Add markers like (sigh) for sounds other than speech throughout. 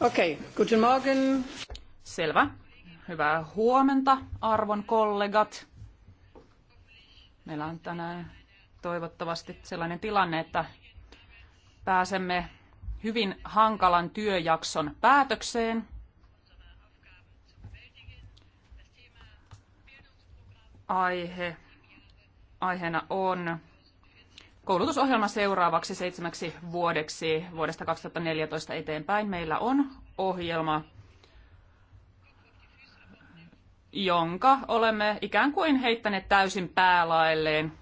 Okei, okay. guten Morgen. Selvä. Hyvää huomenta, arvon kollegat. Meillä on tänään toivottavasti sellainen tilanne, että pääsemme hyvin hankalan työjakson päätökseen. Aihe, aiheena on koulutusohjelma seuraavaksi seitsemäksi vuodeksi vuodesta 2014 eteenpäin. Meillä on ohjelma, jonka olemme ikään kuin heittäneet täysin päälailleen.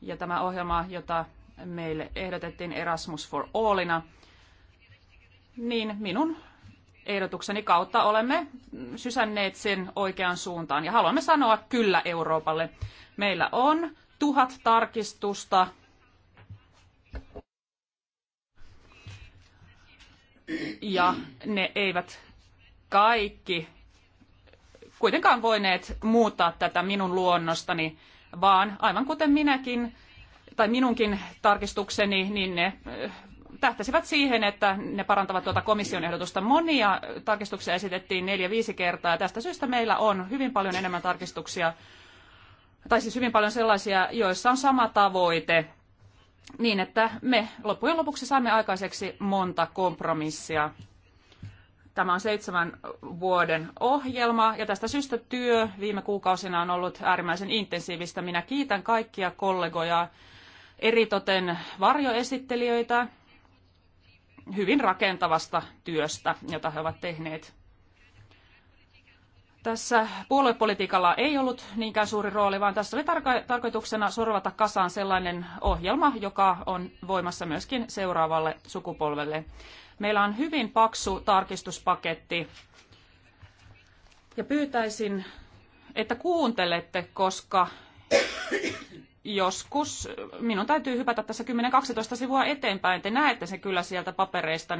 Ja tämä ohjelma, jota meille ehdotettiin Erasmus for Allina, niin minun ehdotukseni kautta olemme sysänneet sen oikeaan suuntaan ja haluamme sanoa kyllä Euroopalle. Meillä on tuhat tarkistusta. Ja ne eivät kaikki kuitenkaan voineet muuttaa tätä minun luonnostani, vaan aivan kuten minäkin tai minunkin tarkistukseni, niin ne äh, tähtäsivät siihen, että ne parantavat tuota komission ehdotusta. Monia tarkistuksia esitettiin neljä-viisi kertaa ja tästä syystä meillä on hyvin paljon enemmän tarkistuksia tai siis hyvin paljon sellaisia, joissa on sama tavoite, niin että me loppujen lopuksi saimme aikaiseksi monta kompromissia. Tämä on seitsemän vuoden ohjelma ja tästä syystä työ viime kuukausina on ollut äärimmäisen intensiivistä. Minä kiitän kaikkia kollegoja, eritoten varjoesittelijöitä, hyvin rakentavasta työstä, jota he ovat tehneet. Tässä puoluepolitiikalla ei ollut niinkään suuri rooli, vaan tässä oli tarkoituksena sorvata kasaan sellainen ohjelma, joka on voimassa myöskin seuraavalle sukupolvelle. Meillä on hyvin paksu tarkistuspaketti ja pyytäisin, että kuuntelette, koska joskus minun täytyy hypätä tässä 10-12 sivua eteenpäin. Te näette sen kyllä sieltä papereista.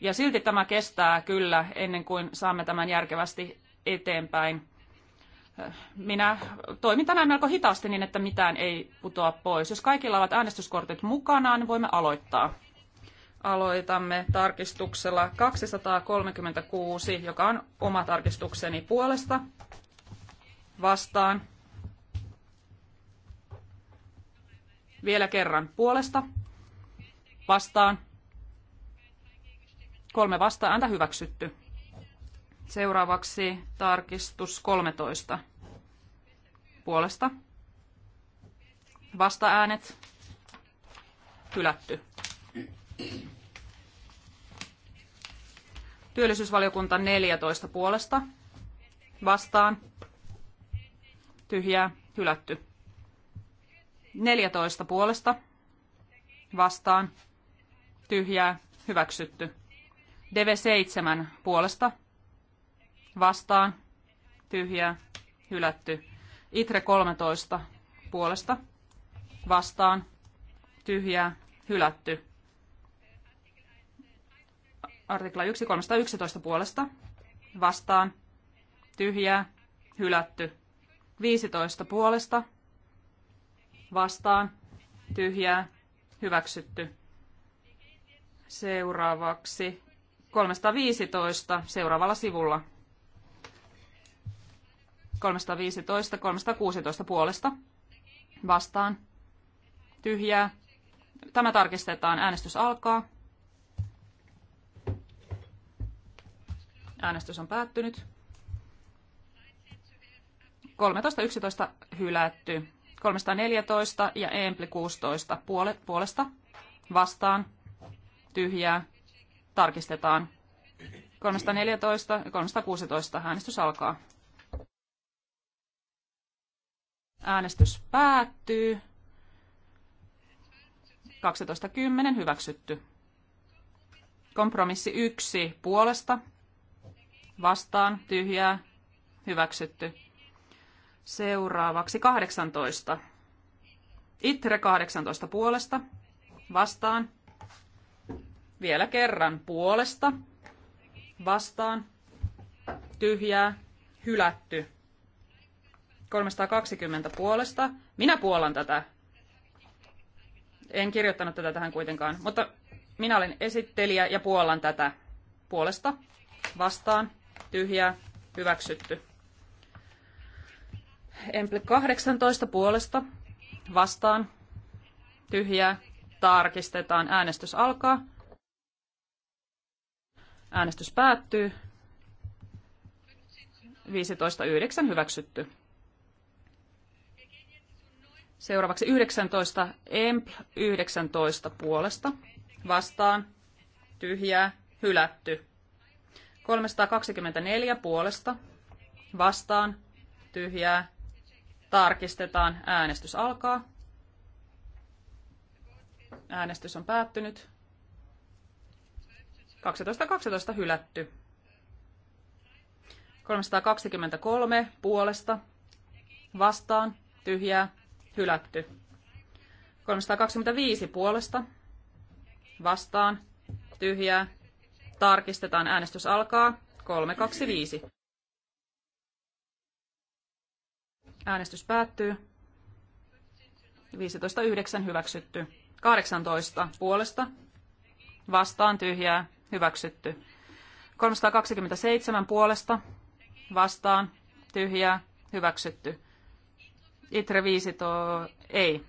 Ja silti tämä kestää kyllä ennen kuin saamme tämän järkevästi eteenpäin. Minä toimin tänään melko hitaasti niin, että mitään ei putoa pois. Jos kaikilla ovat äänestyskortit mukanaan, niin voimme aloittaa. Aloitamme tarkistuksella 236, joka on oma tarkistukseni puolesta vastaan. Vielä kerran puolesta vastaan. Kolme vastaa, ääntä hyväksytty. Seuraavaksi tarkistus 13. Puolesta. Vastaäänet. Hylätty. Työllisyysvaliokunta 14 puolesta. Vastaan. Tyhjää. Hylätty. 14 puolesta. Vastaan. Tyhjää. Hyväksytty. DV7 puolesta vastaan, tyhjää, hylätty. Itre 13 puolesta, vastaan, tyhjää, hylätty. Artikla 1311 puolesta, vastaan, tyhjää, hylätty. 15 puolesta, vastaan, tyhjää, hyväksytty. Seuraavaksi 315 seuraavalla sivulla. 315, 316 puolesta. Vastaan. Tyhjää. Tämä tarkistetaan. Äänestys alkaa. Äänestys on päättynyt. 13.11 hylätty. 314 ja Empli 16 puole, puolesta vastaan tyhjää tarkistetaan. 314 ja 316 äänestys alkaa. Äänestys päättyy. 12.10 hyväksytty. Kompromissi 1 puolesta. Vastaan tyhjää. Hyväksytty. Seuraavaksi 18. Itre 18 puolesta. Vastaan. Vielä kerran puolesta. Vastaan. Tyhjää. Hylätty. 320 puolesta. Minä puolan tätä. En kirjoittanut tätä tähän kuitenkaan, mutta minä olen esittelijä ja puolan tätä puolesta. Vastaan. Tyhjää. Hyväksytty. Emple 18 puolesta. Vastaan. Tyhjää. Tarkistetaan. Äänestys alkaa. Äänestys päättyy. 15.9. hyväksytty. Seuraavaksi 19, EMP 19 puolesta. Vastaan, tyhjää, hylätty. 324 puolesta. Vastaan, tyhjää, tarkistetaan. Äänestys alkaa. Äänestys on päättynyt. 12, 12 hylätty. 323 puolesta. Vastaan, tyhjää, hylätty. 325 puolesta vastaan tyhjää. Tarkistetaan äänestys alkaa. 325. Äänestys päättyy. 15.9 hyväksytty. 18 puolesta vastaan tyhjää hyväksytty. 327 puolesta vastaan tyhjää hyväksytty. Itre 5 to, ei.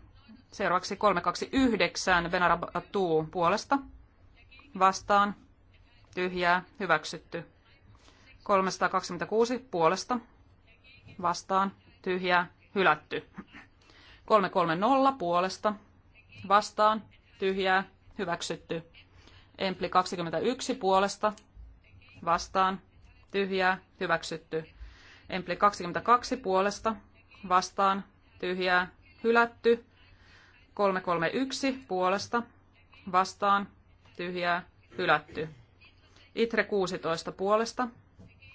Seuraavaksi 329 Benarab Atuu puolesta. Vastaan. Tyhjää. Hyväksytty. 326 puolesta. Vastaan. Tyhjää. Hylätty. 330 puolesta. Vastaan. Tyhjää. Hyväksytty. Empli 21 puolesta. Vastaan. Tyhjää. Hyväksytty. Empli 22 puolesta. Vastaan tyhjää, hylätty. 331 puolesta, vastaan, tyhjää, hylätty. Itre 16 puolesta,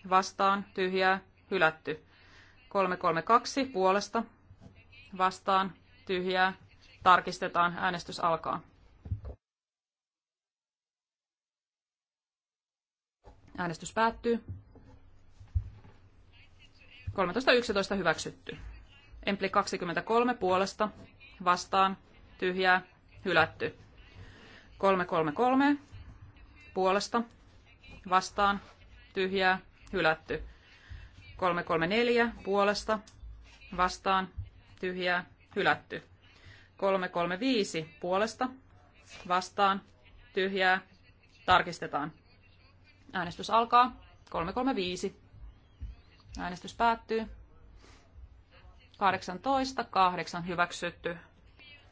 vastaan, tyhjää, hylätty. 332 puolesta, vastaan, tyhjää, tarkistetaan, äänestys alkaa. Äänestys päättyy. 13.11 hyväksytty. Empli 23 puolesta vastaan tyhjää hylätty. 333 puolesta vastaan tyhjää hylätty. 334 puolesta vastaan tyhjää hylätty. 335 puolesta vastaan tyhjää tarkistetaan. Äänestys alkaa. 335. Äänestys päättyy. 18, 8 hyväksytty.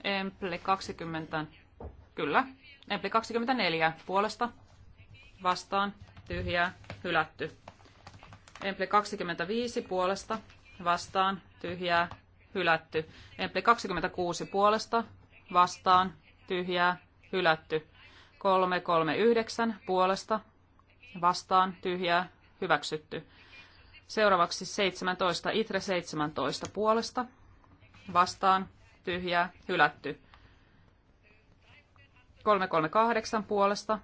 Empli 20, kyllä. Empli 24 puolesta vastaan tyhjää hylätty. Empli 25 puolesta vastaan tyhjää hylätty. Empli 26 puolesta vastaan tyhjää hylätty. 339 puolesta vastaan tyhjää hyväksytty. Seuraavaksi 17, ITRE 17 puolesta, vastaan, tyhjää, hylätty. 338 puolesta,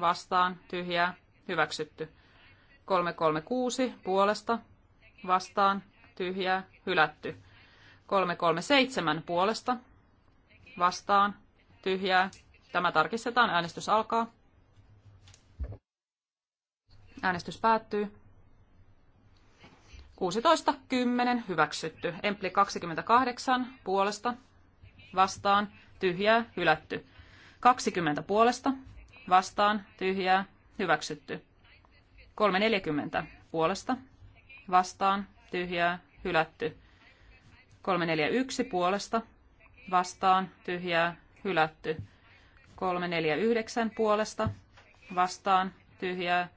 vastaan, tyhjää, hyväksytty. 336 puolesta, vastaan, tyhjää, hylätty. 337 puolesta, vastaan, tyhjää. Tämä tarkistetaan, äänestys alkaa. Äänestys päättyy. 16.10. hyväksytty. Empli 28, puolesta, vastaan, tyhjää, hylätty. 20 puolesta, vastaan, tyhjää, hyväksytty. 340 puolesta, vastaan, tyhjää, hylätty. 341 puolesta, vastaan, tyhjää, hylätty. 349 puolesta, vastaan, tyhjää,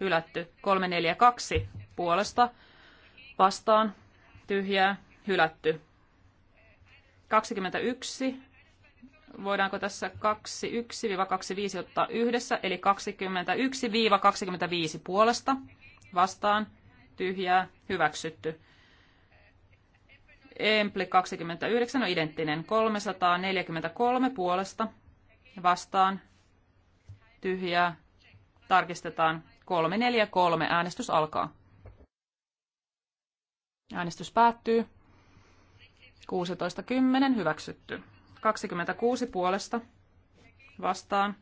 hylätty. 342 puolesta, vastaan tyhjää hylätty. 21. Voidaanko tässä 21-25 ottaa yhdessä, eli 21-25 puolesta vastaan tyhjää hyväksytty. Empli 29 on identtinen 343 puolesta vastaan tyhjää. Tarkistetaan 343. Äänestys alkaa. Äänestys päättyy. 16.10. Hyväksytty. 26 puolesta. Vastaan.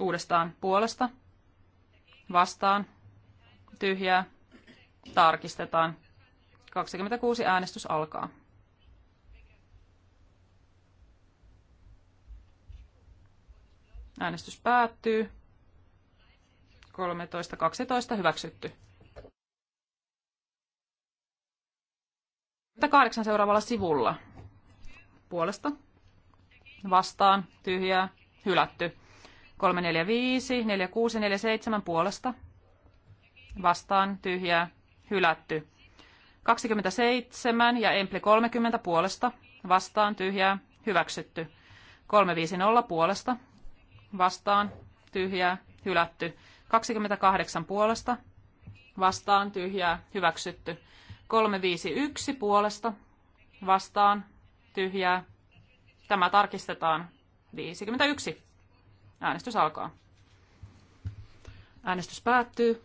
Uudestaan puolesta. Vastaan. Tyhjää. Tarkistetaan. 26 äänestys alkaa. Äänestys päättyy. 13.12. Hyväksytty. kahdeksan seuraavalla sivulla. Puolesta. Vastaan. Tyhjää. Hylätty. 3, 4, 4, 5, 6, 4, 7 puolesta. Vastaan. Tyhjää. Hylätty. 27 ja Emple 30 puolesta. Vastaan. Tyhjää. Hyväksytty. 3, 5, 0 puolesta. Vastaan. Tyhjää. Hylätty. 28 puolesta. Vastaan. Tyhjää. Hyväksytty. 351 puolesta vastaan tyhjää. Tämä tarkistetaan. 51. Äänestys alkaa. Äänestys päättyy.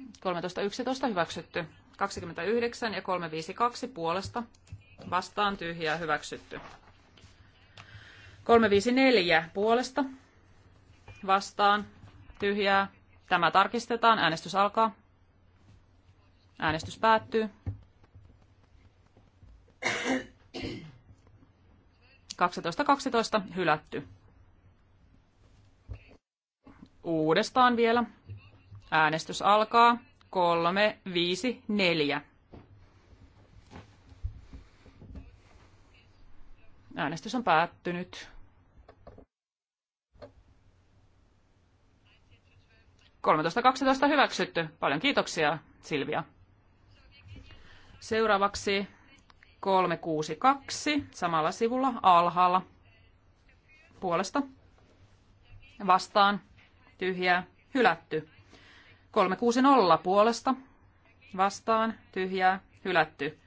13.11 hyväksytty. 29 ja 352 puolesta. Vastaan tyhjää hyväksytty. 354 puolesta. Vastaan tyhjää Tämä tarkistetaan. Äänestys alkaa. Äänestys päättyy. 12.12. hylätty. Uudestaan vielä. Äänestys alkaa. 3, 5, 4. Äänestys on päättynyt. 13.12 hyväksytty. Paljon kiitoksia, Silvia. Seuraavaksi 362 samalla sivulla alhaalla puolesta vastaan tyhjää hylätty. 360 puolesta vastaan tyhjää hylätty.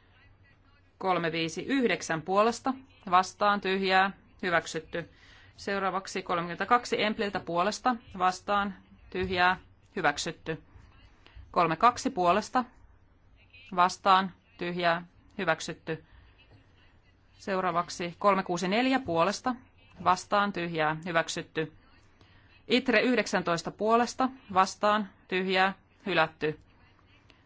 359 puolesta vastaan tyhjää hyväksytty. Seuraavaksi 32 Empliltä puolesta vastaan tyhjää, hyväksytty. 32 puolesta, vastaan, tyhjää, hyväksytty. Seuraavaksi 364 puolesta, vastaan, tyhjää, hyväksytty. Itre 19 puolesta, vastaan, tyhjää, hylätty.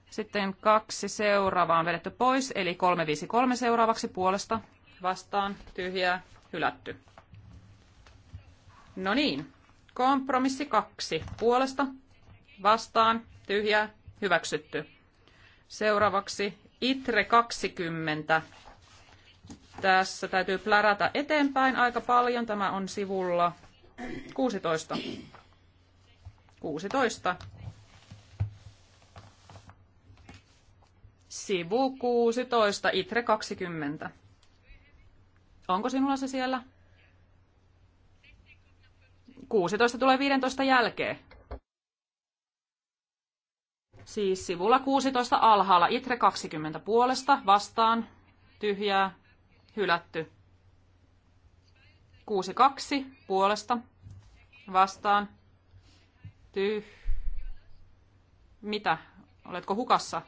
Sitten kaksi seuraavaa on vedetty pois, eli 353 seuraavaksi puolesta, vastaan, tyhjää, hylätty. No niin, Kompromissi kaksi. Puolesta, vastaan, tyhjää, hyväksytty. Seuraavaksi ITRE 20. Tässä täytyy plärätä eteenpäin aika paljon. Tämä on sivulla 16. 16. Sivu 16, ITRE 20. Onko sinulla se siellä? 16 tulee 15 jälkeen. Siis sivulla 16 alhaalla. Itre 20 puolesta vastaan. Tyhjää. Hylätty. 62 puolesta vastaan. Tyh. Mitä? Oletko hukassa?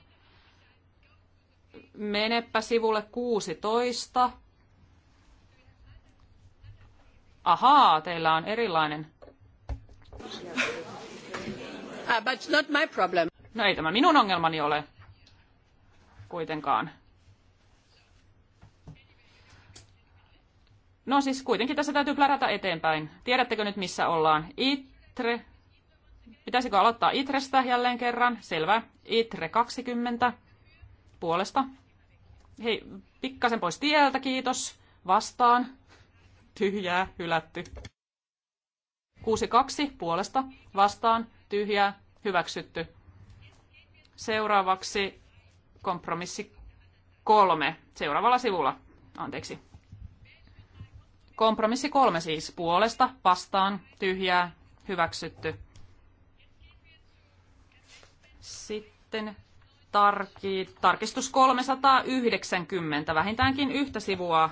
Menepä sivulle 16 Ahaa, teillä on erilainen. Uh, but not my problem. No ei tämä minun ongelmani ole kuitenkaan. No siis kuitenkin tässä täytyy plärätä eteenpäin. Tiedättekö nyt missä ollaan? Itre. Pitäisikö aloittaa Itrestä jälleen kerran? Selvä. Itre 20. Puolesta. Hei, pikkasen pois tieltä, kiitos. Vastaan tyhjää, hylätty. 6.2 puolesta, vastaan, tyhjää, hyväksytty. Seuraavaksi kompromissi kolme seuraavalla sivulla. Anteeksi. Kompromissi kolme siis puolesta, vastaan, tyhjää, hyväksytty. Sitten tarki, tarkistus 390, vähintäänkin yhtä sivua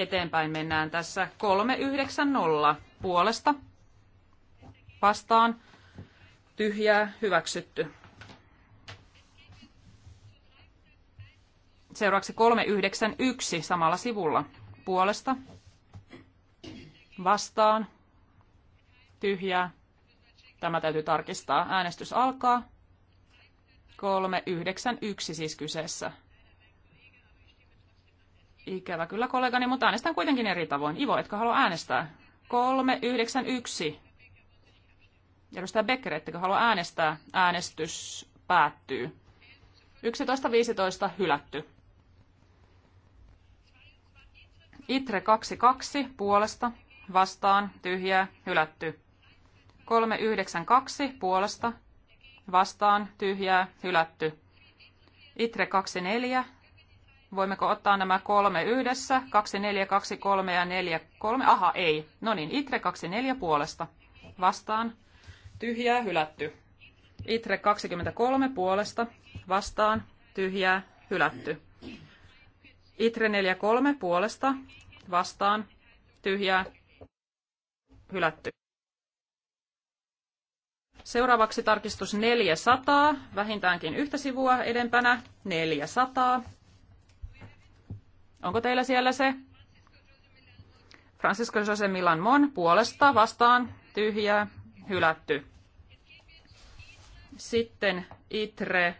eteenpäin mennään tässä 390 puolesta vastaan tyhjää hyväksytty. Seuraavaksi 391 samalla sivulla puolesta vastaan tyhjää. Tämä täytyy tarkistaa. Äänestys alkaa. 391 siis kyseessä. Ikävä kyllä kollegani, mutta äänestän kuitenkin eri tavoin. Ivo, etkö halua äänestää? 391. Edustaja Becker, ettekö halua äänestää? Äänestys päättyy. 11.15 hylätty. Itre 22 puolesta, vastaan, tyhjää, hylätty. 392 puolesta, vastaan, tyhjää, hylätty. Itre 24 Voimmeko ottaa nämä kolme yhdessä? 2, 4, 2, 3 ja 4, 3. Aha, ei. No niin, ITRE 2, 4 puolesta. Vastaan. Tyhjää, hylätty. ITRE 23 puolesta. Vastaan. Tyhjää, hylätty. ITRE 4, 3 puolesta. Vastaan. Tyhjää, hylätty. Seuraavaksi tarkistus 400, vähintäänkin yhtä sivua edempänä, 400 Onko teillä siellä se? Francisco Jose Milan Mon puolesta vastaan tyhjää hylätty. Sitten Itre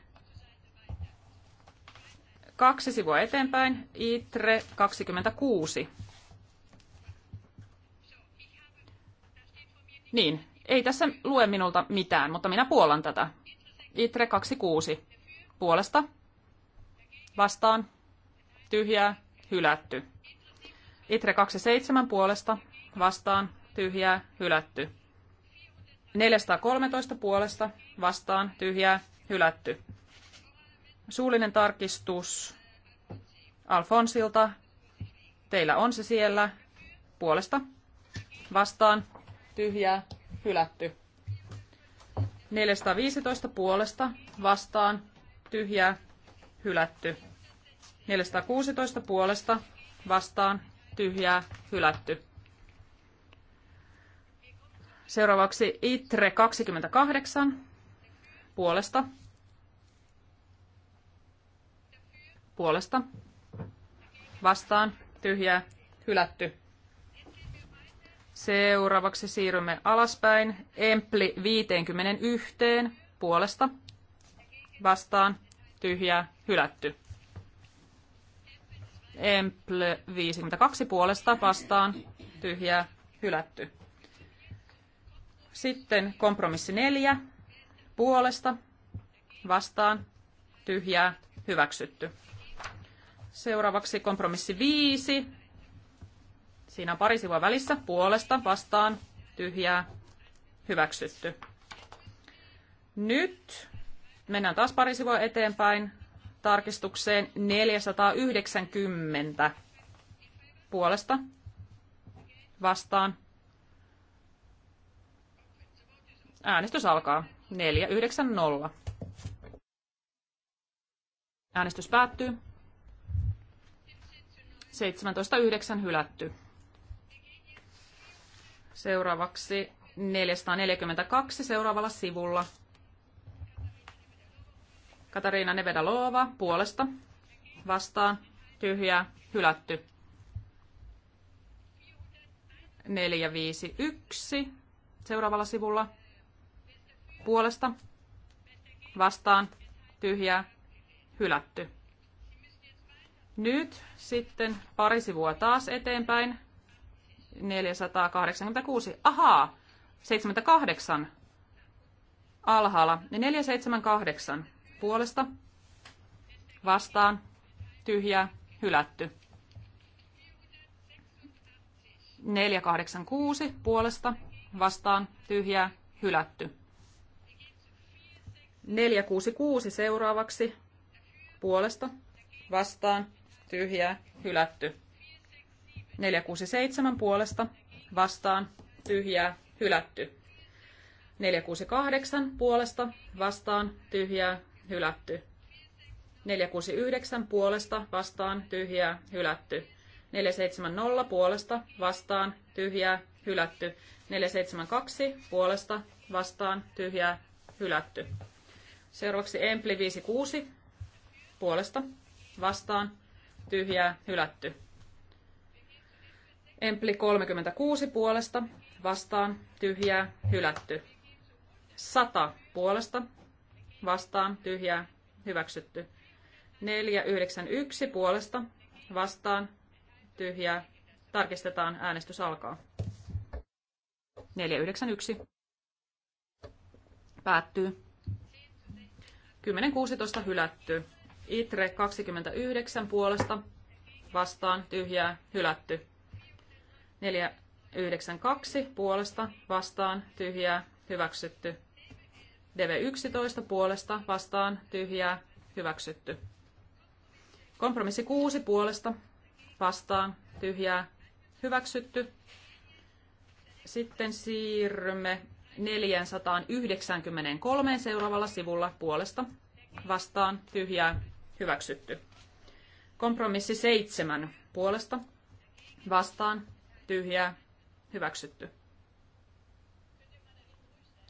kaksi sivua eteenpäin, ITRE 26. Niin, ei tässä lue minulta mitään, mutta minä puolan tätä. ITRE 26. Puolesta. Vastaan. Tyhjää hylätty. Itre 27 puolesta vastaan tyhjää hylätty. 413 puolesta vastaan tyhjää hylätty. Suullinen tarkistus Alfonsilta. Teillä on se siellä puolesta vastaan tyhjää hylätty. 415 puolesta vastaan tyhjää hylätty. 416 puolesta vastaan tyhjää hylätty. Seuraavaksi ITRE 28 puolesta. Puolesta. Vastaan tyhjää hylätty. Seuraavaksi siirrymme alaspäin. Empli 51 puolesta. Vastaan tyhjää hylätty. Emple 52 puolesta vastaan tyhjää hylätty. Sitten kompromissi 4 puolesta vastaan tyhjää hyväksytty. Seuraavaksi kompromissi 5. Siinä on pari sivua välissä puolesta vastaan tyhjää hyväksytty. Nyt mennään taas pari sivua eteenpäin tarkistukseen 490 puolesta vastaan. Äänestys alkaa 490. Äänestys päättyy. 17.9. hylätty. Seuraavaksi 442 seuraavalla sivulla Katariina Nevedalova puolesta vastaan tyhjää hylätty. 451 seuraavalla sivulla puolesta vastaan tyhjää hylätty. Nyt sitten pari sivua taas eteenpäin. 486. Ahaa, 78 alhaalla. 478 puolesta vastaan tyhjää hylätty. 486 puolesta vastaan tyhjää hylätty. 466 seuraavaksi puolesta vastaan tyhjää hylätty. 467 puolesta vastaan tyhjää hylätty. 468 puolesta vastaan tyhjää hylätty. 469 puolesta vastaan tyhjää hylätty. 470 puolesta vastaan tyhjää hylätty. 472 puolesta vastaan tyhjää hylätty. Seuraavaksi Empli 56 puolesta vastaan tyhjää hylätty. Empli 36 puolesta vastaan tyhjää hylätty. 100 puolesta vastaan tyhjää hyväksytty. 491 puolesta vastaan tyhjää. Tarkistetaan, äänestys alkaa. 491 päättyy. 10.16 hylätty. Itre 29 puolesta vastaan tyhjää hylätty. 492 puolesta vastaan tyhjää hyväksytty. DV11 puolesta vastaan tyhjää hyväksytty. Kompromissi 6 puolesta vastaan tyhjää hyväksytty. Sitten siirrymme 493 seuraavalla sivulla puolesta vastaan tyhjää hyväksytty. Kompromissi 7 puolesta vastaan tyhjää hyväksytty.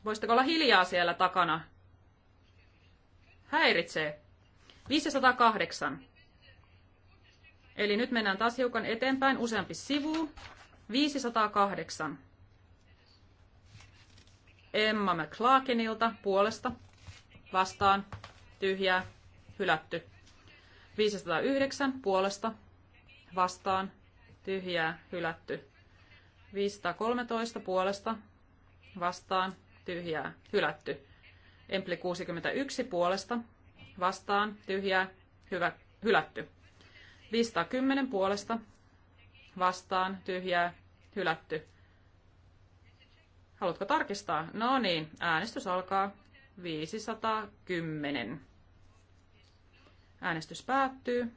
Voisitteko olla hiljaa siellä takana? Häiritsee. 508. Eli nyt mennään taas hiukan eteenpäin, useampi sivu. 508. Emma McClarkinilta puolesta vastaan tyhjää hylätty. 509 puolesta vastaan tyhjää hylätty. 513 puolesta vastaan tyhjää, hylätty. Empli 61 puolesta, vastaan, tyhjää, hyvä, hylätty. 510 puolesta, vastaan, tyhjää, hylätty. Haluatko tarkistaa? No niin, äänestys alkaa 510. Äänestys päättyy.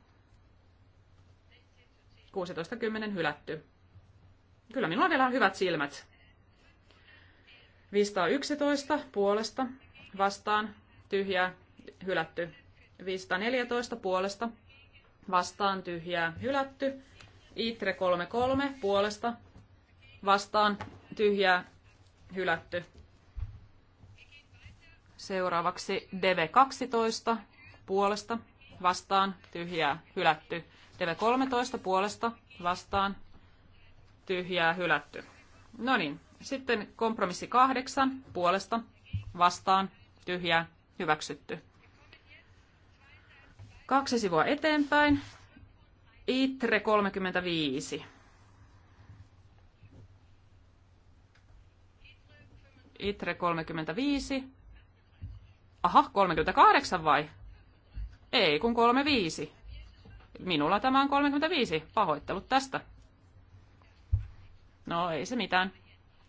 16.10 hylätty. Kyllä minulla on vielä hyvät silmät. 511 puolesta vastaan tyhjää hylätty. 514 puolesta vastaan tyhjää hylätty. Itre 33 puolesta vastaan tyhjää hylätty. Seuraavaksi DV12 puolesta vastaan tyhjää hylätty. DV13 puolesta vastaan tyhjää hylätty. No niin, sitten kompromissi kahdeksan puolesta vastaan tyhjää hyväksytty. Kaksi sivua eteenpäin. ITRE 35. ITRE 35. Aha, 38 vai? Ei, kun 35. Minulla tämä on 35. Pahoittelut tästä. No, ei se mitään.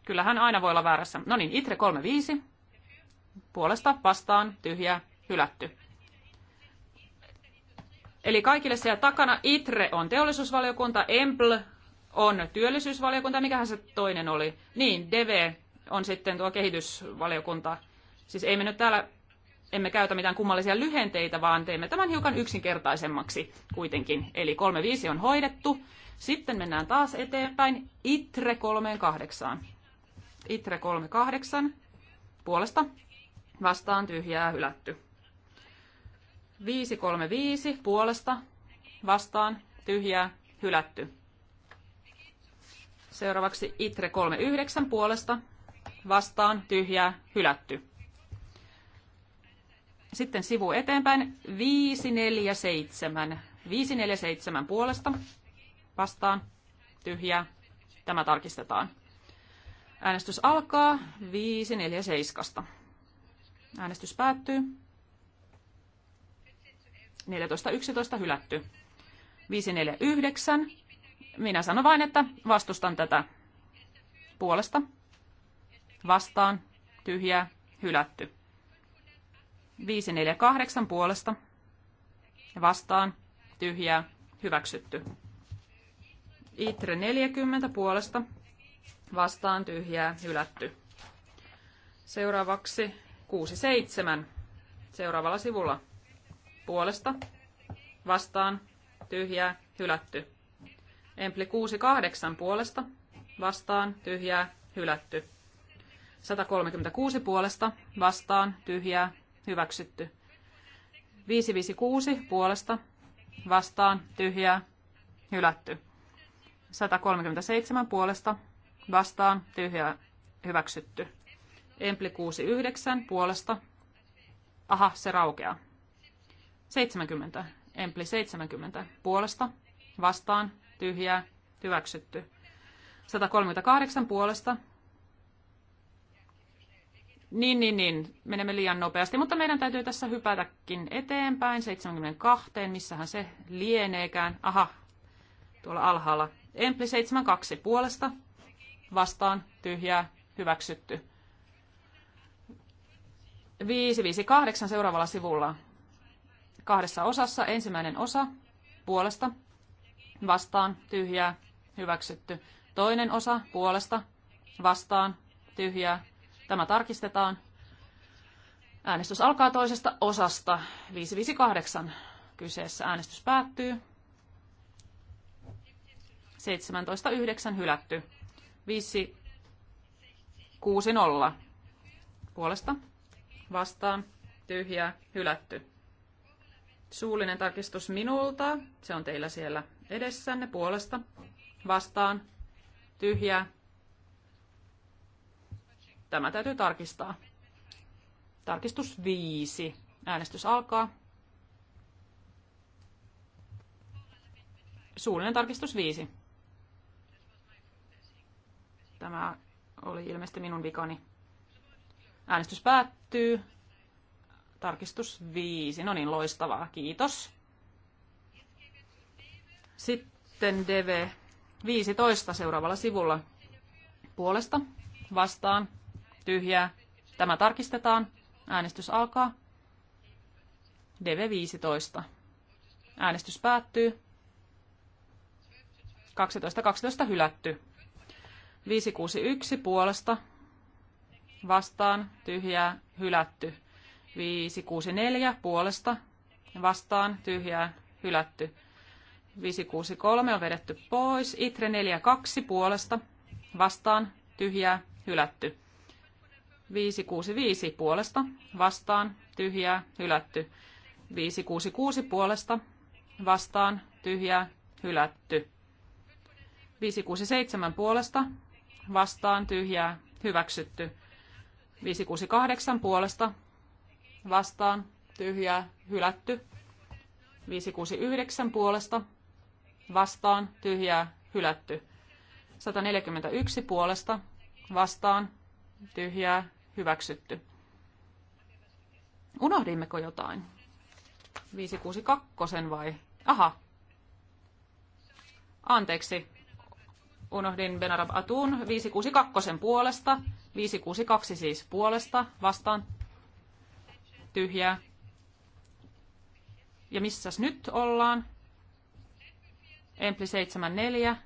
Kyllähän aina voi olla väärässä. No niin, ITRE 35. Puolesta, vastaan, tyhjää, hylätty. Eli kaikille siellä takana ITRE on teollisuusvaliokunta, EMPL on työllisyysvaliokunta, mikähän se toinen oli. Niin, DV on sitten tuo kehitysvaliokunta. Siis ei me nyt täällä, emme käytä mitään kummallisia lyhenteitä, vaan teemme tämän hiukan yksinkertaisemmaksi kuitenkin. Eli 35 on hoidettu. Sitten mennään taas eteenpäin ITRE 38. Itre 38 puolesta vastaan tyhjää hylätty. 535 puolesta vastaan tyhjää hylätty. Seuraavaksi Itre 39 puolesta vastaan tyhjää hylätty. Sitten sivu eteenpäin 547. 547 puolesta vastaan tyhjää. Tämä tarkistetaan. Äänestys alkaa 547. Äänestys päättyy. 14.11 hylätty. 549. Minä sanon vain, että vastustan tätä puolesta. Vastaan. Tyhjää. Hylätty. 548 puolesta. Vastaan. Tyhjää. Hyväksytty. Itre 40 puolesta vastaan tyhjää hylätty. Seuraavaksi 6.7. seuraavalla sivulla puolesta vastaan tyhjää hylätty. Empli 6.8 puolesta vastaan tyhjää hylätty. 136 puolesta vastaan tyhjää hyväksytty. 556 puolesta vastaan tyhjää hylätty. 137 puolesta vastaan tyhjää hyväksytty. Empli 69 puolesta. Aha, se raukeaa. 70. Empli 70 puolesta vastaan tyhjää hyväksytty. 138 puolesta. Niin, niin, niin. Menemme liian nopeasti, mutta meidän täytyy tässä hypätäkin eteenpäin 72, missähän se lieneekään. Aha, tuolla alhaalla. Empli 72 puolesta vastaan tyhjää hyväksytty. 558 seuraavalla sivulla kahdessa osassa. Ensimmäinen osa puolesta vastaan tyhjää hyväksytty. Toinen osa puolesta vastaan tyhjää. Tämä tarkistetaan. Äänestys alkaa toisesta osasta. 558 kyseessä äänestys päättyy. 17.9 hylätty. 5-6-0 puolesta vastaan tyhjää hylätty. Suullinen tarkistus minulta, se on teillä siellä edessänne puolesta vastaan tyhjää. Tämä täytyy tarkistaa. Tarkistus 5. Äänestys alkaa. Suullinen tarkistus 5. Tämä oli ilmeisesti minun vikani. Äänestys päättyy. Tarkistus viisi. No niin, loistavaa. Kiitos. Sitten DV 15 seuraavalla sivulla. Puolesta, vastaan, tyhjää. Tämä tarkistetaan. Äänestys alkaa. DV 15. Äänestys päättyy. 12.12 12 hylätty. 561 puolesta vastaan tyhjää hylätty. 564 puolesta vastaan tyhjää hylätty. 563 on vedetty pois. Itre 42 puolesta vastaan tyhjää hylätty. 565 puolesta vastaan tyhjää hylätty. 566 puolesta vastaan tyhjää hylätty. 567 puolesta vastaan tyhjää hyväksytty. 568 puolesta vastaan tyhjää hylätty. 569 puolesta vastaan tyhjää hylätty. 141 puolesta vastaan tyhjää hyväksytty. Unohdimmeko jotain? 562 vai? Aha. Anteeksi, unohdin Benarab Atun 562 puolesta, 562 siis puolesta, vastaan, tyhjää. Ja missäs nyt ollaan? Empli 74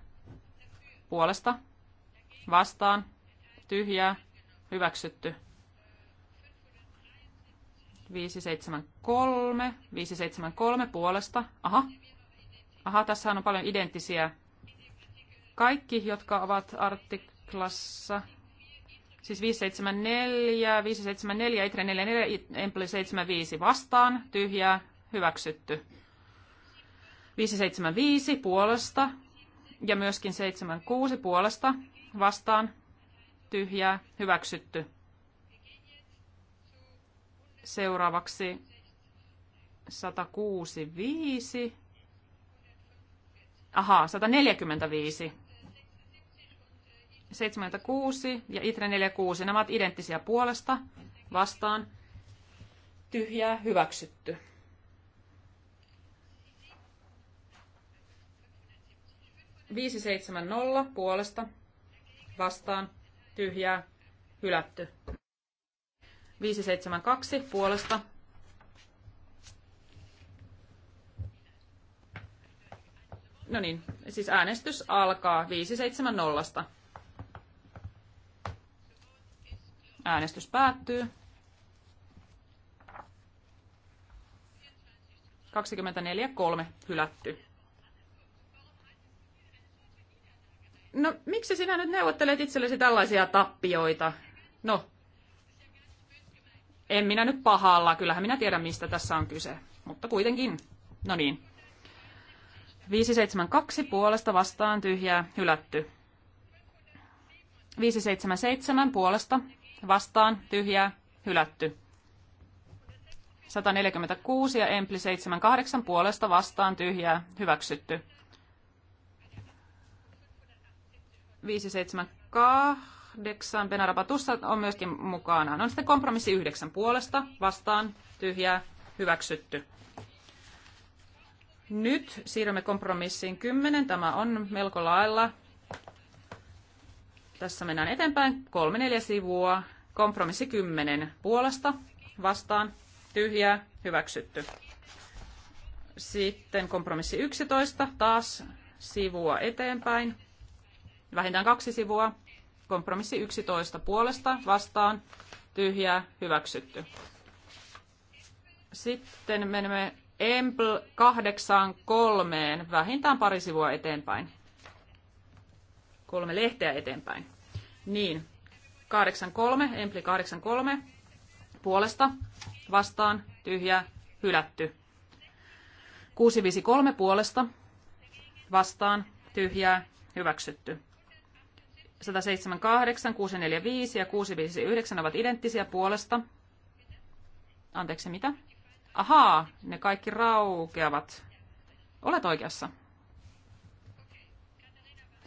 puolesta, vastaan, tyhjää, hyväksytty. 573, 573 puolesta. Aha, aha, tässä on paljon identtisiä kaikki, jotka ovat artiklassa, siis 574, 574, ITRE 44, EMPLE 75 vastaan, tyhjää, hyväksytty. 575 puolesta ja myöskin 76 puolesta vastaan, tyhjää, hyväksytty. Seuraavaksi 165. Ahaa, 145 76 ja ITRE 46, nämä ovat identtisiä puolesta, vastaan, tyhjää, hyväksytty. Viisi seitsemän nolla puolesta, vastaan, tyhjää, hylätty. kaksi puolesta. No niin, siis äänestys alkaa viisi seitsemän nollasta Äänestys päättyy. 24.3 hylätty. No, miksi sinä nyt neuvottelet itsellesi tällaisia tappioita? No, en minä nyt pahalla, kyllähän minä tiedän mistä tässä on kyse, mutta kuitenkin. No niin. 572 puolesta vastaan tyhjää, hylätty. 577 puolesta vastaan, tyhjää, hylätty. 146 ja Empli 78 puolesta vastaan, tyhjää, hyväksytty. 578 Benarabatussa on myöskin mukana. On no sitten kompromissi 9 puolesta vastaan, tyhjää, hyväksytty. Nyt siirrymme kompromissiin 10. Tämä on melko lailla tässä mennään eteenpäin. Kolme neljä sivua. Kompromissi 10 puolesta. Vastaan. Tyhjää. Hyväksytty. Sitten kompromissi 11. Taas sivua eteenpäin. Vähintään kaksi sivua. Kompromissi 11 puolesta. Vastaan. Tyhjää. Hyväksytty. Sitten menemme Empl 8.3. Vähintään pari sivua eteenpäin kolme lehteä eteenpäin. Niin, 83, Empli 83, puolesta, vastaan, tyhjää, hylätty. 653 puolesta, vastaan, tyhjää, hyväksytty. 178, 645 ja 659 ovat identtisiä puolesta. Anteeksi, mitä? Ahaa, ne kaikki raukeavat. Olet oikeassa.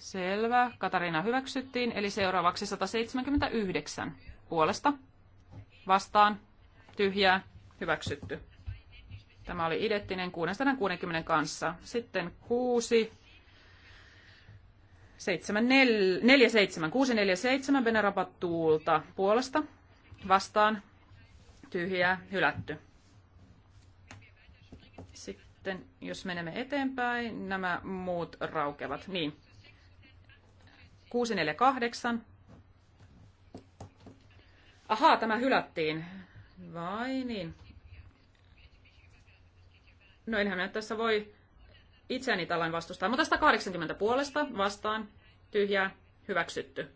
Selvä. Katariina hyväksyttiin. Eli seuraavaksi 179. Puolesta. Vastaan. Tyhjää. Hyväksytty. Tämä oli identtinen 660 kanssa. Sitten 6, 7, 4, 4 7, 6, 4, 7 Benerapattuulta puolesta vastaan tyhjää hylätty. Sitten jos menemme eteenpäin, nämä muut raukevat. Niin, 648. Ahaa, tämä hylättiin. Vai niin. No enhän minä tässä voi itseäni tällainen vastustaa. Mutta 180 puolesta vastaan tyhjää hyväksytty.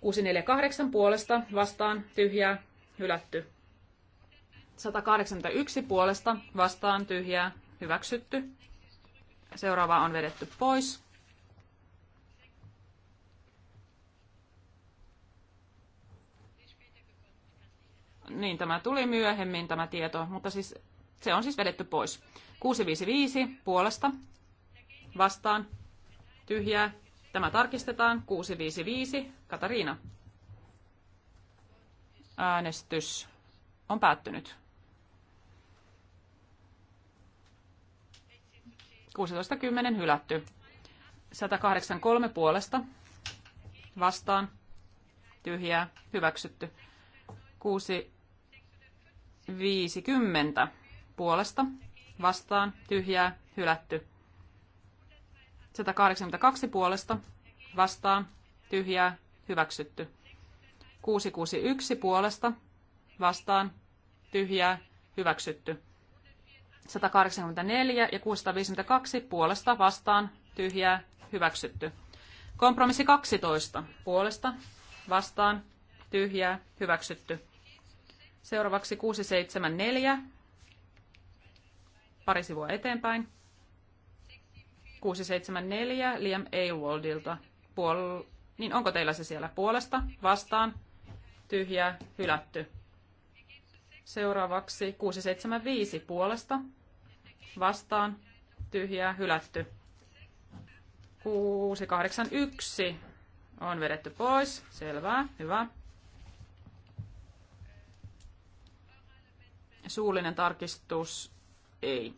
648 puolesta vastaan tyhjää hylätty. 181 puolesta vastaan tyhjää hyväksytty. Seuraava on vedetty pois. niin tämä tuli myöhemmin tämä tieto, mutta siis se on siis vedetty pois. 655 puolesta vastaan tyhjää. Tämä tarkistetaan. 655. Katariina. Äänestys on päättynyt. 16.10 hylätty. 183 puolesta vastaan tyhjää hyväksytty. 6 50 puolesta vastaan tyhjää hylätty. 182 puolesta vastaan tyhjää hyväksytty. 661 puolesta vastaan tyhjää hyväksytty. 184 ja 652 puolesta vastaan tyhjää hyväksytty. Kompromissi 12 puolesta vastaan tyhjää hyväksytty. Seuraavaksi 674, pari sivua eteenpäin. 674 Liam Awoldilta. Puol... Niin onko teillä se siellä puolesta? Vastaan. Tyhjää. Hylätty. Seuraavaksi 675 puolesta. Vastaan. Tyhjää. Hylätty. 681 on vedetty pois. Selvää. Hyvä. Suullinen tarkistus ei.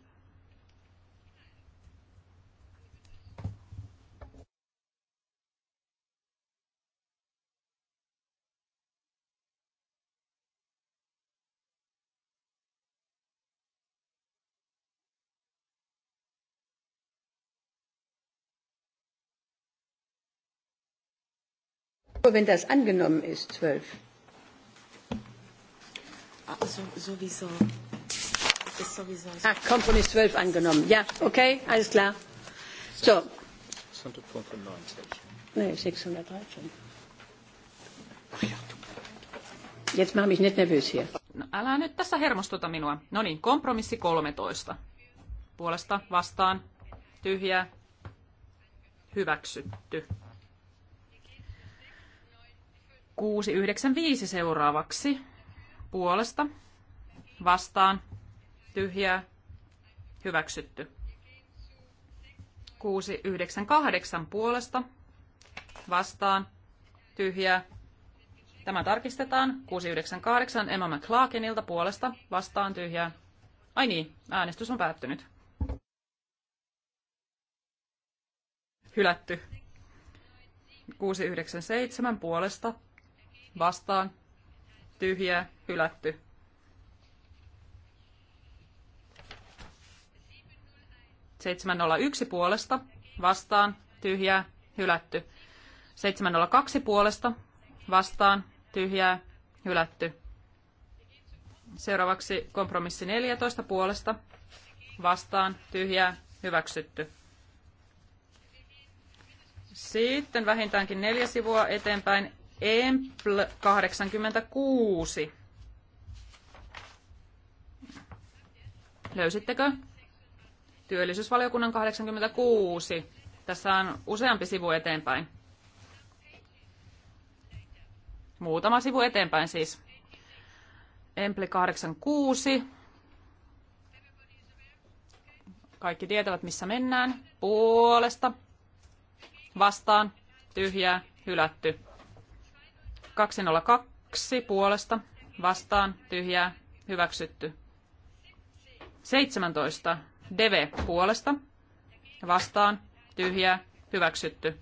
wenn das angenommen ist, 12. Ah, sowieso. Ach, Kompromiss 12 angenommen. Ja, okay, alles klar. So. 695. Nee, 613. Ach ja, Jetzt mach mich nicht nervös hier. No, älä nyt tässä hermostuta minua. No niin, kompromissi 13. Puolesta vastaan. Tyhjää. Hyväksytty. 695 seuraavaksi puolesta vastaan tyhjää hyväksytty. 698 puolesta vastaan tyhjää. Tämä tarkistetaan. 698 Emma McClarkinilta puolesta vastaan tyhjää. Ai niin, äänestys on päättynyt. Hylätty. 697 puolesta vastaan tyhjää, hylätty. yksi puolesta, vastaan, tyhjää, hylätty. 702 puolesta, vastaan, tyhjää, hylätty. Seuraavaksi kompromissi 14 puolesta, vastaan, tyhjää, hyväksytty. Sitten vähintäänkin neljä sivua eteenpäin Empl 86. Löysittekö? Työllisyysvaliokunnan 86. Tässä on useampi sivu eteenpäin. Muutama sivu eteenpäin siis. Empli 86. Kaikki tietävät, missä mennään. Puolesta. Vastaan. Tyhjää. Hylätty. 202 puolesta vastaan tyhjää hyväksytty. 17 deve puolesta vastaan tyhjää hyväksytty.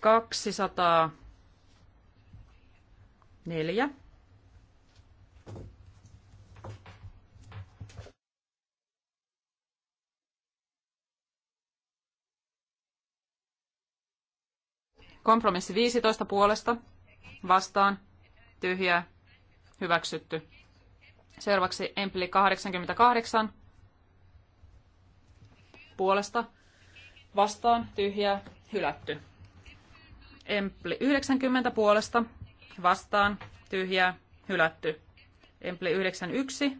204 Kompromissi 15 puolesta vastaan tyhjää hyväksytty. Seuraavaksi Empli 88 puolesta vastaan tyhjää hylätty. Empli 90 puolesta vastaan tyhjää hylätty. Empli 91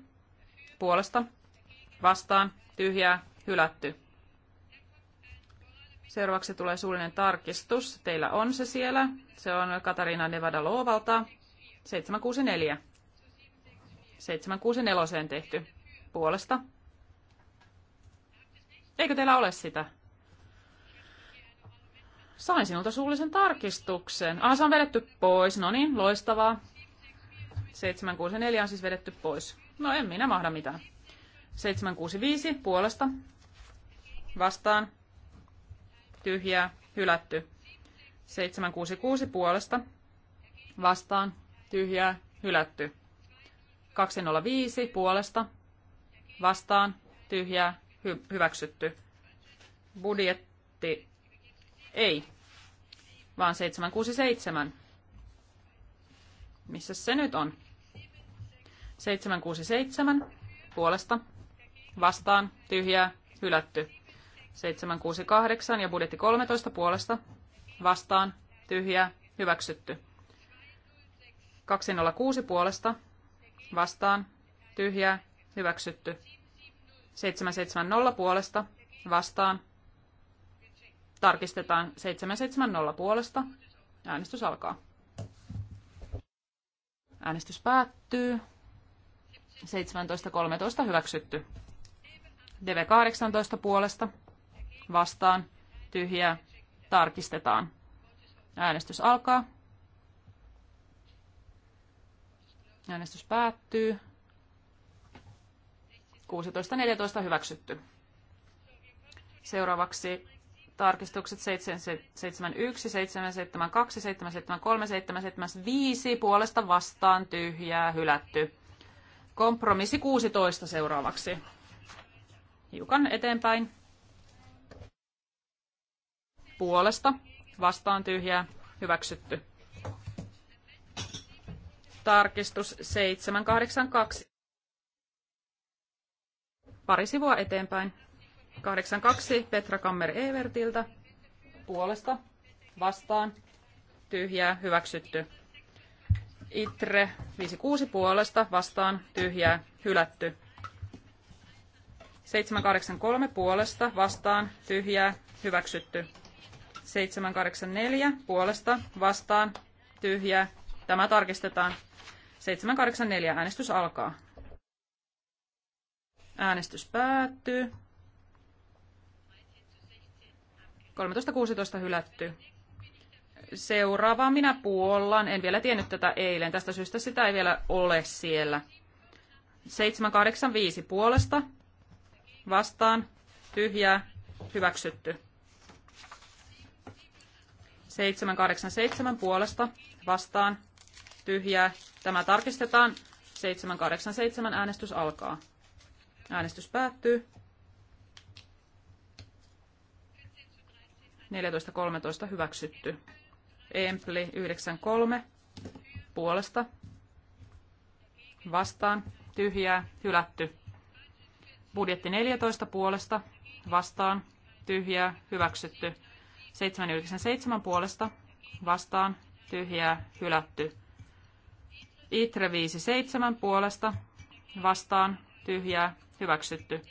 puolesta vastaan tyhjää hylätty. Seuraavaksi tulee suullinen tarkistus. Teillä on se siellä. Se on Katariina Nevada Loovalta. 764. 764 tehty puolesta. Eikö teillä ole sitä? Sain sinulta suullisen tarkistuksen. Ah, se on vedetty pois. No niin, loistavaa. 764 on siis vedetty pois. No en minä mahda mitään. 765 puolesta. Vastaan tyhjää, hylätty. 766 puolesta vastaan, tyhjää, hylätty. 205 puolesta vastaan, tyhjää, hy- hyväksytty. Budjetti ei, vaan 767. Missä se nyt on? 767 puolesta vastaan, tyhjää, hylätty. 768 ja budjetti 13 puolesta vastaan tyhjää hyväksytty. 206 puolesta vastaan tyhjää hyväksytty. 770 puolesta vastaan tarkistetaan 770 puolesta. Äänestys alkaa. Äänestys päättyy. 17.13 hyväksytty. DV 18 puolesta vastaan tyhjää tarkistetaan. Äänestys alkaa. Äänestys päättyy. 16.14 hyväksytty. Seuraavaksi tarkistukset 771, 772, 773, 775 puolesta vastaan tyhjää hylätty. Kompromissi 16 seuraavaksi. Hiukan eteenpäin puolesta vastaan tyhjää hyväksytty. Tarkistus 782. Pari sivua eteenpäin. 82 Petra Kammer Evertiltä puolesta vastaan tyhjää hyväksytty. Itre 56 puolesta vastaan tyhjää hylätty. 783 puolesta vastaan tyhjää hyväksytty. 784 puolesta vastaan tyhjää. Tämä tarkistetaan. 784 äänestys alkaa. Äänestys päättyy. 13.16 hylätty. Seuraavaa minä puollan. En vielä tiennyt tätä eilen. Tästä syystä sitä ei vielä ole siellä. 785 puolesta. Vastaan. Tyhjää. Hyväksytty. 787 puolesta vastaan tyhjää. Tämä tarkistetaan. 787 äänestys alkaa. Äänestys päättyy. 14.13 hyväksytty. Empli 93 puolesta vastaan tyhjää hylätty. Budjetti 14 puolesta vastaan tyhjää hyväksytty. 797 puolesta vastaan tyhjää hylätty. Itre 57 puolesta vastaan tyhjää hyväksytty.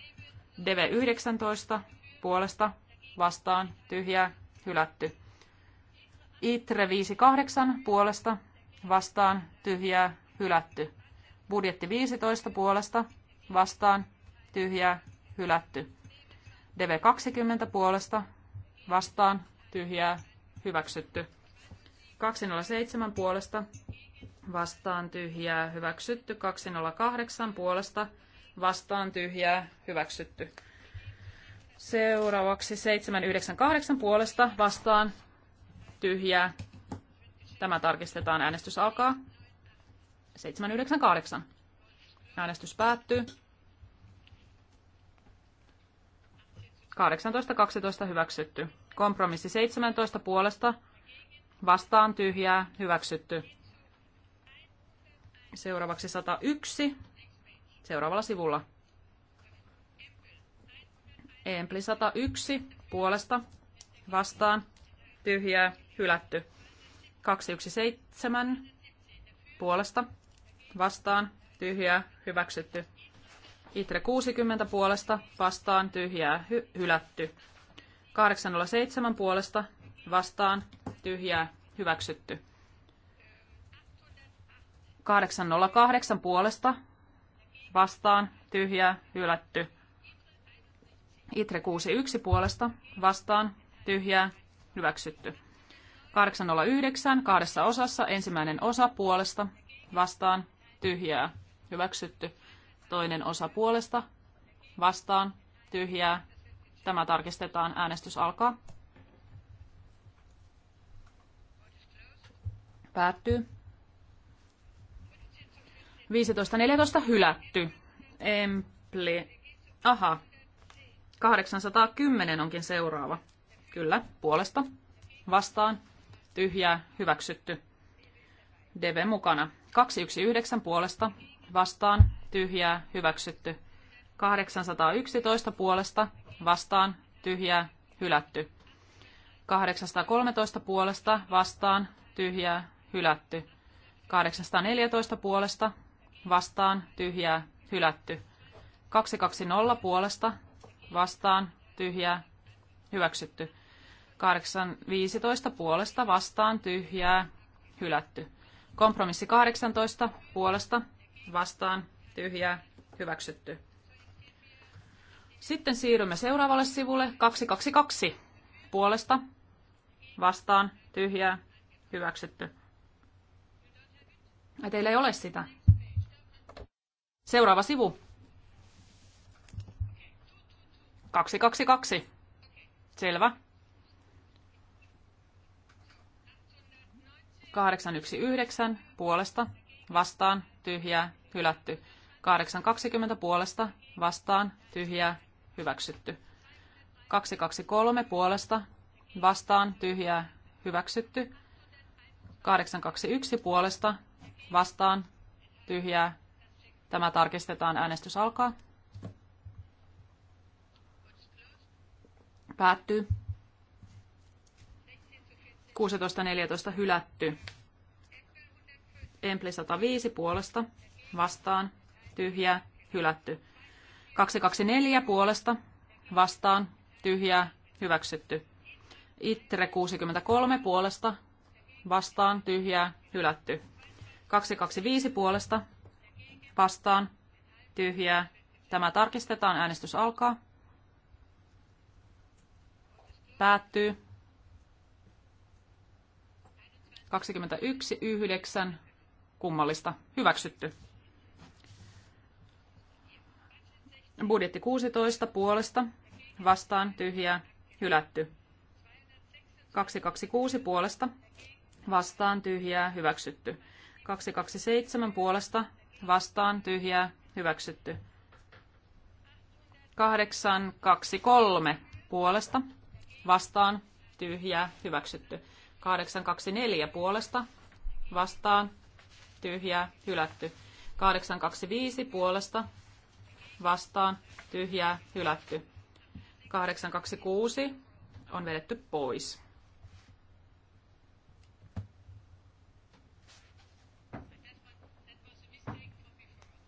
DV 19 puolesta vastaan tyhjää hylätty. Itre 58 puolesta vastaan tyhjää hylätty. Budjetti 15 puolesta vastaan tyhjää hylätty. DV 20 puolesta vastaan tyhjää hyväksytty. 207 puolesta vastaan tyhjää hyväksytty. 208 puolesta vastaan tyhjää hyväksytty. Seuraavaksi 798 puolesta vastaan tyhjää. Tämä tarkistetaan. Äänestys alkaa. 798. Äänestys päättyy. 18.12 hyväksytty. Kompromissi 17 puolesta vastaan tyhjää hyväksytty. Seuraavaksi 101 seuraavalla sivulla. Empli 101 puolesta vastaan tyhjää hylätty. 217 puolesta vastaan tyhjää hyväksytty. Itre 60 puolesta vastaan tyhjää hy- hylätty. 807 puolesta vastaan tyhjää hyväksytty. 808 puolesta vastaan tyhjää hylätty. Itre 61 puolesta vastaan tyhjää hyväksytty. 809 kahdessa osassa ensimmäinen osa puolesta vastaan tyhjää hyväksytty. Toinen osa puolesta vastaan tyhjää Tämä tarkistetaan. Äänestys alkaa. Päättyy. 15.14 hylätty. Empli. Aha. 810 onkin seuraava. Kyllä, puolesta. Vastaan. Tyhjää. Hyväksytty. DV mukana. 219 puolesta. Vastaan. Tyhjää. Hyväksytty. 811 puolesta vastaan, tyhjää, hylätty. 813 puolesta vastaan, tyhjää, hylätty. 814 puolesta vastaan, tyhjää, hylätty. 220 puolesta vastaan, tyhjää, hyväksytty. 815 puolesta vastaan, tyhjää, hylätty. Kompromissi 18 puolesta vastaan, tyhjää, hyväksytty. Sitten siirrymme seuraavalle sivulle 222 puolesta vastaan tyhjää hyväksytty. Ja teillä ei ole sitä. Seuraava sivu. 222. Selvä. 819 puolesta vastaan tyhjää hylätty. 820 puolesta vastaan tyhjää hyväksytty. 223 puolesta vastaan tyhjää hyväksytty. 821 puolesta vastaan tyhjää. Tämä tarkistetaan. Äänestys alkaa. Päättyy. 16.14 hylätty. Empli 105 puolesta vastaan tyhjää hylätty. 224 puolesta vastaan tyhjää hyväksytty. Itre 63 puolesta vastaan tyhjää hylätty. 225 puolesta vastaan tyhjää. Tämä tarkistetaan. Äänestys alkaa. Päättyy. 21.9. Kummallista. Hyväksytty. Budjetti 16 puolesta vastaan tyhjää hylätty. 226 puolesta vastaan tyhjää hyväksytty. 227 puolesta vastaan tyhjää hyväksytty. 823 puolesta vastaan tyhjää hyväksytty. 824 puolesta vastaan tyhjää hylätty. 825 puolesta vastaan, tyhjää, hylätty. 826 on vedetty pois.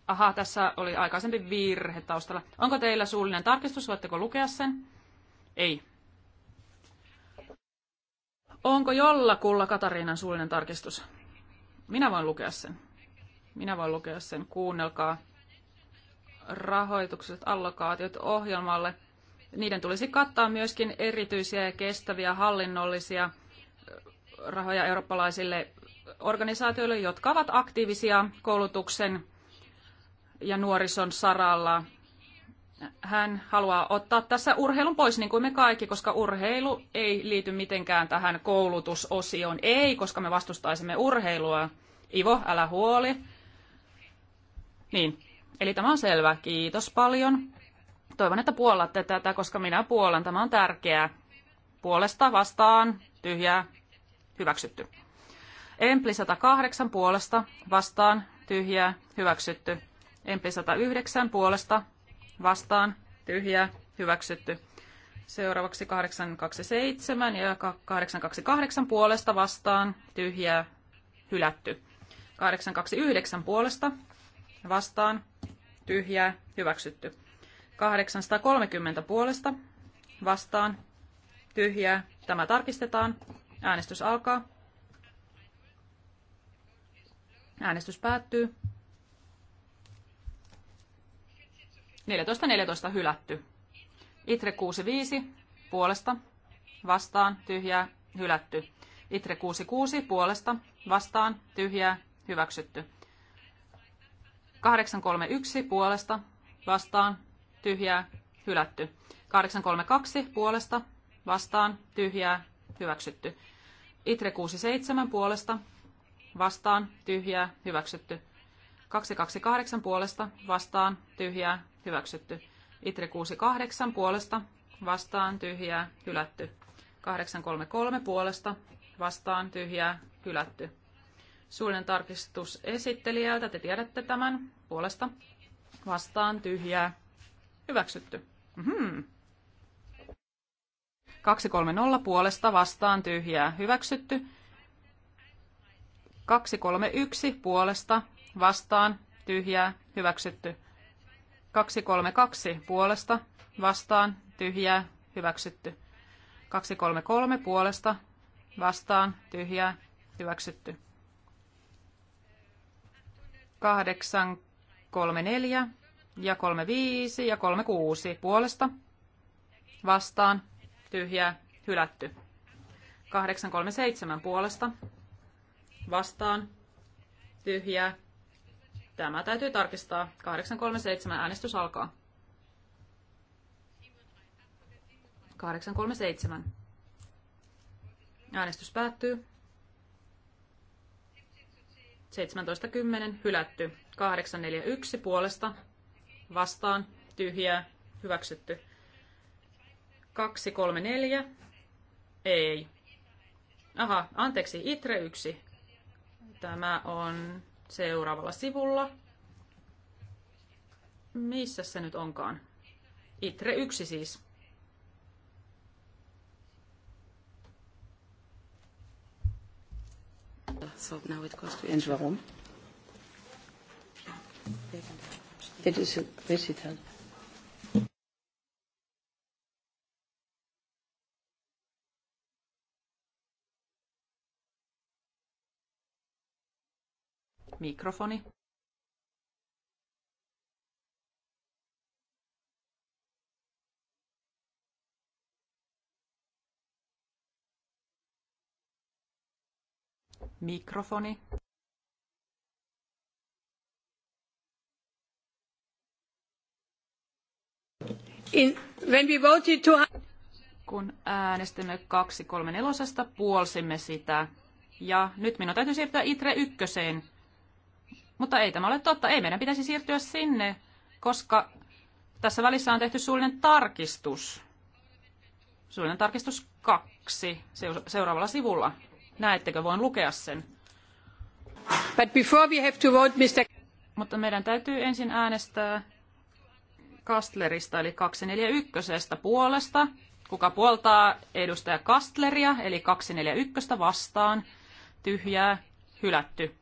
Aha, tässä oli aikaisempi virhe taustalla. Onko teillä suullinen tarkistus? Voitteko lukea sen? Ei. Onko jollakulla Katariinan suullinen tarkistus? Minä voin lukea sen. Minä voin lukea sen. Kuunnelkaa rahoitukset, allokaatiot ohjelmalle, niiden tulisi kattaa myöskin erityisiä ja kestäviä hallinnollisia rahoja eurooppalaisille organisaatioille, jotka ovat aktiivisia koulutuksen ja nuorison saralla. Hän haluaa ottaa tässä urheilun pois, niin kuin me kaikki, koska urheilu ei liity mitenkään tähän koulutusosioon. Ei, koska me vastustaisimme urheilua. Ivo, älä huoli. Niin, Eli tämä on selvä. Kiitos paljon. Toivon, että puolatte tätä, koska minä puolan. Tämä on tärkeää. Puolesta vastaan tyhjää hyväksytty. Empli 108 puolesta vastaan tyhjää hyväksytty. Empli 109 puolesta vastaan tyhjää hyväksytty. Seuraavaksi 827 ja 828 puolesta vastaan tyhjää hylätty. 829 puolesta vastaan tyhjää, hyväksytty. 830 puolesta, vastaan, tyhjää. Tämä tarkistetaan. Äänestys alkaa. Äänestys päättyy. 14.14 14, hylätty. Itre 65 puolesta, vastaan, tyhjää, hylätty. Itre 66 puolesta, vastaan, tyhjää, hyväksytty. 831 puolesta vastaan tyhjää hylätty. 832 puolesta vastaan tyhjää hyväksytty. Itre 67 puolesta vastaan tyhjää hyväksytty. 228 puolesta vastaan tyhjää hyväksytty. Itre 68 puolesta vastaan tyhjää hylätty. 833 puolesta vastaan tyhjää hylätty. Suullinen tarkistus esittelijältä, te tiedätte tämän, puolesta vastaan tyhjää, hyväksytty. Mm-hmm. 230 puolesta vastaan tyhjää, hyväksytty. 231 puolesta vastaan tyhjää, hyväksytty. 232 puolesta vastaan tyhjää, hyväksytty. 233 puolesta vastaan tyhjää, hyväksytty. 8, 3, 4 ja 3, 5 ja 3, 6 puolesta. Vastaan. Tyhjää. Hylätty. 8, 3, 7 puolesta. Vastaan. Tyhjää. Tämä täytyy tarkistaa. seitsemän äänestys alkaa. seitsemän Äänestys päättyy. 17.10 hylätty. 841 puolesta vastaan tyhjää hyväksytty. 234 ei. Aha, anteeksi, ITRE 1. Tämä on seuraavalla sivulla. Missä se nyt onkaan? ITRE 1 siis. So now it goes to... warum? It is a recital. Mikrofoni. Mikrofoni. In, when we voted to... Kun äänestimme 234, puolsimme sitä. Ja nyt minun täytyy siirtyä ITRE ykköseen. Mutta ei tämä ole totta. Ei meidän pitäisi siirtyä sinne, koska tässä välissä on tehty suullinen tarkistus. Suullinen tarkistus 2 seuraavalla sivulla. Näettekö, voin lukea sen. But before we have to vote, Mr. Mutta meidän täytyy ensin äänestää Kastlerista, eli 241 puolesta. Kuka puoltaa edustaja Kastleria, eli 241 vastaan. Tyhjää, hylätty.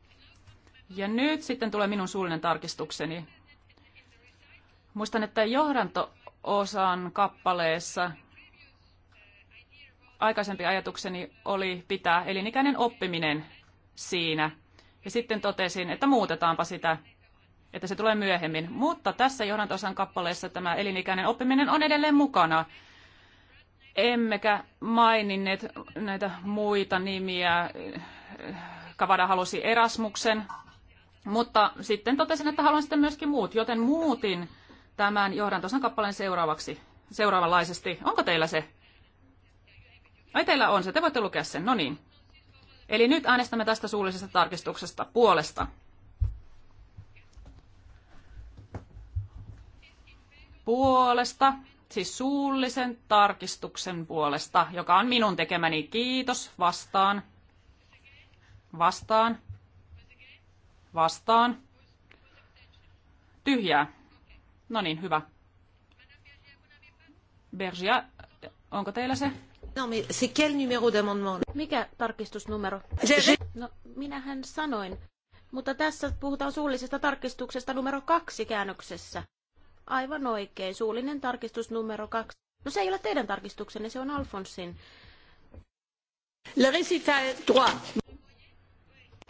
Ja nyt sitten tulee minun suullinen tarkistukseni. Muistan, että johdanto-osan kappaleessa aikaisempi ajatukseni oli pitää elinikäinen oppiminen siinä. Ja sitten totesin, että muutetaanpa sitä, että se tulee myöhemmin. Mutta tässä johdantosan kappaleessa tämä elinikäinen oppiminen on edelleen mukana. Emmekä maininneet näitä muita nimiä. Kavada halusi Erasmuksen, mutta sitten totesin, että haluan sitten myöskin muut, joten muutin tämän johdantosan kappaleen seuraavaksi, seuraavanlaisesti. Onko teillä se Ai teillä on se, te voitte lukea sen, no niin. Eli nyt äänestämme tästä suullisesta tarkistuksesta puolesta. Puolesta, siis suullisen tarkistuksen puolesta, joka on minun tekemäni. Kiitos, vastaan. Vastaan. Vastaan. Tyhjää. No niin, hyvä. Bergia, onko teillä se? No, c'est quel numéro d'amendement? Mikä tarkistusnumero? No, minähän sanoin. Mutta tässä puhutaan suullisesta tarkistuksesta numero kaksi käännöksessä. Aivan oikein, suullinen tarkistus numero kaksi. No se ei ole teidän tarkistuksenne, se on Alfonsin. Le récital 3.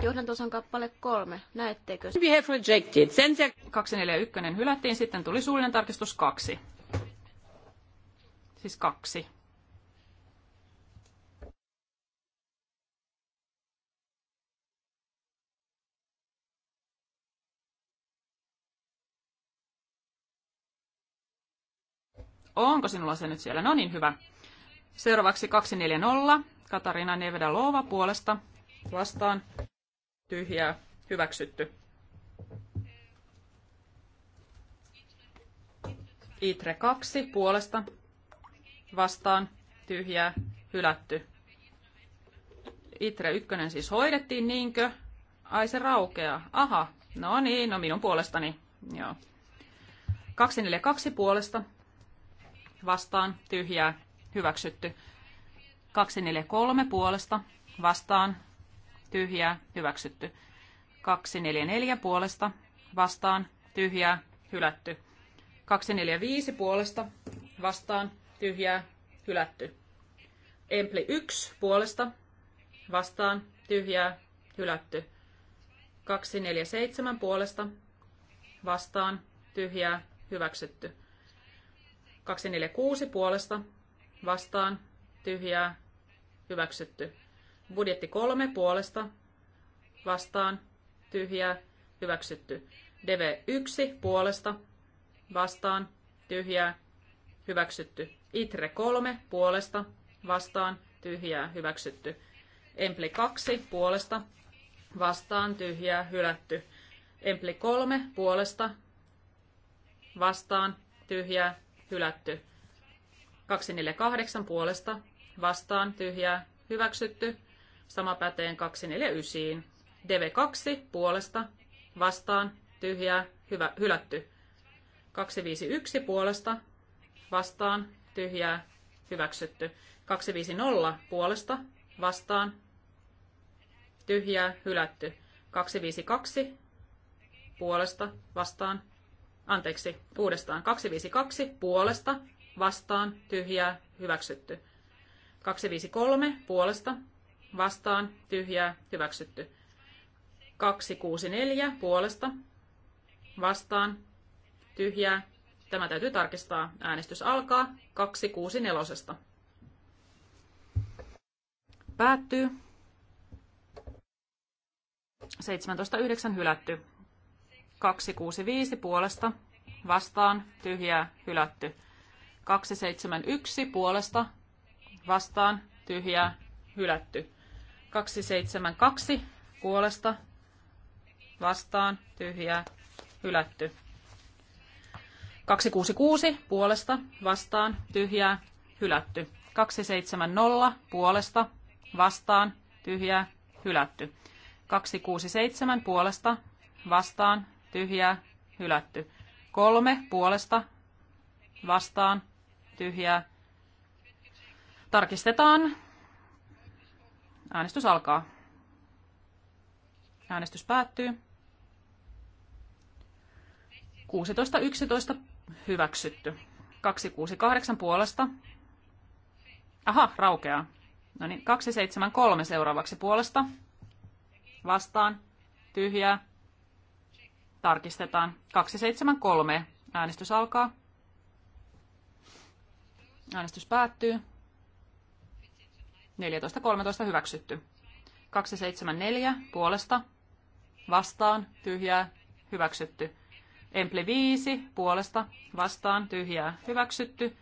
Johdantosan kappale kolme. Näettekö? We have rejected. Sen se... 241 hylättiin, sitten tuli suullinen tarkistus kaksi. Siis kaksi. Onko sinulla se nyt siellä? No niin, hyvä. Seuraavaksi 240. Katarina Loova puolesta vastaan. Tyhjää. Hyväksytty. Itre 2 puolesta vastaan. Tyhjää. Hylätty. Itre 1 siis hoidettiin, niinkö? Ai se raukeaa. Aha. No niin, no minun puolestani. Joo. 242 puolesta vastaan tyhjää hyväksytty. 243 puolesta vastaan tyhjää hyväksytty. 244 puolesta vastaan tyhjää hylätty. 245 puolesta vastaan tyhjää hylätty. Empli 1 puolesta vastaan tyhjää hylätty. 247 puolesta vastaan tyhjää hyväksytty. 246 puolesta vastaan tyhjää hyväksytty. Budjetti 3 puolesta vastaan tyhjää hyväksytty. DV1 puolesta vastaan tyhjää hyväksytty. ITRE 3 puolesta vastaan tyhjää hyväksytty. Empli 2 puolesta vastaan tyhjää hylätty. Empli 3 puolesta vastaan tyhjää hylätty. 248 puolesta vastaan tyhjää hyväksytty. Sama päteen 249. DV2 puolesta vastaan tyhjää hyvä, hylätty. 251 puolesta vastaan tyhjää hyväksytty. 250 puolesta vastaan tyhjää hylätty. 252 puolesta vastaan Anteeksi, uudestaan. 252 puolesta, vastaan, tyhjää, hyväksytty. 253 puolesta, vastaan, tyhjää, hyväksytty. 264 puolesta, vastaan, tyhjää. Tämä täytyy tarkistaa. Äänestys alkaa 264. Päättyy. 17.9 hylätty. 265 puolesta vastaan tyhjää hylätty. 271 puolesta vastaan tyhjää hylätty. 272 puolesta vastaan tyhjää hylätty. 266 puolesta vastaan tyhjää hylätty. 270 puolesta vastaan tyhjää hylätty. 267 puolesta vastaan tyhjää, hylätty. Kolme puolesta, vastaan, tyhjää. Tarkistetaan. Äänestys alkaa. Äänestys päättyy. 16.11 hyväksytty. 268 puolesta. Aha, raukeaa. No niin, 273 seuraavaksi puolesta. Vastaan. Tyhjää. Tarkistetaan. 273. Äänestys alkaa. Äänestys päättyy. 14.13 hyväksytty. 274 puolesta. Vastaan. Tyhjää. Hyväksytty. Emple 5 puolesta. Vastaan. Tyhjää. Hyväksytty.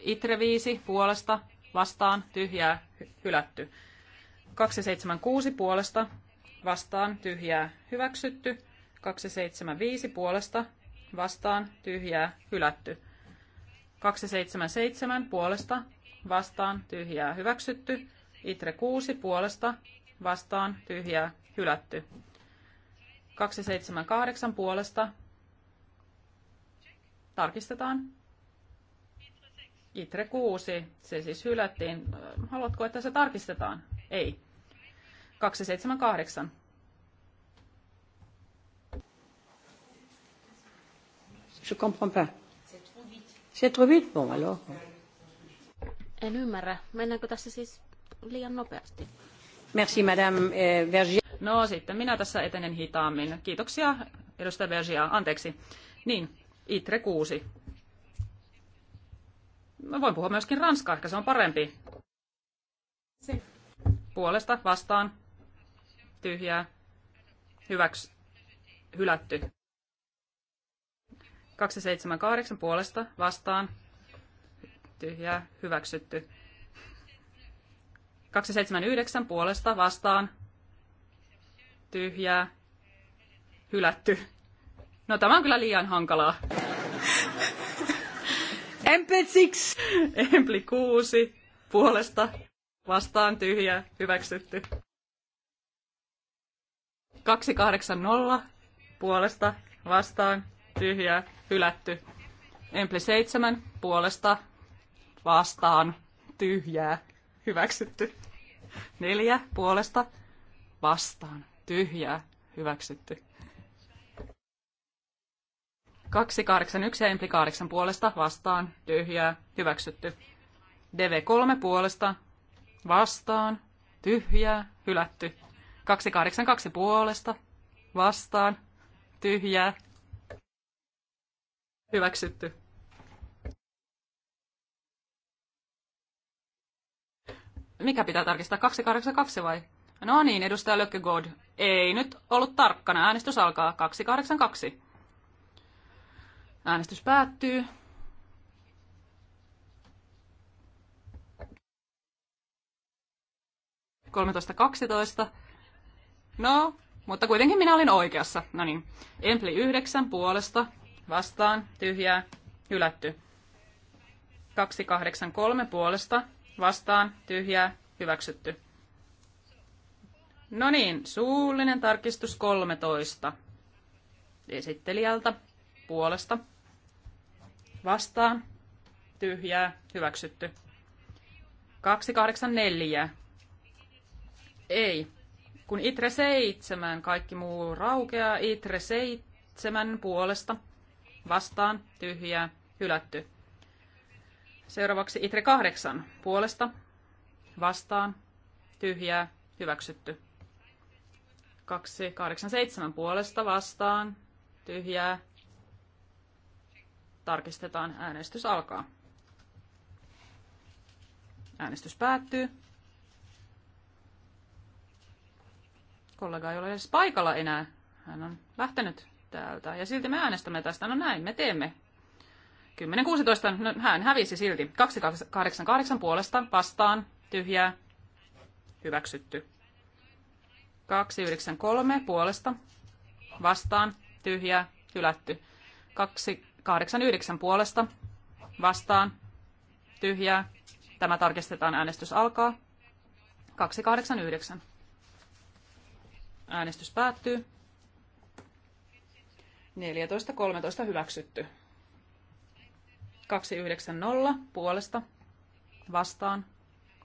Itre 5 puolesta. Vastaan. Tyhjää. Hylätty. 276 puolesta. Vastaan. Tyhjää. Hyväksytty. 275 puolesta vastaan tyhjää hylätty. 277 puolesta vastaan tyhjää hyväksytty. Itre 6 puolesta vastaan tyhjää hylätty. 278 puolesta tarkistetaan. Itre 6, se siis hylättiin. Haluatko, että se tarkistetaan? Ei. 278 Je comprends pas. C'est trop vite. Bon, alors. En siis liian nopeasti? Merci, madame eh, Vergia. No sitten minä tässä etenen hitaammin. Kiitoksia, edustaja Vergia. Anteeksi. Niin, ITRE 6. Mä voin puhua myöskin ranskaa, ehkä se on parempi. Puolesta, vastaan, tyhjää, hyväks, hylätty. 278 puolesta vastaan. Tyhjää hyväksytty. 279 puolesta vastaan. Tyhjää hylätty. No tämä on kyllä liian hankalaa. MP6! mp 6 puolesta vastaan tyhjää hyväksytty. 280 puolesta vastaan tyhjää hylätty. Empli 7 puolesta vastaan tyhjää hyväksytty. Neljä puolesta vastaan tyhjää hyväksytty. 281 ja Empli 8 puolesta vastaan tyhjää hyväksytty. DV3 puolesta vastaan tyhjää hylätty. 282 puolesta vastaan tyhjää Hyväksytty. Mikä pitää tarkistaa? 282 vai? No niin, edustaja Lökkegod. Ei nyt ollut tarkkana. Äänestys alkaa 282. Äänestys päättyy. Kolmetoista kaksitoista. No, mutta kuitenkin minä olin oikeassa. No niin, Empli 9 puolesta vastaan, tyhjää, hylätty. 283 puolesta, vastaan, tyhjää, hyväksytty. No niin, suullinen tarkistus 13. Esittelijältä, puolesta, vastaan, tyhjää, hyväksytty. 284. Ei, kun itre 7, kaikki muu raukeaa itre 7 puolesta vastaan, tyhjää, hylätty. Seuraavaksi ITRE kahdeksan puolesta, vastaan, tyhjää, hyväksytty. kaksi kahdeksan seitsemän puolesta vastaan, tyhjää. Tarkistetaan, äänestys alkaa. Äänestys päättyy. Kollega ei ole edes paikalla enää. Hän on lähtenyt täältä. Ja silti me äänestämme tästä. No näin, me teemme. 10.16, no hän hävisi silti. 288 puolesta vastaan, tyhjää, hyväksytty. 293 puolesta vastaan, tyhjää, hylätty. 289 puolesta vastaan, tyhjää. Tämä tarkistetaan, äänestys alkaa. 289. Äänestys päättyy. 14.13 hyväksytty. 290 puolesta vastaan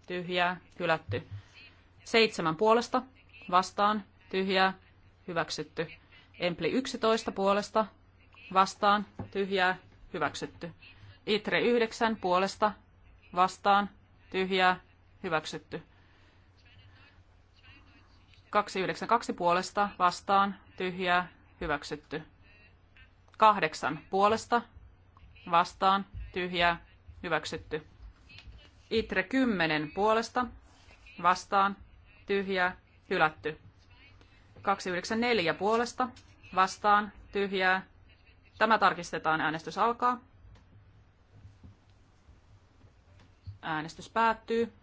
tyhjää hylätty. 7 puolesta vastaan tyhjää hyväksytty. Empli 11 puolesta vastaan tyhjää hyväksytty. Itre 9 puolesta vastaan tyhjää hyväksytty. 292 puolesta vastaan tyhjää hyväksytty kahdeksan puolesta vastaan tyhjää hyväksytty. Itre kymmenen puolesta vastaan tyhjää hylätty. 294 puolesta vastaan tyhjää. Tämä tarkistetaan. Äänestys alkaa. Äänestys päättyy.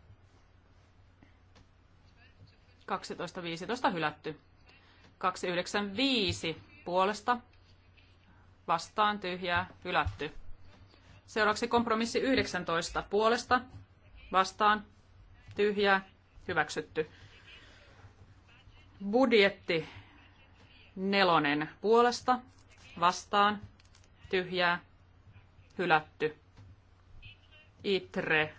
12.15 hylätty. 295 puolesta vastaan tyhjää hylätty. Seuraavaksi kompromissi 19 puolesta vastaan tyhjää hyväksytty. Budjetti nelonen puolesta vastaan tyhjää hylätty. Itre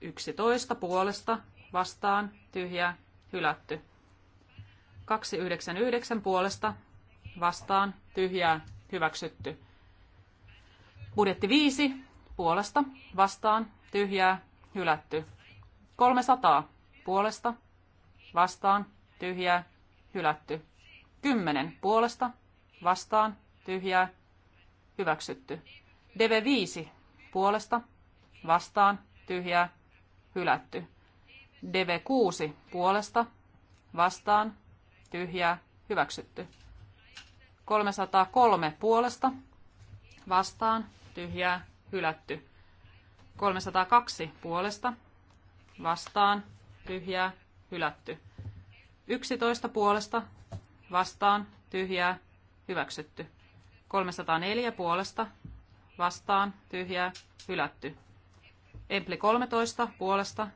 11 puolesta vastaan tyhjää hylätty. 299 puolesta vastaan tyhjää hyväksytty. Budjetti 5 puolesta vastaan tyhjää hylätty. 300 puolesta vastaan tyhjää hylätty. 10 puolesta vastaan tyhjää hyväksytty. DV5 puolesta vastaan tyhjää hylätty. DV6 puolesta vastaan tyhjää hyväksytty. 303 puolesta vastaan tyhjää hylätty. 302 puolesta vastaan tyhjää hylätty. 11 puolesta vastaan tyhjää hyväksytty. 304 puolesta vastaan tyhjää hylätty. Empli 13 puolesta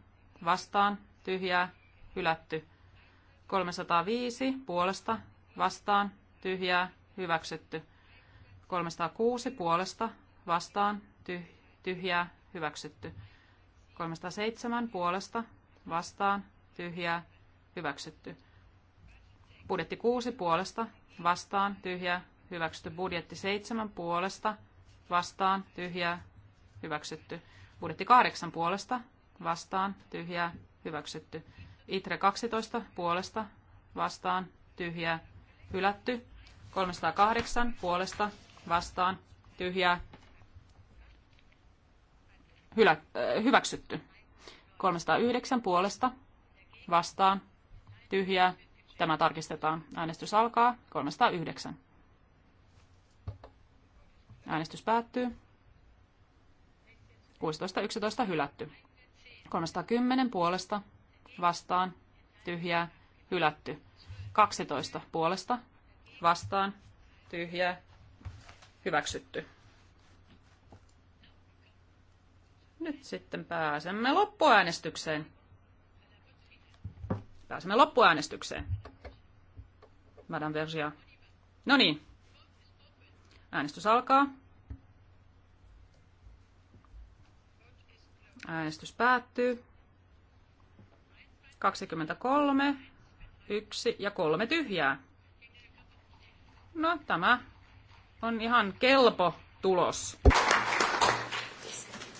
vastaan tyhjää hylätty. 305 puolesta vastaan tyhjää hyväksytty. 306 puolesta vastaan tyhjää hyväksytty. 307 puolesta vastaan tyhjää hyväksytty. Budjetti 6 puolesta vastaan tyhjää hyväksytty. Budjetti 7 puolesta vastaan tyhjää hyväksytty. Budjetti 8 puolesta vastaan tyhjää hyväksytty. Itre 12 puolesta vastaan tyhjää hylätty. 308 puolesta vastaan tyhjää hylä, äh, hyväksytty. 309 puolesta vastaan tyhjää. Tämä tarkistetaan. Äänestys alkaa. 309. Äänestys päättyy. 16.11 hylätty. 310 puolesta vastaan tyhjää hylätty. 12 puolesta vastaan, tyhjä hyväksytty. Nyt sitten pääsemme loppuäänestykseen. Pääsemme loppuäänestykseen. Madame Versia. No niin. Äänestys alkaa. Äänestys päättyy. 23, 1 ja 3 tyhjää. No tämä on ihan kelpo tulos.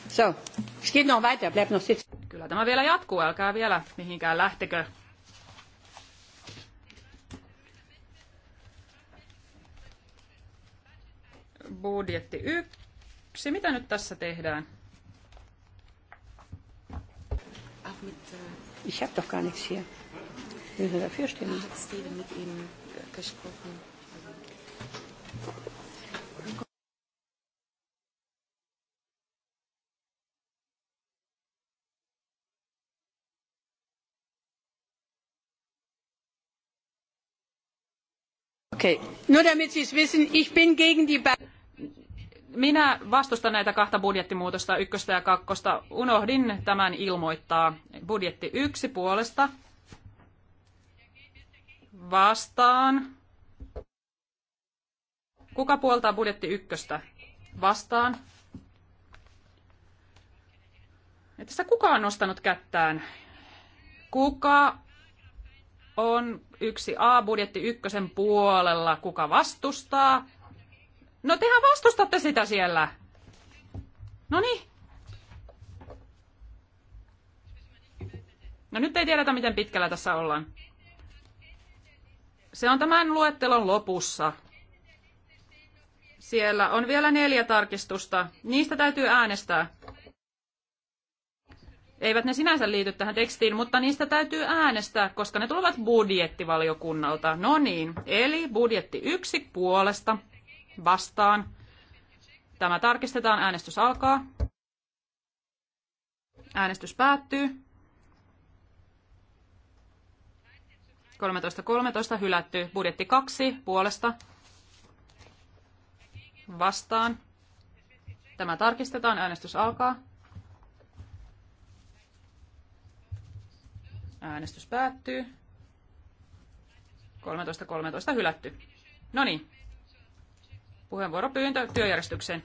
So, es noch weiter, bleib noch sitzen. Kyllä tämä vielä jatkuu, älkää vielä mihinkään lähtekö. Budjetti yksi. Mitä nyt tässä tehdään? Äh, ich hab doch gar nichts hier. Wir sind dafür Ich Steven mit ihm äh, gesprochen. minä vastustan näitä kahta budjettimuutosta, ykköstä ja kakkosta. Unohdin tämän ilmoittaa. Budjetti yksi puolesta. Vastaan. Kuka puoltaa budjetti ykköstä? Vastaan. Et tässä kuka on nostanut kättään? Kuka on yksi A-budjetti ykkösen puolella. Kuka vastustaa? No tehän vastustatte sitä siellä. No niin. No nyt ei tiedetä, miten pitkällä tässä ollaan. Se on tämän luettelon lopussa. Siellä on vielä neljä tarkistusta. Niistä täytyy äänestää. Eivät ne sinänsä liity tähän tekstiin, mutta niistä täytyy äänestää, koska ne tulevat budjettivaliokunnalta. No niin, eli budjetti yksi puolesta vastaan. Tämä tarkistetaan, äänestys alkaa. Äänestys päättyy. 13.13 13, hylätty. Budjetti 2 puolesta vastaan. Tämä tarkistetaan, äänestys alkaa. Äänestys päättyy. 13.13 13, hylätty. No niin. Puheenvuoropyyntö työjärjestykseen.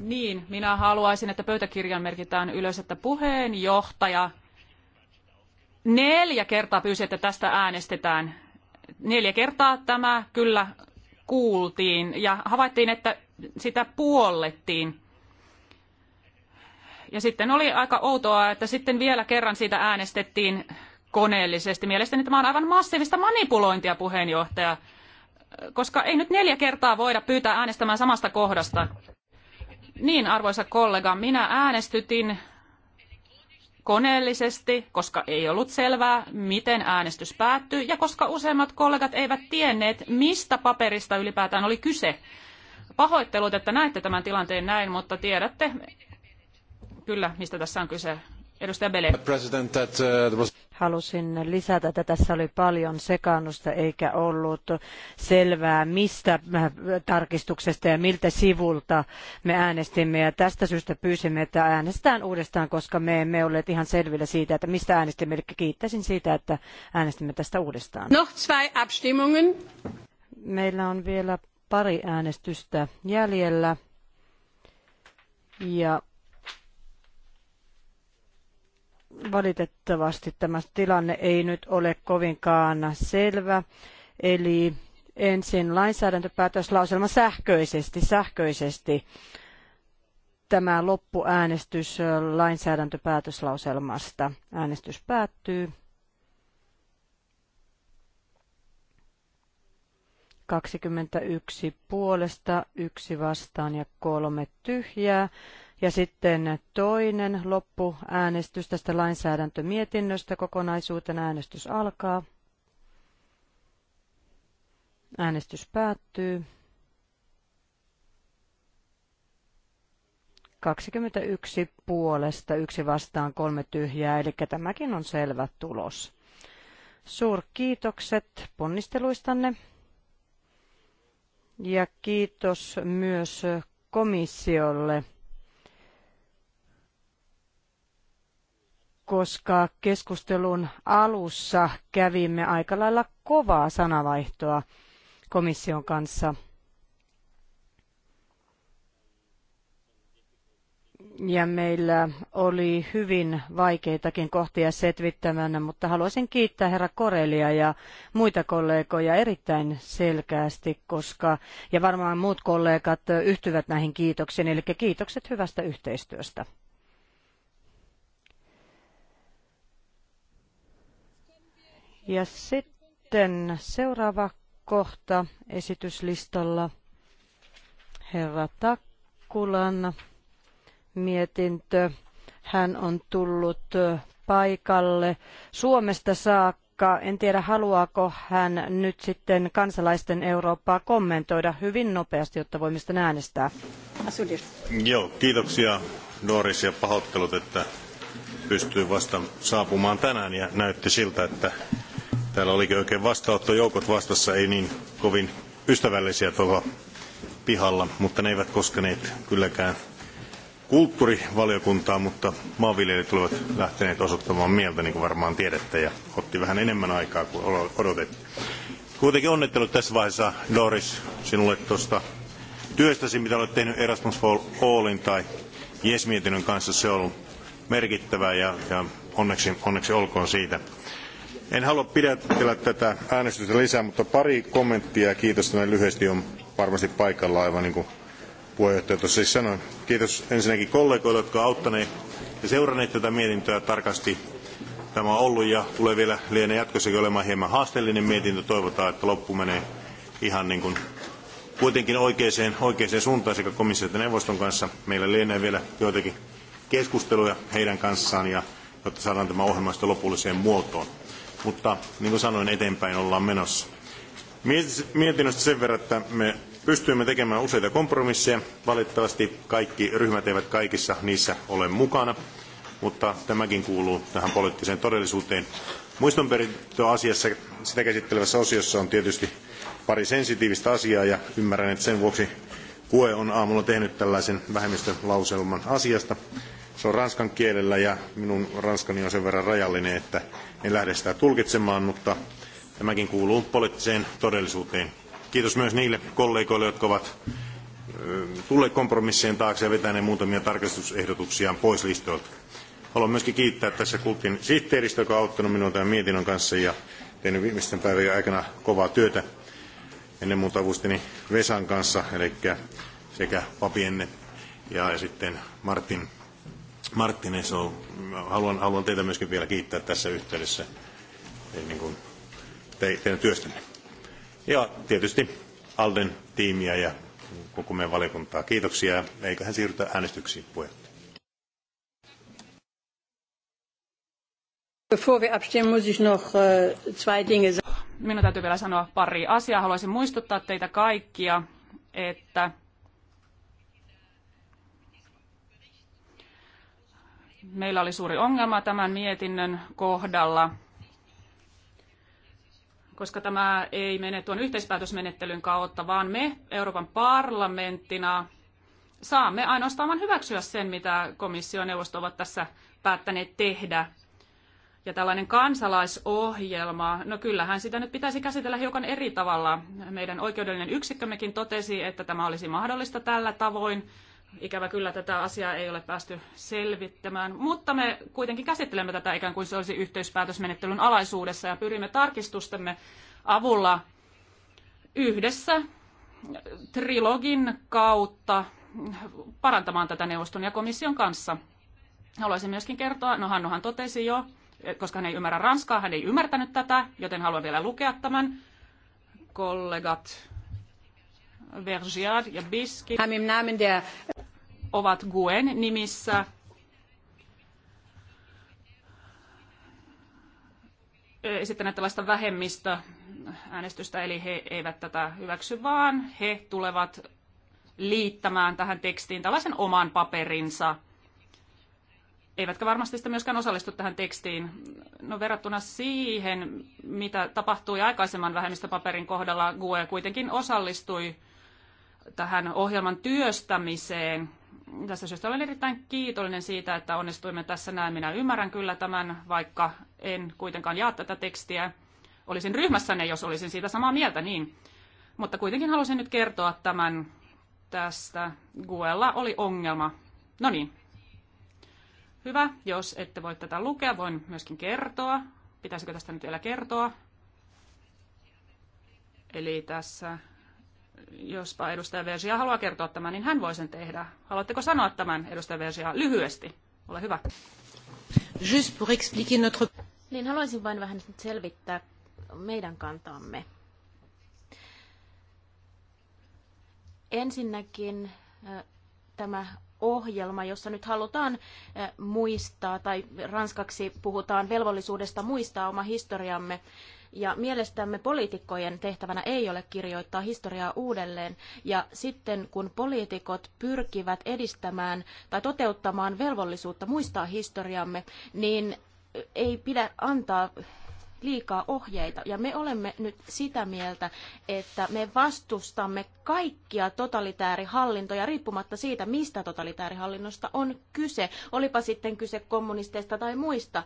Niin, minä haluaisin, että pöytäkirjan merkitään ylös, että puheenjohtaja neljä kertaa pyysi, että tästä äänestetään. Neljä kertaa tämä kyllä kuultiin ja havaittiin, että sitä puollettiin. Ja sitten oli aika outoa, että sitten vielä kerran siitä äänestettiin koneellisesti. Mielestäni tämä on aivan massiivista manipulointia, puheenjohtaja, koska ei nyt neljä kertaa voida pyytää äänestämään samasta kohdasta. Niin, arvoisa kollega, minä äänestytin koneellisesti, koska ei ollut selvää, miten äänestys päättyy, ja koska useimmat kollegat eivät tienneet, mistä paperista ylipäätään oli kyse. Pahoittelut, että näette tämän tilanteen näin, mutta tiedätte kyllä, mistä tässä on kyse. Edustaja Bele. President, that, uh, was halusin lisätä, että tässä oli paljon sekaannusta eikä ollut selvää, mistä äh, tarkistuksesta ja miltä sivulta me äänestimme. Ja tästä syystä pyysimme, että äänestetään uudestaan, koska me emme olleet ihan selvillä siitä, että mistä äänestimme. Eli kiittäisin siitä, että äänestimme tästä uudestaan. Noch zwei Abstimmungen. Meillä on vielä pari äänestystä jäljellä. Ja valitettavasti tämä tilanne ei nyt ole kovinkaan selvä. Eli ensin lainsäädäntöpäätöslauselma sähköisesti, sähköisesti tämä loppuäänestys lainsäädäntöpäätöslauselmasta. Äänestys päättyy. 21 puolesta, yksi vastaan ja kolme tyhjää. Ja sitten toinen loppuäänestys tästä lainsäädäntömietinnöstä Kokonaisuuten Äänestys alkaa. Äänestys päättyy. 21 puolesta, yksi vastaan, kolme tyhjää, eli tämäkin on selvä tulos. Suurkiitokset ponnisteluistanne ja kiitos myös komissiolle koska keskustelun alussa kävimme aika lailla kovaa sanavaihtoa komission kanssa. Ja meillä oli hyvin vaikeitakin kohtia setvittämänä, mutta haluaisin kiittää herra Korelia ja muita kollegoja erittäin selkeästi, koska, ja varmaan muut kollegat yhtyvät näihin kiitoksiin, eli kiitokset hyvästä yhteistyöstä. Ja sitten seuraava kohta esityslistalla herra Takkulan mietintö. Hän on tullut paikalle Suomesta saakka. En tiedä, haluaako hän nyt sitten kansalaisten Eurooppaa kommentoida hyvin nopeasti, jotta voimme sitten äänestää. Asulir. Joo, kiitoksia Doris ja pahoittelut, että pystyy vasta saapumaan tänään ja näytti siltä, että Täällä olikin oikein vastaanottojoukot vastassa, ei niin kovin ystävällisiä tuolla pihalla, mutta ne eivät koskeneet kylläkään kulttuurivaliokuntaa, mutta maanviljelijät olivat lähteneet osoittamaan mieltä, niin kuin varmaan tiedätte, ja otti vähän enemmän aikaa kuin odotettiin. Kuitenkin onnittelut tässä vaiheessa, Doris, sinulle tuosta työstäsi, mitä olet tehnyt Erasmus for Allin tai Jes-mietinnön kanssa. Se on ollut merkittävää ja, ja onneksi, onneksi olkoon siitä. En halua pidätellä tätä äänestystä lisää, mutta pari kommenttia ja kiitos näin lyhyesti on varmasti paikalla aivan niin kuin puheenjohtaja tuossa siis sanoi. Kiitos ensinnäkin kollegoille, jotka ovat auttaneet ja seuranneet tätä mietintöä tarkasti. Tämä on ollut ja tulee vielä lienee jatkossakin olemaan hieman haasteellinen mietintö. Toivotaan, että loppu menee ihan niin kuin kuitenkin oikeaan, oikeaan suuntaan sekä komission että neuvoston kanssa. Meillä lienee vielä joitakin keskusteluja heidän kanssaan, ja, jotta saadaan tämä ohjelmasto lopulliseen muotoon mutta niin kuin sanoin, eteenpäin ollaan menossa. Mietinnöstä sen verran, että me pystyimme tekemään useita kompromisseja. Valitettavasti kaikki ryhmät eivät kaikissa niissä ole mukana, mutta tämäkin kuuluu tähän poliittiseen todellisuuteen. Muistonperintöasiassa sitä käsittelevässä osiossa on tietysti pari sensitiivistä asiaa ja ymmärrän, että sen vuoksi Kue on aamulla tehnyt tällaisen vähemmistölauselman asiasta. Se on ranskan kielellä ja minun ranskani on sen verran rajallinen, että en lähde sitä tulkitsemaan, mutta tämäkin kuuluu poliittiseen todellisuuteen. Kiitos myös niille kollegoille, jotka ovat tulleet kompromissien taakse ja vetäneet muutamia tarkastusehdotuksiaan pois listoilta. Haluan myöskin kiittää tässä kultin sihteeristä, joka on auttanut minua tämän mietinnön kanssa ja tehnyt viimeisten päivien aikana kovaa työtä ennen muuta avustini Vesan kanssa, eli sekä Papienne ja sitten Martin Marttinen, so, haluan, haluan teitä myöskin vielä kiittää tässä yhteydessä niin kuin te, teidän työstänne. Ja tietysti Alden tiimiä ja koko meidän valiokuntaa. Kiitoksia. Eiköhän siirrytä äänestyksiin puheenjohtaja. Äh, Minun täytyy vielä sanoa pari asiaa. Haluaisin muistuttaa teitä kaikkia, että meillä oli suuri ongelma tämän mietinnön kohdalla, koska tämä ei mene tuon yhteispäätösmenettelyn kautta, vaan me Euroopan parlamenttina saamme ainoastaan vain hyväksyä sen, mitä komissio ja neuvosto ovat tässä päättäneet tehdä. Ja tällainen kansalaisohjelma, no kyllähän sitä nyt pitäisi käsitellä hiukan eri tavalla. Meidän oikeudellinen yksikkömmekin totesi, että tämä olisi mahdollista tällä tavoin, Ikävä kyllä tätä asiaa ei ole päästy selvittämään, mutta me kuitenkin käsittelemme tätä ikään kuin se olisi yhteispäätösmenettelyn alaisuudessa ja pyrimme tarkistustemme avulla yhdessä trilogin kautta parantamaan tätä neuvoston ja komission kanssa. Haluaisin myöskin kertoa, no Hannuhan totesi jo, koska hän ei ymmärrä ranskaa, hän ei ymmärtänyt tätä, joten haluan vielä lukea tämän. Kollegat Vergiard ja Biski ovat Guen nimissä. esittäneet tällaista vähemmistä äänestystä, eli he eivät tätä hyväksy, vaan he tulevat liittämään tähän tekstiin tällaisen oman paperinsa. Eivätkä varmasti sitä myöskään osallistu tähän tekstiin. No verrattuna siihen, mitä tapahtui aikaisemman vähemmistöpaperin kohdalla, GUE kuitenkin osallistui tähän ohjelman työstämiseen Tästä syystä olen erittäin kiitollinen siitä, että onnistuimme tässä näin. Minä ymmärrän kyllä tämän, vaikka en kuitenkaan jaa tätä tekstiä. Olisin ryhmässäni, jos olisin siitä samaa mieltä, niin. Mutta kuitenkin halusin nyt kertoa tämän tästä. Guella oli ongelma. No niin. Hyvä, jos ette voi tätä lukea, voin myöskin kertoa. Pitäisikö tästä nyt vielä kertoa? Eli tässä jospa edustaja Versia haluaa kertoa tämän, niin hän voi sen tehdä. Haluatteko sanoa tämän, edustaja Versia, lyhyesti? Ole hyvä. Just pour expliquer notre... Niin haluaisin vain vähän nyt selvittää meidän kantaamme. Ensinnäkin äh, tämä ohjelma, jossa nyt halutaan äh, muistaa, tai ranskaksi puhutaan velvollisuudesta muistaa oma historiamme. Ja mielestämme poliitikkojen tehtävänä ei ole kirjoittaa historiaa uudelleen. Ja sitten kun poliitikot pyrkivät edistämään tai toteuttamaan velvollisuutta muistaa historiamme, niin ei pidä antaa liikaa ohjeita. Ja me olemme nyt sitä mieltä, että me vastustamme kaikkia totalitäärihallintoja riippumatta siitä, mistä totalitäärihallinnosta on kyse. Olipa sitten kyse kommunisteista tai muista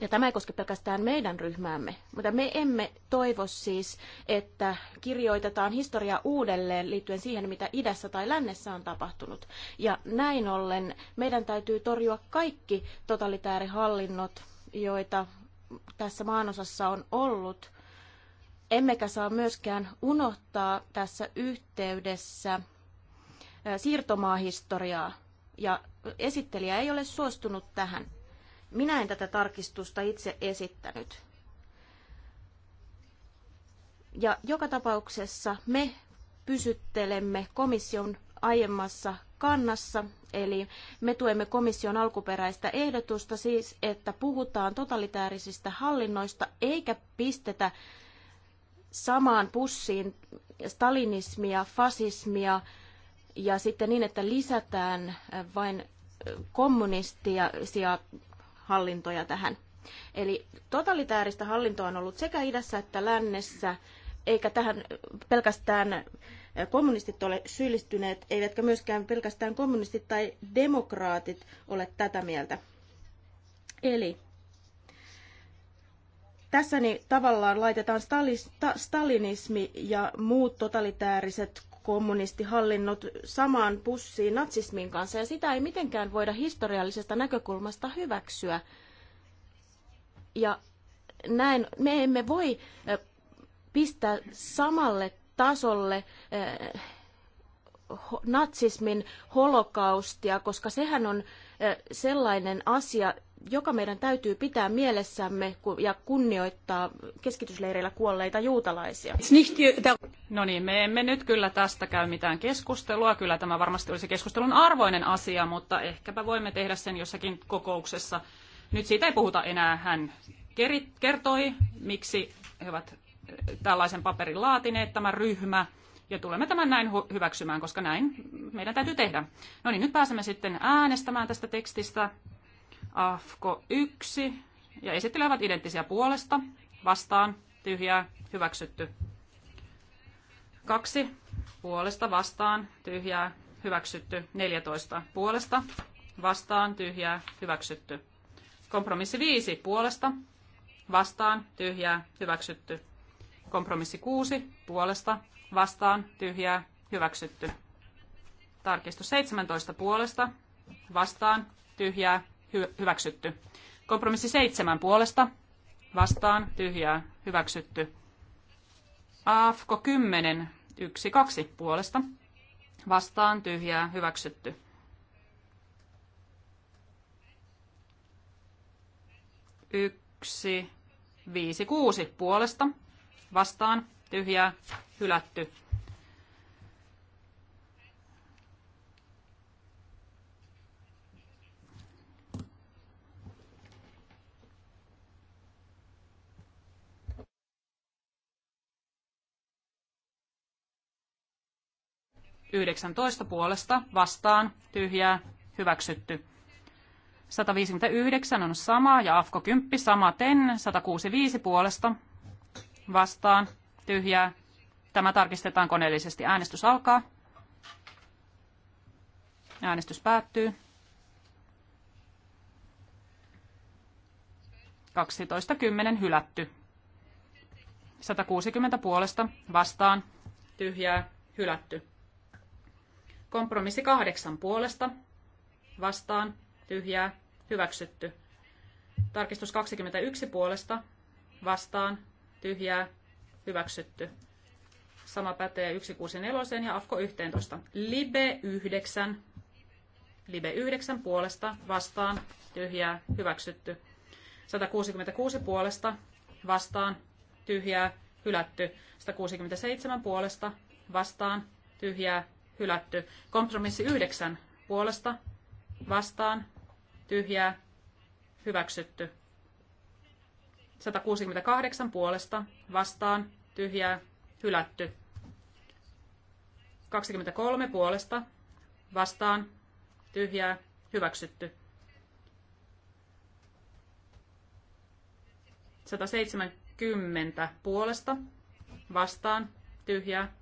ja tämä ei koske pelkästään meidän ryhmäämme, mutta me emme toivo siis, että kirjoitetaan historia uudelleen liittyen siihen, mitä idässä tai lännessä on tapahtunut. Ja näin ollen meidän täytyy torjua kaikki totalitäärihallinnot, joita tässä maanosassa on ollut. Emmekä saa myöskään unohtaa tässä yhteydessä siirtomaahistoriaa. Ja esittelijä ei ole suostunut tähän. Minä en tätä tarkistusta itse esittänyt. Ja joka tapauksessa me pysyttelemme komission aiemmassa kannassa, eli me tuemme komission alkuperäistä ehdotusta siis, että puhutaan totalitaarisista hallinnoista eikä pistetä samaan pussiin stalinismia, fasismia ja sitten niin, että lisätään vain kommunistisia hallintoja tähän. Eli totalitääristä hallintoa on ollut sekä idässä että lännessä, eikä tähän pelkästään kommunistit ole syyllistyneet, eivätkä myöskään pelkästään kommunistit tai demokraatit ole tätä mieltä. Eli tässä niin tavallaan laitetaan stalinismi ja muut totalitääriset kommunistihallinnot samaan pussiin natsismin kanssa, ja sitä ei mitenkään voida historiallisesta näkökulmasta hyväksyä. Ja näin me emme voi pistää samalle tasolle natsismin holokaustia, koska sehän on sellainen asia, joka meidän täytyy pitää mielessämme ja kunnioittaa keskitysleireillä kuolleita juutalaisia. No niin, me emme nyt kyllä tästä käy mitään keskustelua. Kyllä tämä varmasti olisi keskustelun arvoinen asia, mutta ehkäpä voimme tehdä sen jossakin kokouksessa. Nyt siitä ei puhuta enää. Hän kertoi, miksi he ovat eh, tällaisen paperin laatineet, tämä ryhmä. Ja tulemme tämän näin hyväksymään, koska näin meidän täytyy tehdä. No niin, nyt pääsemme sitten äänestämään tästä tekstistä. AFKO 1 ja esittelevät identtisiä puolesta, vastaan, tyhjää, hyväksytty. Kaksi puolesta, vastaan, tyhjää, hyväksytty. 14 puolesta, vastaan, tyhjää, hyväksytty. Kompromissi 5 puolesta, vastaan, tyhjää, hyväksytty. Kompromissi 6 puolesta, vastaan, tyhjää, hyväksytty. Tarkistus 17 puolesta, vastaan, tyhjää, hyväksytty. Kompromissi seitsemän puolesta vastaan tyhjää hyväksytty. AFKO 10 1 2 puolesta vastaan tyhjää hyväksytty. Yksi, viisi, kuusi puolesta vastaan tyhjää hylätty. 19 puolesta vastaan tyhjää hyväksytty. 159 on sama ja AFKO 10 samaten 165 puolesta vastaan tyhjää. Tämä tarkistetaan koneellisesti. Äänestys alkaa. Äänestys päättyy. 12.10 hylätty. 160 puolesta vastaan tyhjää hylätty. Kompromissi kahdeksan puolesta. Vastaan. Tyhjää. Hyväksytty. Tarkistus 21 puolesta. Vastaan. Tyhjää. Hyväksytty. Sama pätee 164 ja AFKO 11. Libe 9. Libe 9 puolesta. Vastaan. Tyhjää. Hyväksytty. 166 puolesta. Vastaan. Tyhjää. Hylätty. 167 puolesta. Vastaan. Tyhjää hylätty. Kompromissi yhdeksän puolesta vastaan tyhjää hyväksytty. 168 puolesta vastaan tyhjää hylätty. 23 puolesta vastaan tyhjää hyväksytty. 170 puolesta vastaan tyhjää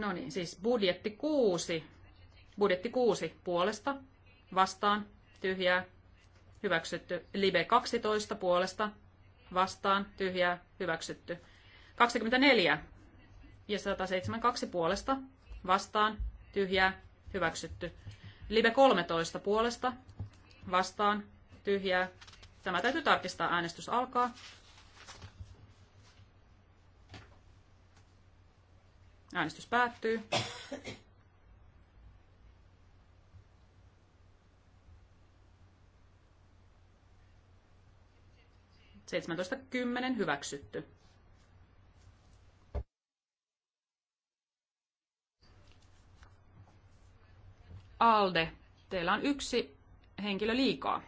No niin, siis budjetti kuusi. Budjetti kuusi puolesta, vastaan, tyhjää, hyväksytty. Libe 12 puolesta, vastaan, tyhjää, hyväksytty. 24 ja 172 puolesta, vastaan, tyhjää, hyväksytty. Libe 13 puolesta, vastaan, tyhjää. Tämä täytyy tarkistaa, äänestys alkaa. Äänestys päättyy. Seitsemäntoista kymmenen hyväksytty. Alde, teillä on yksi henkilö liikaa.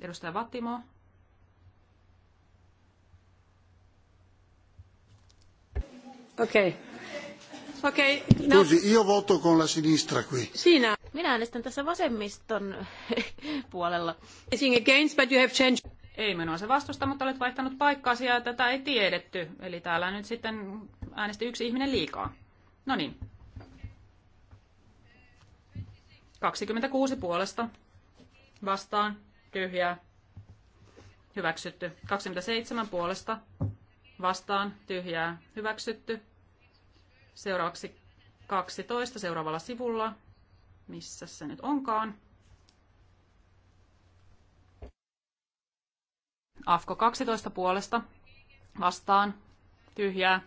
Edustaja Vattimo. Okei. Okay. Okay, no. Scusi, io voto con la sinistra qui. Siinä. No. Minä äänestän tässä vasemmiston (laughs) puolella. Against, but you have changed. Ei minua se vastusta, mutta olet vaihtanut paikkaasi ja tätä ei tiedetty. Eli täällä nyt sitten äänesti yksi ihminen liikaa. No niin. 26 puolesta vastaan tyhjää, hyväksytty. 27 puolesta, vastaan, tyhjää, hyväksytty. Seuraavaksi 12 seuraavalla sivulla, missä se nyt onkaan. Afko 12 puolesta, vastaan, tyhjää.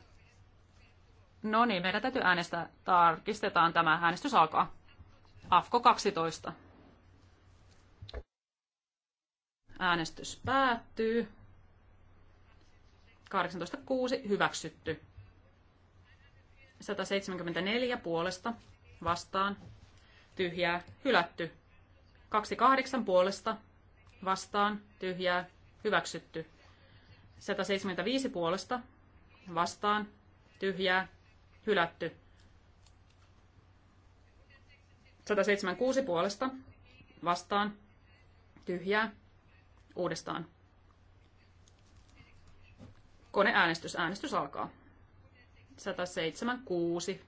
No niin, meidän täytyy äänestää. Tarkistetaan tämä. Äänestys alkaa. Afko 12. Äänestys päättyy. 18.6 hyväksytty. 174 puolesta vastaan. Tyhjää hylätty. 28 puolesta vastaan. Tyhjää hyväksytty. 175 puolesta vastaan. Tyhjää hylätty. 176 puolesta vastaan. Tyhjää uudestaan. Koneäänestys. Äänestys alkaa. 176.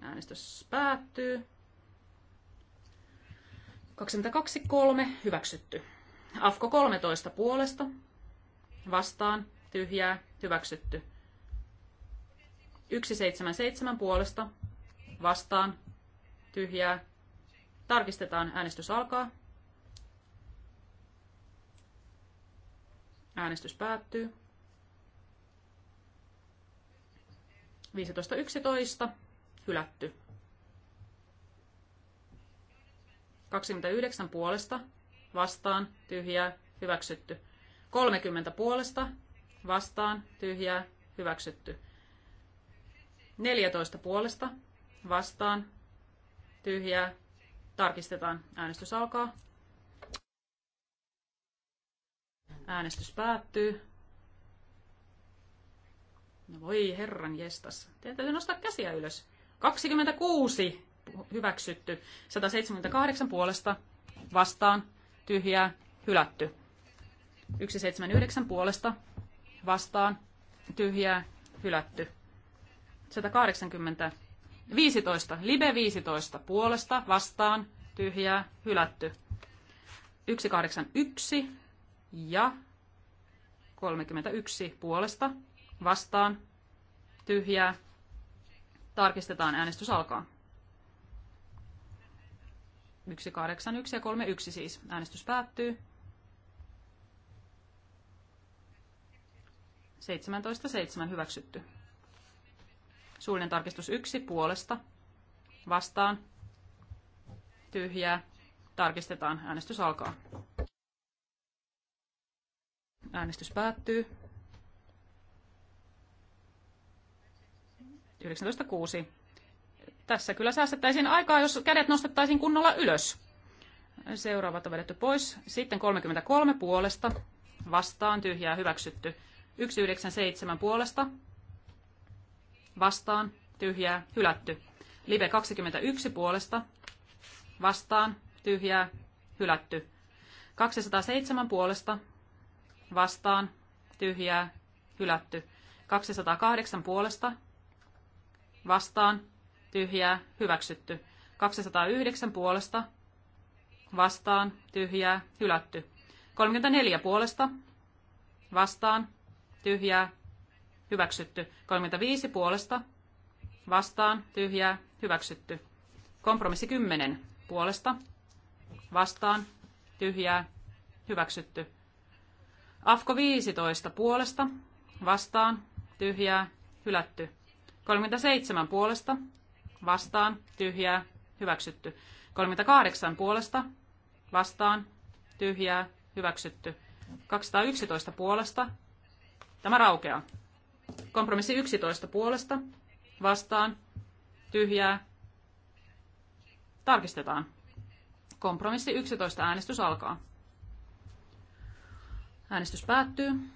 Äänestys päättyy. 22.3. Hyväksytty. AFKO 13 puolesta. Vastaan. Tyhjää. Hyväksytty. 177 puolesta. Vastaan. Tyhjää. Tarkistetaan. Äänestys alkaa. Äänestys päättyy. 15.11. Hylätty. 29 puolesta. Vastaan. Tyhjää. Hyväksytty. 30 puolesta. Vastaan. Tyhjää. Hyväksytty. 14 puolesta. Vastaan. Tyhjää. Tarkistetaan. Äänestys alkaa. Äänestys päättyy. No voi herran jestas. Teidän täytyy nostaa käsiä ylös. 26 hyväksytty. 178 puolesta vastaan tyhjää hylätty. 179 puolesta vastaan tyhjää hylätty. 180 15 Libe 15 puolesta vastaan tyhjää hylätty. 181 ja 31 puolesta vastaan tyhjää. Tarkistetaan äänestys alkaa. 1, 8, 1 ja 3, 1 siis. Äänestys päättyy. 17, 7 hyväksytty. Suullinen tarkistus 1 puolesta. Vastaan. Tyhjää. Tarkistetaan. Äänestys alkaa. Äänestys päättyy. 19.6. Tässä kyllä säästettäisiin aikaa, jos kädet nostettaisiin kunnolla ylös. Seuraavat on vedetty pois. Sitten 33 puolesta. Vastaan tyhjää hyväksytty. 197 puolesta. Vastaan tyhjää hylätty. Live 21 puolesta. Vastaan tyhjää hylätty. 207 puolesta vastaan, tyhjää, hylätty. 208 puolesta, vastaan, tyhjää, hyväksytty. 209 puolesta, vastaan, tyhjää, hylätty. 34 puolesta, vastaan, tyhjää, hyväksytty. 35 puolesta, vastaan, tyhjää, hyväksytty. Kompromissi 10 puolesta, vastaan, tyhjää, hyväksytty. Afko 15 puolesta, vastaan, tyhjää, hylätty. 37 puolesta, vastaan, tyhjää, hyväksytty. 38 puolesta, vastaan, tyhjää, hyväksytty. 211 puolesta, tämä raukeaa. Kompromissi 11 puolesta, vastaan, tyhjää, tarkistetaan. Kompromissi 11 äänestys alkaa. Äänestys päättyy.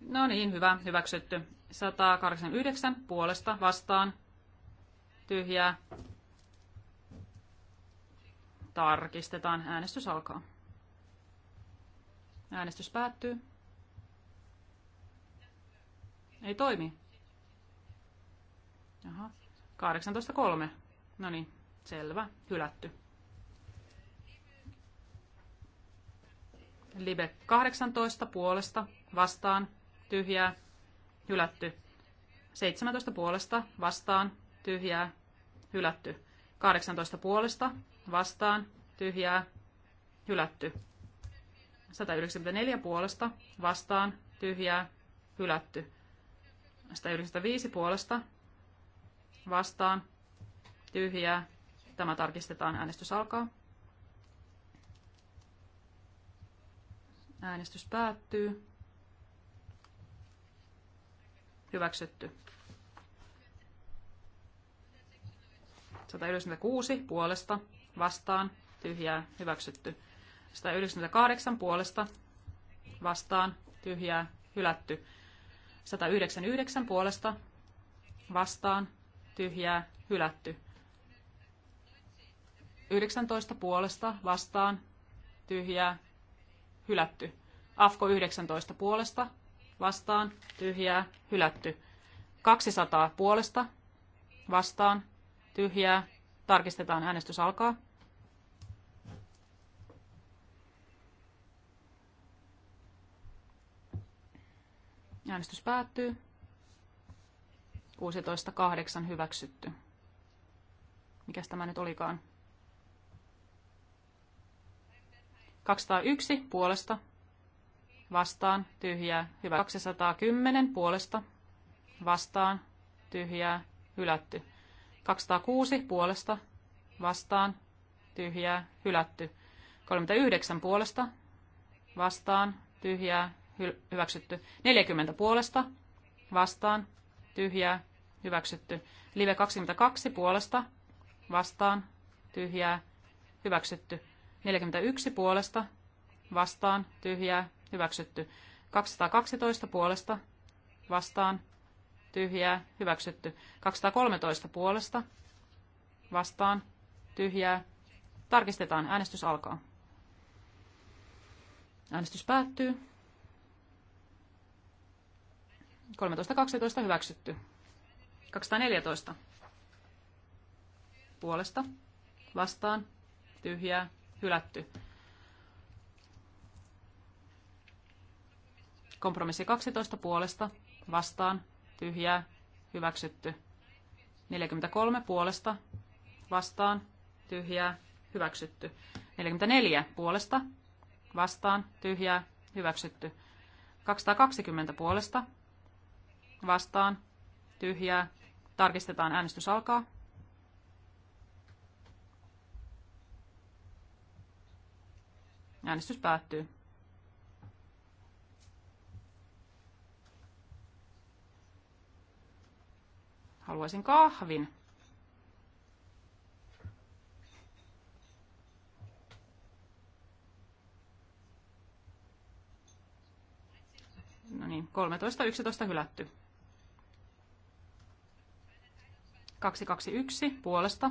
No niin, hyvä, hyväksytty. 189 puolesta vastaan. Tyhjää. Tarkistetaan. Äänestys alkaa. Äänestys päättyy. Ei toimi. Jaha. 18.3. No niin, selvä. Hylätty. Libe 18 puolesta vastaan tyhjää hylätty. 17 puolesta vastaan tyhjää hylätty. 18 puolesta vastaan tyhjää hylätty. 194 puolesta vastaan tyhjää hylätty. 195 puolesta vastaan tyhjää. Tämä tarkistetaan. Äänestys alkaa. Äänestys päättyy. Hyväksytty. 196 puolesta vastaan tyhjää hyväksytty. 198 puolesta vastaan tyhjää hylätty. 199 puolesta vastaan tyhjää hylätty. 19 puolesta vastaan tyhjää hylätty. AFKO 19 puolesta, vastaan, tyhjää, hylätty. 200 puolesta, vastaan, tyhjää, tarkistetaan, äänestys alkaa. Äänestys päättyy. 16.8 hyväksytty. Mikäs tämä nyt olikaan? 201 puolesta vastaan tyhjää hyvä. 210 puolesta vastaan tyhjää hylätty. 206 puolesta vastaan tyhjää hylätty. 39 puolesta vastaan tyhjää hyväksytty. 40 puolesta vastaan tyhjää hyväksytty. Live 22 puolesta vastaan tyhjää hyväksytty. 41 puolesta vastaan tyhjää hyväksytty. 212 puolesta vastaan tyhjää hyväksytty. 213 puolesta vastaan tyhjää. Tarkistetaan. Äänestys alkaa. Äänestys päättyy. 13.12 hyväksytty. 214 puolesta vastaan tyhjää hylätty. Kompromissi 12 puolesta vastaan tyhjää hyväksytty. 43 puolesta vastaan tyhjää hyväksytty. 44 puolesta vastaan tyhjää hyväksytty. 220 puolesta vastaan tyhjää. Tarkistetaan äänestys alkaa. Äänestys päättyy. Haluaisin kahvin. No niin, 13.11 hylätty. 221 puolesta.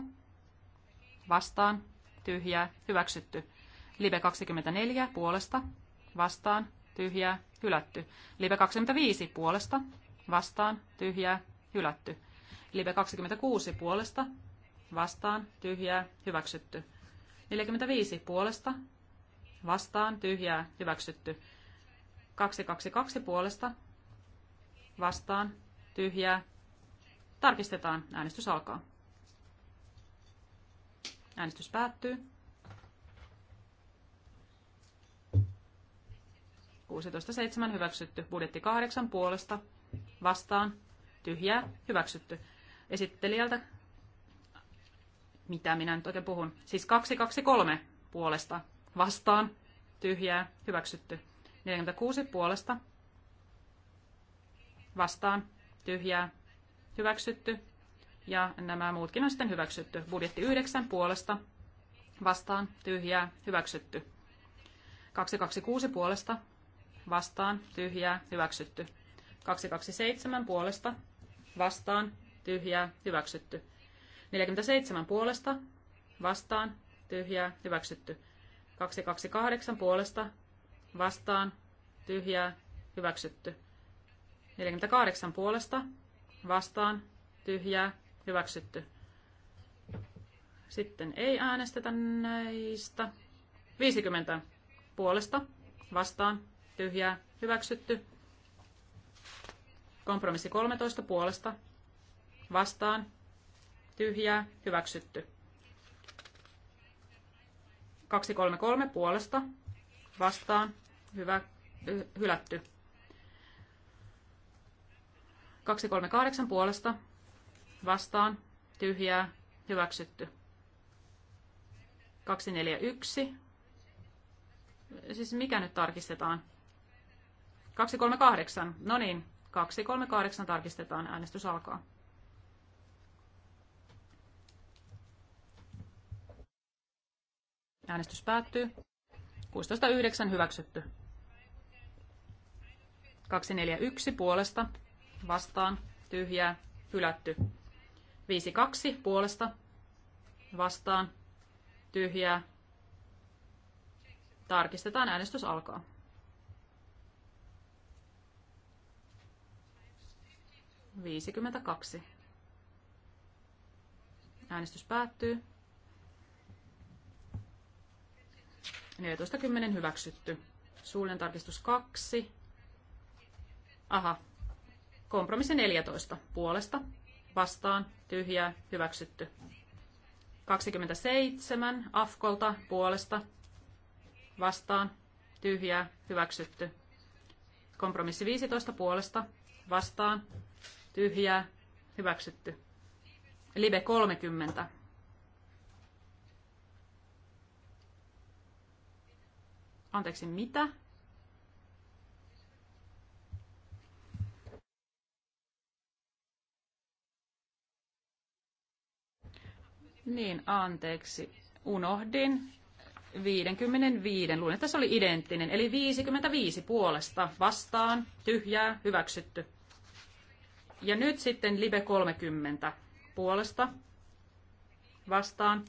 Vastaan. Tyhjää. Hyväksytty. Live 24 puolesta, vastaan, tyhjää, hylätty. Live 25 puolesta, vastaan, tyhjää, hylätty. Live 26 puolesta, vastaan, tyhjää, hyväksytty. 45 puolesta, vastaan, tyhjää, hyväksytty. 222 puolesta, vastaan, tyhjää. Tarkistetaan, äänestys alkaa. Äänestys päättyy. 16.7 hyväksytty. Budjetti 8 puolesta vastaan tyhjää hyväksytty. Esittelijältä, mitä minä nyt oikein puhun, siis 223 puolesta vastaan tyhjää hyväksytty. 46 puolesta vastaan tyhjää hyväksytty. Ja nämä muutkin on sitten hyväksytty. Budjetti 9 puolesta vastaan tyhjää hyväksytty. 226 puolesta vastaan, tyhjää, hyväksytty. 227 puolesta, vastaan, tyhjää, hyväksytty. 47 puolesta, vastaan, tyhjää, hyväksytty. 228 puolesta, vastaan, tyhjää, hyväksytty. 48 puolesta, vastaan, tyhjää, hyväksytty. Sitten ei äänestetä näistä. 50 puolesta, vastaan, tyhjää, hyväksytty. Kompromissi 13 puolesta, vastaan, tyhjää, hyväksytty. 233 puolesta, vastaan, hyvä, hylätty. 238 puolesta, vastaan, tyhjää, hyväksytty. 241. Siis mikä nyt tarkistetaan? 238. No niin, 238 tarkistetaan. Äänestys alkaa. Äänestys päättyy. 16.9 hyväksytty. 241 puolesta vastaan tyhjää hylätty. 52 puolesta vastaan tyhjää. Tarkistetaan äänestys alkaa. 52. Äänestys päättyy. 14.10 hyväksytty. Suullinen tarkistus 2. Aha. Kompromissi 14. Puolesta. Vastaan. Tyhjää. Hyväksytty. 27. Afkolta. Puolesta. Vastaan. Tyhjää. Hyväksytty. Kompromissi 15. Puolesta. Vastaan tyhjää, hyväksytty. Live 30. Anteeksi, mitä? Niin, anteeksi. Unohdin. 55. Luulen, että se oli identtinen. Eli 55 puolesta vastaan, tyhjää, hyväksytty. Ja nyt sitten Live 30 puolesta vastaan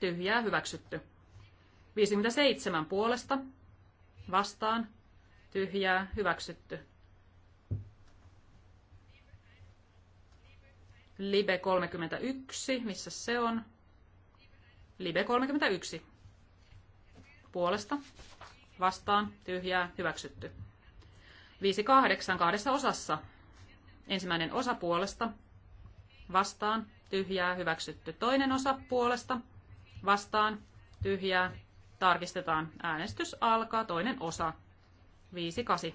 tyhjää hyväksytty. 57 puolesta vastaan tyhjää hyväksytty. Libe 31, missä se on? Libe 31. Puolesta, vastaan, tyhjää, hyväksytty. 58 kahdessa osassa. Ensimmäinen osa puolesta vastaan tyhjää hyväksytty. Toinen osa puolesta vastaan tyhjää tarkistetaan. Äänestys alkaa. Toinen osa 5-8.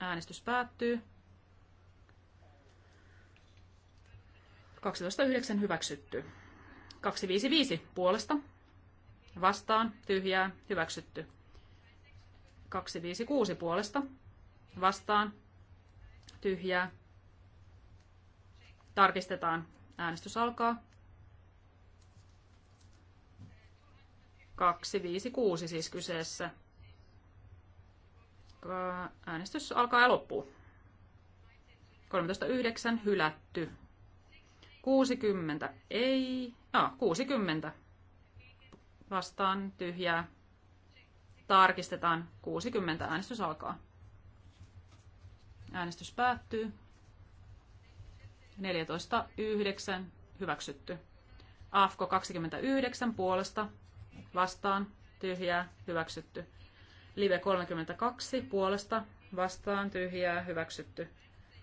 Äänestys päättyy. 12.9 hyväksytty. 255 puolesta. Vastaan tyhjää hyväksytty. 256 puolesta. Vastaan tyhjää. Tarkistetaan. Äänestys alkaa. 256 siis kyseessä. Äänestys alkaa ja loppuu. 13.9 hylätty. 60 ei. Ah, 60. Vastaan tyhjää. Tarkistetaan. 60 äänestys alkaa. Äänestys päättyy. 14.9. Hyväksytty. AFKO 29 puolesta vastaan tyhjää hyväksytty. Live 32 puolesta vastaan tyhjää hyväksytty.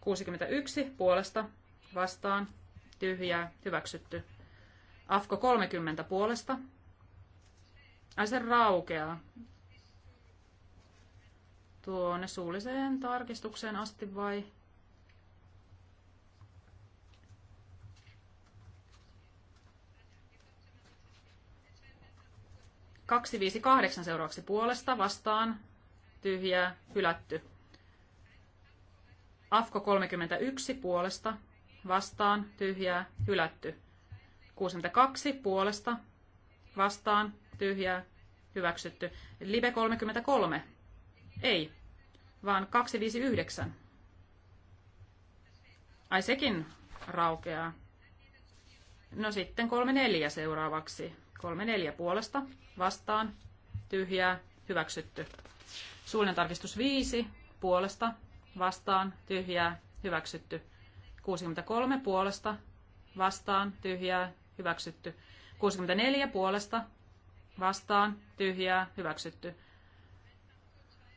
61 puolesta vastaan tyhjää hyväksytty. AFKO 30 puolesta. Ai se raukeaa tuonne suulliseen tarkistukseen asti vai Kaksi, viisi, kahdeksan seuraavaksi puolesta, vastaan, tyhjää, hylätty. Afko 31 puolesta, vastaan, tyhjää, hylätty. 62 puolesta, vastaan, tyhjää, hyväksytty. Live 33, ei, vaan 259. Ai sekin raukeaa. No sitten 34 seuraavaksi. 34 puolesta vastaan. Tyhjää. Hyväksytty. Suullinen tarkistus 5 puolesta vastaan. Tyhjää. Hyväksytty. 63 puolesta vastaan. Tyhjää. Hyväksytty. 64 puolesta vastaan. Tyhjää. Hyväksytty.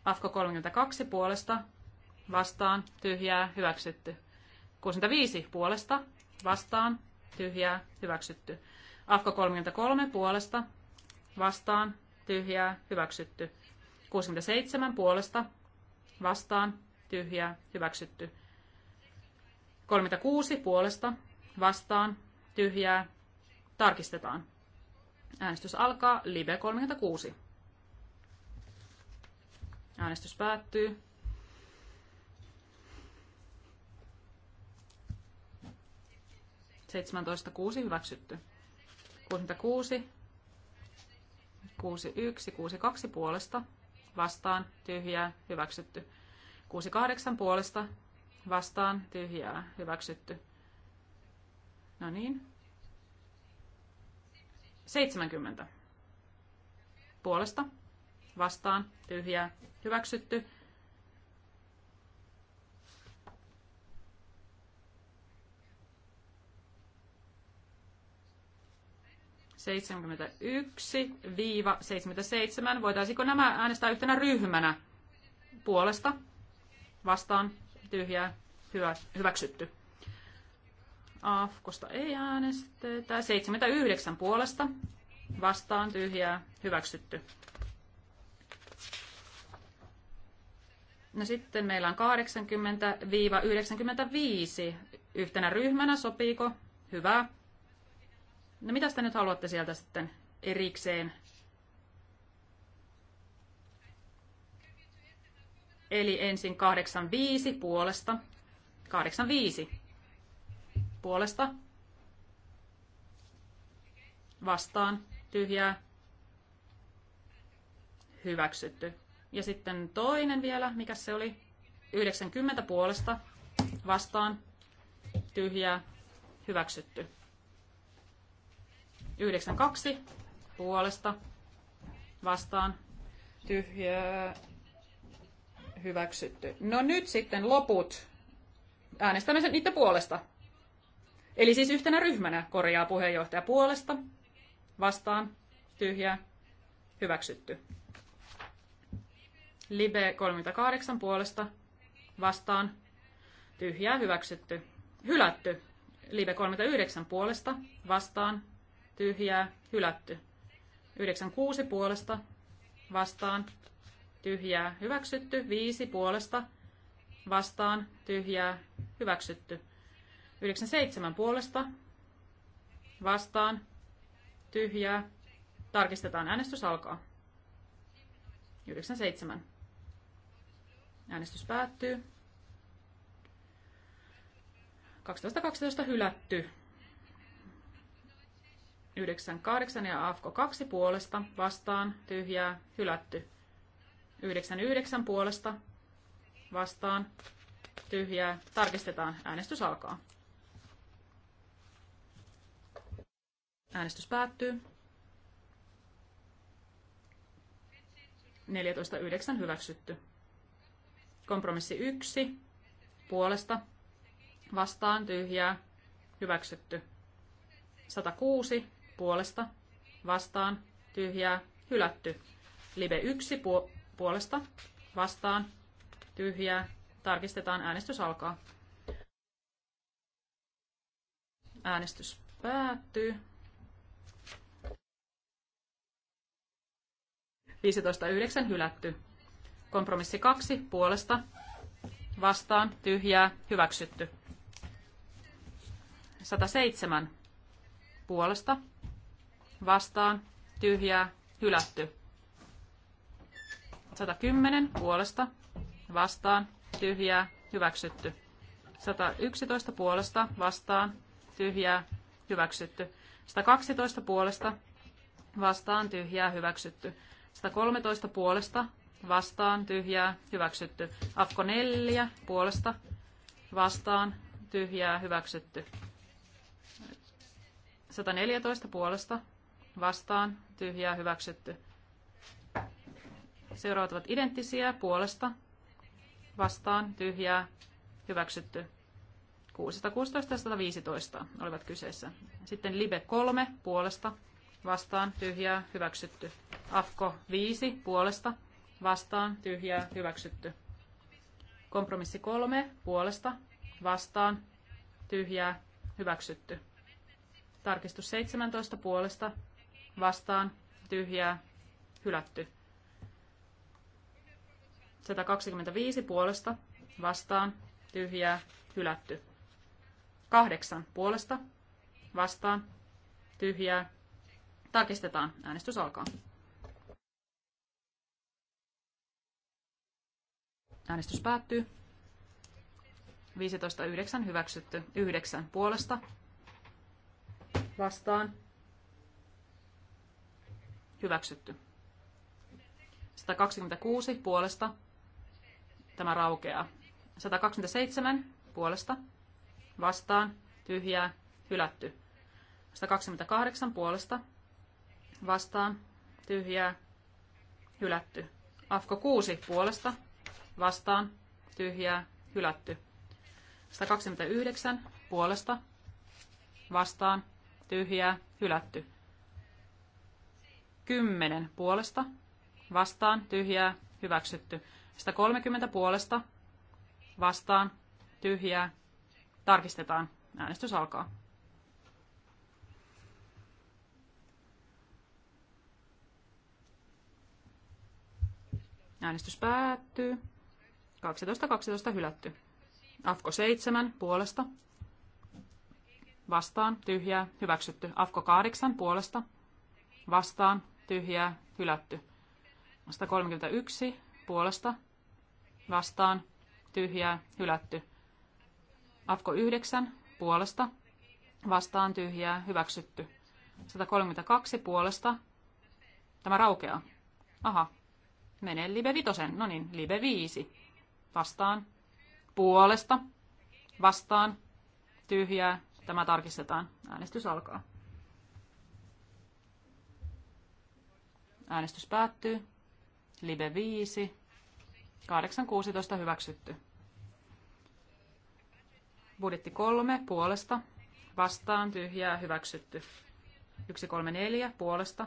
Afko 32 puolesta vastaan tyhjää hyväksytty. 65 puolesta vastaan tyhjää hyväksytty. Afko 33 puolesta vastaan tyhjää hyväksytty. 67 puolesta vastaan tyhjää hyväksytty. 36 puolesta vastaan tyhjää tarkistetaan. Äänestys alkaa Live 36. Äänestys päättyy. Seitsemäntoista kuusi hyväksytty. 66, 61, 62 puolesta, vastaan, tyhjää, hyväksytty. 68 puolesta, vastaan, tyhjää, hyväksytty. No niin. 70. Puolesta, vastaan, tyhjää, Hyväksytty. Seitsemänkymmentäyksi viiva seitsemänkymmentäseitsemän. Voitaisiko nämä äänestää yhtenä ryhmänä? Puolesta, vastaan, tyhjää, hyvä, hyväksytty. Afkosta ei äänestetä. 79 puolesta, vastaan, tyhjää, hyväksytty. No sitten meillä on 80-95 yhtenä ryhmänä, sopiiko? Hyvä. No mitä te nyt haluatte sieltä sitten erikseen? Eli ensin 85 puolesta. 85 puolesta. Vastaan. Tyhjää. Hyväksytty. Ja sitten toinen vielä, mikä se oli? 90 puolesta vastaan tyhjää hyväksytty. 92 puolesta vastaan tyhjää hyväksytty. No nyt sitten loput. Äänestämme niiden puolesta. Eli siis yhtenä ryhmänä korjaa puheenjohtaja puolesta, vastaan, tyhjää, hyväksytty. Libe 38 puolesta vastaan. Tyhjää hyväksytty. Hylätty. Libe 39 puolesta vastaan. Tyhjää hylätty. 96 puolesta vastaan. Tyhjää hyväksytty. 5 puolesta vastaan. Tyhjää hyväksytty. 97 puolesta vastaan. Tyhjää. Tarkistetaan äänestys alkaa. 97. Äänestys päättyy. 12.12 hylätty. 98 ja AFKO 2 puolesta vastaan tyhjää hylätty. 99 puolesta vastaan tyhjää. Tarkistetaan. Äänestys alkaa. Äänestys päättyy. 14.9 hyväksytty. Kompromissi yksi puolesta vastaan tyhjää hyväksytty. 106 puolesta vastaan tyhjää hylätty. Live 1 puolesta vastaan tyhjää. Tarkistetaan äänestys alkaa. Äänestys päättyy. 15.9 hylätty. Kompromissi kaksi puolesta vastaan tyhjää hyväksytty. 107 puolesta vastaan tyhjää hylätty. 110 puolesta vastaan tyhjää hyväksytty. 111 puolesta vastaan tyhjää hyväksytty. 112 puolesta vastaan tyhjää hyväksytty. 113 puolesta vastaan, tyhjää, hyväksytty. Afko 4, puolesta, vastaan, tyhjää, hyväksytty. 114 puolesta, vastaan, tyhjää, hyväksytty. Seuraavat ovat identtisiä, puolesta, vastaan, tyhjää, hyväksytty. 616 ja 115 olivat kyseessä. Sitten Libe 3, puolesta, vastaan, tyhjää, hyväksytty. Afko 5, puolesta, vastaan, tyhjää, hyväksytty. Kompromissi kolme, puolesta, vastaan, tyhjää, hyväksytty. Tarkistus 17, puolesta, vastaan, tyhjää, hylätty. 125 puolesta, vastaan, tyhjää, hylätty. 8 puolesta, vastaan, tyhjää. Tarkistetaan. Äänestys alkaa. Äänestys päättyy. 15.9 hyväksytty. 9 puolesta. Vastaan. Hyväksytty. 126 puolesta. Tämä raukeaa. 127 puolesta. Vastaan. Tyhjää. Hylätty. 128 puolesta. Vastaan. Tyhjää. Hylätty. Afko 6 puolesta vastaan, tyhjää, hylätty. 129 puolesta, vastaan, tyhjää, hylätty. 10 puolesta, vastaan, tyhjää, hyväksytty. 130 puolesta, vastaan, tyhjää, tarkistetaan. Äänestys alkaa. Äänestys päättyy. 12, 12 hylätty. Afko 7 puolesta. Vastaan, tyhjää, hyväksytty. Afko 8 puolesta. Vastaan, tyhjää, hylätty. 131 puolesta. Vastaan, tyhjää, hylätty. Afko 9 puolesta. Vastaan, tyhjää, hyväksytty. 132 puolesta. Tämä raukeaa. Aha, Mene Libe vitosen. No niin, Libe 5 vastaan, puolesta, vastaan, tyhjää. Tämä tarkistetaan. Äänestys alkaa. Äänestys päättyy. Live 5. 8.16 hyväksytty. Budjetti 3 puolesta. Vastaan tyhjää hyväksytty. 134 puolesta.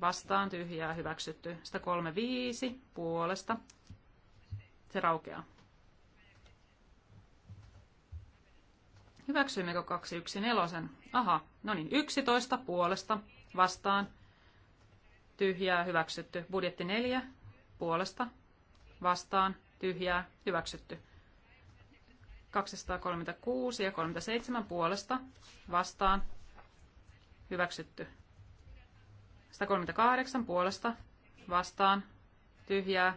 Vastaan tyhjää hyväksytty. 135 puolesta. Se raukeaa. Hyväksyimmekö 214? Aha, no niin, 11 puolesta vastaan. Tyhjää hyväksytty. Budjetti 4 puolesta vastaan. Tyhjää hyväksytty. 236 ja 37 puolesta vastaan hyväksytty. 138 puolesta vastaan tyhjää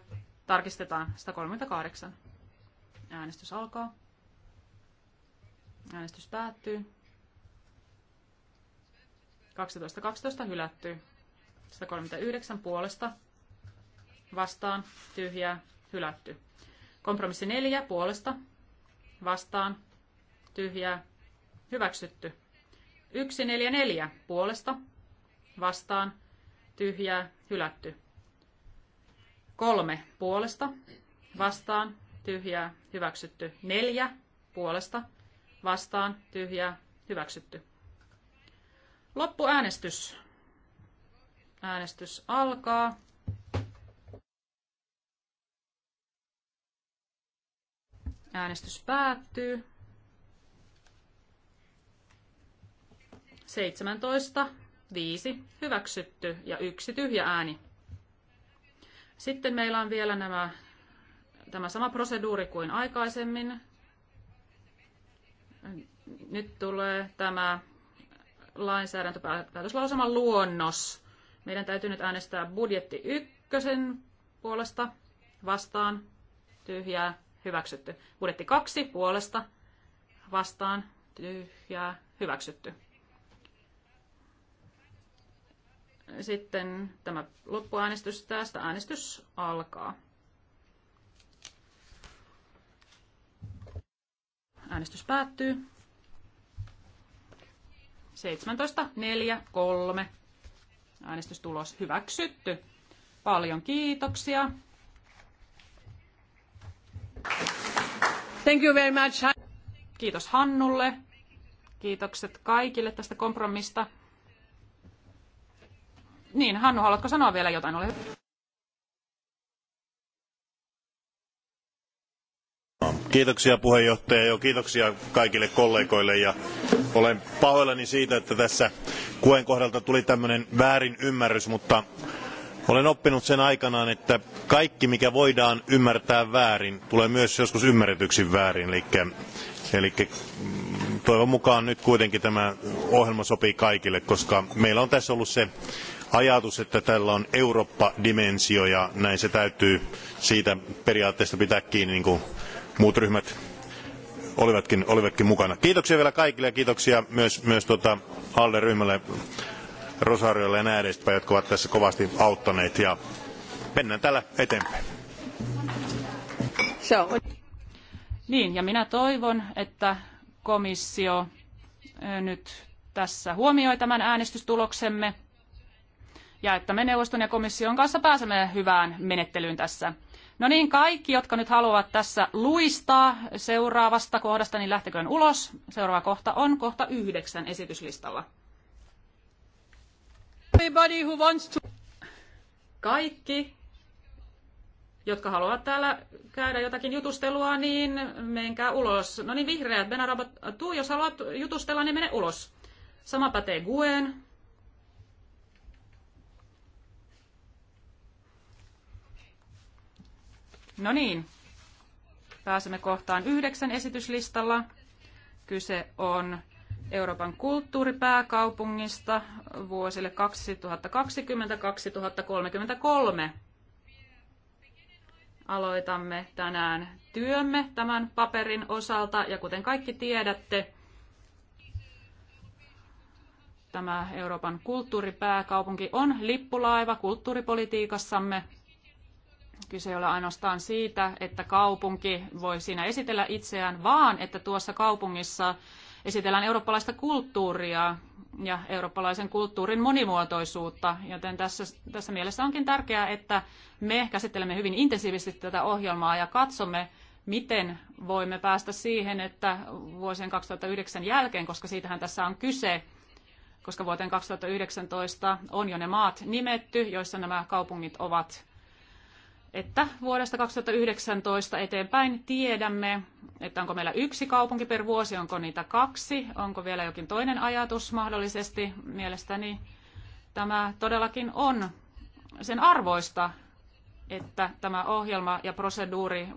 Tarkistetaan 138. Äänestys alkaa. Äänestys päättyy. 12.12 12 hylätty. 139 puolesta vastaan tyhjää hylätty. Kompromissi 4 puolesta vastaan tyhjää hyväksytty. 144 puolesta vastaan tyhjää hylätty. Kolme puolesta vastaan tyhjää hyväksytty. Neljä puolesta vastaan tyhjää hyväksytty. Loppuäänestys. Äänestys alkaa. Äänestys päättyy. 17, 5 hyväksytty ja yksi tyhjä ääni. Sitten meillä on vielä nämä, tämä sama proseduuri kuin aikaisemmin. Nyt tulee tämä lainsäädäntöpäätöslauseman luonnos. Meidän täytyy nyt äänestää budjetti ykkösen puolesta vastaan tyhjää hyväksytty. Budjetti kaksi puolesta vastaan tyhjää hyväksytty. sitten tämä loppuäänestys tästä. Äänestys alkaa. Äänestys päättyy. 17.4.3. Äänestystulos hyväksytty. Paljon kiitoksia. Thank you very much. Kiitos Hannulle. Kiitokset kaikille tästä kompromista. Niin, Hannu, haluatko sanoa vielä jotain? Ole hyvä. Kiitoksia puheenjohtaja ja kiitoksia kaikille kollegoille ja olen pahoillani siitä, että tässä kuen kohdalta tuli tämmöinen väärin ymmärrys, mutta olen oppinut sen aikanaan, että kaikki mikä voidaan ymmärtää väärin, tulee myös joskus ymmärretyksi väärin. Eli, eli mm, toivon mukaan nyt kuitenkin tämä ohjelma sopii kaikille, koska meillä on tässä ollut se ajatus, että tällä on Eurooppa-dimensio ja näin se täytyy siitä periaatteesta pitää kiinni, niin kuin muut ryhmät olivatkin, olivatkin mukana. Kiitoksia vielä kaikille ja kiitoksia myös, myös tuota ALDE-ryhmälle, Rosariolle ja näin edespäin, jotka ovat tässä kovasti auttaneet ja mennään tällä eteenpäin. Niin, ja minä toivon, että komissio eh, nyt tässä huomioi tämän äänestystuloksemme ja että me neuvoston ja komission kanssa pääsemme hyvään menettelyyn tässä. No niin, kaikki, jotka nyt haluavat tässä luistaa seuraavasta kohdasta, niin lähteköön ulos. Seuraava kohta on kohta yhdeksän esityslistalla. Kaikki, jotka haluavat täällä käydä jotakin jutustelua, niin menkää ulos. No niin, vihreät, Benarabat, tuu, jos haluat jutustella, niin mene ulos. Sama pätee Guen, No niin, pääsemme kohtaan yhdeksän esityslistalla. Kyse on Euroopan kulttuuripääkaupungista vuosille 2020-2033. Aloitamme tänään työmme tämän paperin osalta ja kuten kaikki tiedätte, tämä Euroopan kulttuuripääkaupunki on lippulaiva kulttuuripolitiikassamme – Kyse ei ole ainoastaan siitä, että kaupunki voi siinä esitellä itseään, vaan että tuossa kaupungissa esitellään eurooppalaista kulttuuria ja eurooppalaisen kulttuurin monimuotoisuutta, joten tässä, tässä mielessä onkin tärkeää, että me käsittelemme hyvin intensiivisesti tätä ohjelmaa ja katsomme, miten voimme päästä siihen, että vuosien 2009 jälkeen, koska siitähän tässä on kyse, koska vuoteen 2019 on jo ne maat nimetty, joissa nämä kaupungit ovat että vuodesta 2019 eteenpäin tiedämme, että onko meillä yksi kaupunki per vuosi, onko niitä kaksi, onko vielä jokin toinen ajatus mahdollisesti. Mielestäni tämä todellakin on sen arvoista, että tämä ohjelma ja proseduuri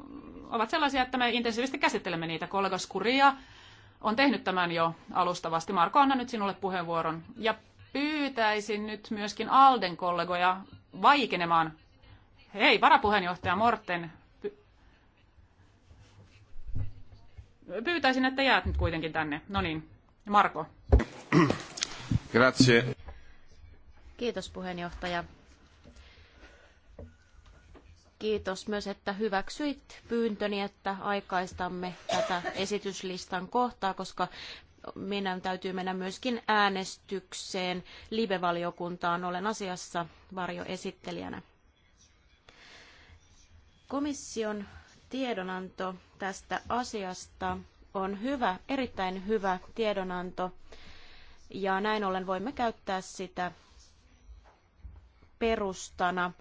ovat sellaisia, että me intensiivisesti käsittelemme niitä. Kollega Skuria on tehnyt tämän jo alustavasti. Marko, anna nyt sinulle puheenvuoron. Ja pyytäisin nyt myöskin Alden kollegoja vaikenemaan Hei, varapuheenjohtaja Morten, pyytäisin, että jäät nyt kuitenkin tänne. No niin, Marko. Grazie. Kiitos puheenjohtaja. Kiitos myös, että hyväksyit pyyntöni, että aikaistamme tätä esityslistan kohtaa, koska meidän täytyy mennä myöskin äänestykseen. Live-valiokuntaan olen asiassa varjoesittelijänä. Komission tiedonanto tästä asiasta on hyvä, erittäin hyvä tiedonanto, ja näin ollen voimme käyttää sitä perustana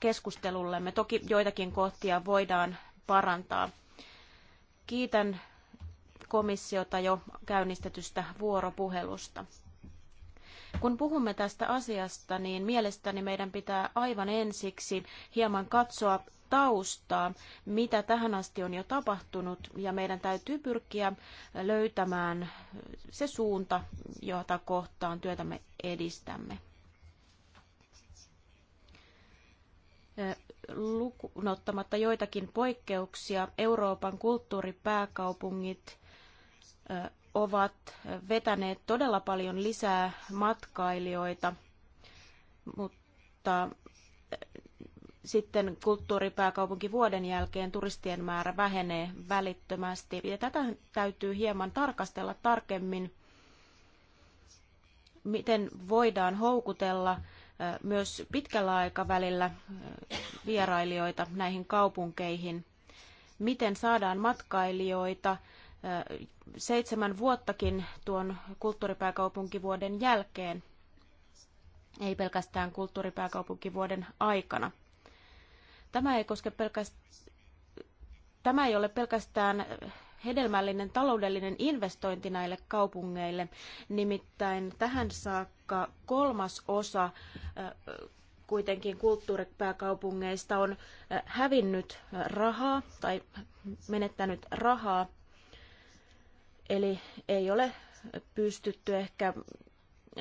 keskustelullemme. Toki joitakin kohtia voidaan parantaa. Kiitän komissiota jo käynnistetystä vuoropuhelusta. Kun puhumme tästä asiasta, niin mielestäni meidän pitää aivan ensiksi hieman katsoa taustaa, mitä tähän asti on jo tapahtunut, ja meidän täytyy pyrkiä löytämään se suunta, jota kohtaan työtämme edistämme. Lukuun ottamatta joitakin poikkeuksia, Euroopan kulttuuripääkaupungit ovat vetäneet todella paljon lisää matkailijoita, mutta eh, sitten kulttuuripääkaupunki vuoden jälkeen turistien määrä vähenee välittömästi. Ja tätä täytyy hieman tarkastella tarkemmin, miten voidaan houkutella eh, myös pitkällä aikavälillä eh, vierailijoita näihin kaupunkeihin, miten saadaan matkailijoita seitsemän vuottakin tuon kulttuuripääkaupunkivuoden jälkeen, ei pelkästään kulttuuripääkaupunkivuoden aikana. Tämä ei, koske pelkästään, tämä ei ole pelkästään hedelmällinen taloudellinen investointi näille kaupungeille. Nimittäin tähän saakka kolmas osa kuitenkin kulttuuripääkaupungeista on hävinnyt rahaa tai menettänyt rahaa Eli ei ole pystytty ehkä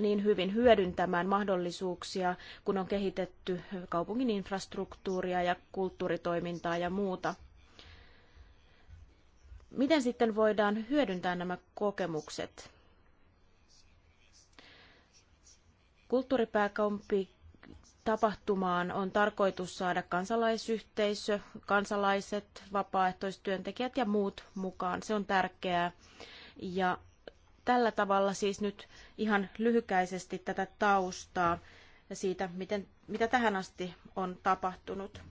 niin hyvin hyödyntämään mahdollisuuksia, kun on kehitetty kaupungin infrastruktuuria ja kulttuuritoimintaa ja muuta. Miten sitten voidaan hyödyntää nämä kokemukset? Kulttuuripääkaupunki tapahtumaan on tarkoitus saada kansalaisyhteisö, kansalaiset, vapaaehtoistyöntekijät ja muut mukaan. Se on tärkeää. Ja tällä tavalla siis nyt ihan lyhykäisesti tätä taustaa siitä, miten, mitä tähän asti on tapahtunut.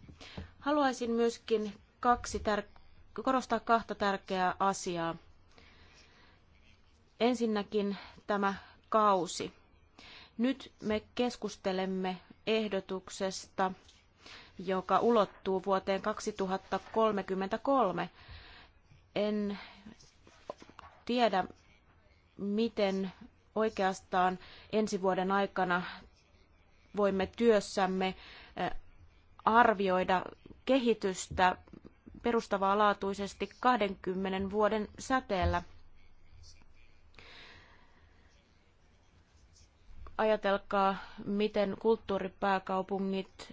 Haluaisin myöskin kaksi tär- korostaa kahta tärkeää asiaa. Ensinnäkin tämä kausi. Nyt me keskustelemme ehdotuksesta, joka ulottuu vuoteen 2033. En tiedä, miten oikeastaan ensi vuoden aikana voimme työssämme arvioida kehitystä perustavaa laatuisesti 20 vuoden säteellä. ajatelkaa, miten kulttuuripääkaupungit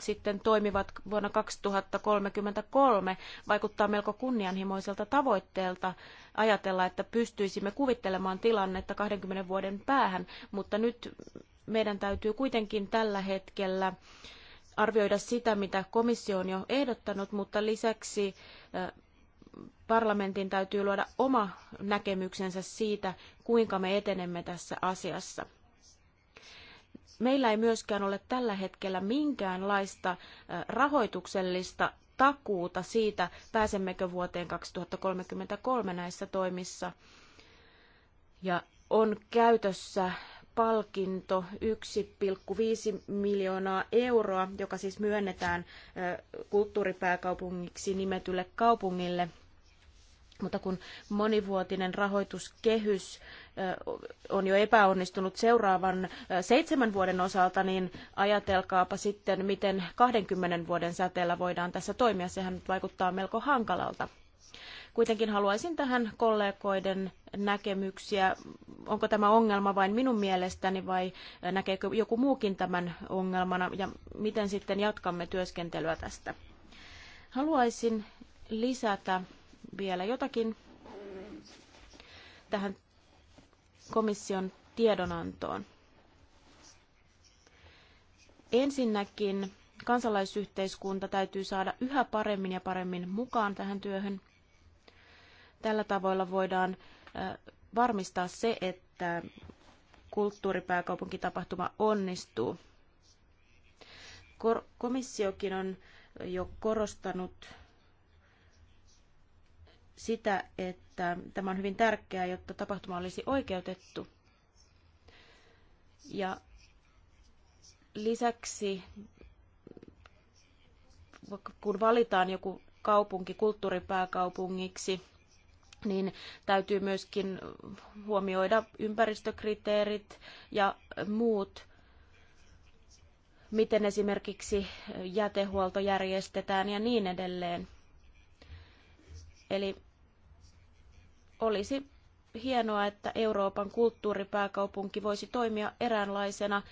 sitten toimivat vuonna 2033, vaikuttaa melko kunnianhimoiselta tavoitteelta ajatella, että pystyisimme kuvittelemaan tilannetta 20 vuoden päähän, mutta nyt meidän täytyy kuitenkin tällä hetkellä arvioida sitä, mitä komissio on jo ehdottanut, mutta lisäksi parlamentin täytyy luoda oma näkemyksensä siitä, kuinka me etenemme tässä asiassa. Meillä ei myöskään ole tällä hetkellä minkäänlaista rahoituksellista takuuta siitä, pääsemmekö vuoteen 2033 näissä toimissa. Ja on käytössä palkinto 1,5 miljoonaa euroa, joka siis myönnetään kulttuuripääkaupungiksi nimetylle kaupungille – mutta kun monivuotinen rahoituskehys on jo epäonnistunut seuraavan seitsemän vuoden osalta, niin ajatelkaapa sitten, miten 20 vuoden säteellä voidaan tässä toimia. Sehän nyt vaikuttaa melko hankalalta. Kuitenkin haluaisin tähän kollegoiden näkemyksiä. Onko tämä ongelma vain minun mielestäni vai näkeekö joku muukin tämän ongelmana ja miten sitten jatkamme työskentelyä tästä? Haluaisin lisätä vielä jotakin tähän komission tiedonantoon. Ensinnäkin kansalaisyhteiskunta täytyy saada yhä paremmin ja paremmin mukaan tähän työhön. Tällä tavoilla voidaan varmistaa se, että kulttuuripääkaupunkitapahtuma onnistuu. Komissiokin on jo korostanut sitä, että tämä on hyvin tärkeää, jotta tapahtuma olisi oikeutettu. Ja lisäksi, kun valitaan joku kaupunki kulttuuripääkaupungiksi, niin täytyy myöskin huomioida ympäristökriteerit ja muut, miten esimerkiksi jätehuolto järjestetään ja niin edelleen. Eli olisi hienoa, että Euroopan kulttuuripääkaupunki voisi toimia eräänlaisena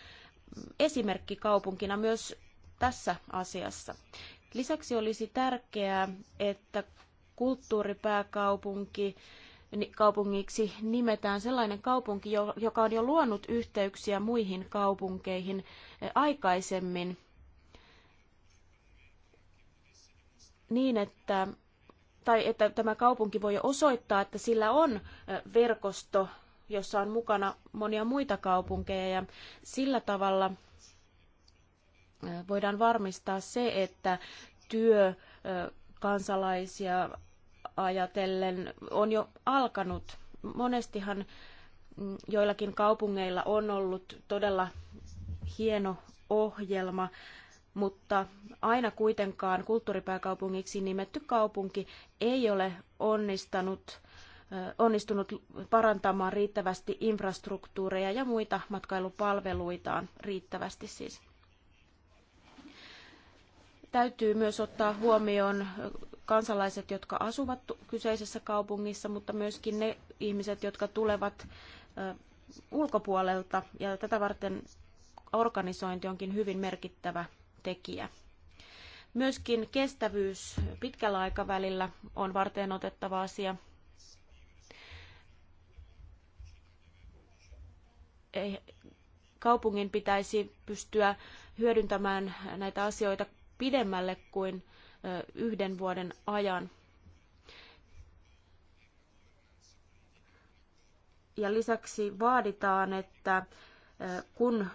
esimerkkikaupunkina myös tässä asiassa. Lisäksi olisi tärkeää, että kulttuuripääkaupunki kaupungiksi nimetään sellainen kaupunki, joka on jo luonut yhteyksiä muihin kaupunkeihin eh, aikaisemmin niin, että tai että tämä kaupunki voi osoittaa, että sillä on verkosto, jossa on mukana monia muita kaupunkeja ja sillä tavalla voidaan varmistaa se, että työ kansalaisia ajatellen on jo alkanut. Monestihan mm, joillakin kaupungeilla on ollut todella hieno ohjelma mutta aina kuitenkaan kulttuuripääkaupungiksi nimetty kaupunki ei ole onnistanut, onnistunut parantamaan riittävästi infrastruktuureja ja muita matkailupalveluitaan riittävästi siis. Täytyy myös ottaa huomioon kansalaiset, jotka asuvat kyseisessä kaupungissa, mutta myöskin ne ihmiset, jotka tulevat ulkopuolelta. Ja tätä varten organisointi onkin hyvin merkittävä tekijä. Myöskin kestävyys pitkällä aikavälillä on varten otettava asia. Kaupungin pitäisi pystyä hyödyntämään näitä asioita pidemmälle kuin yhden vuoden ajan. Ja lisäksi vaaditaan, että kun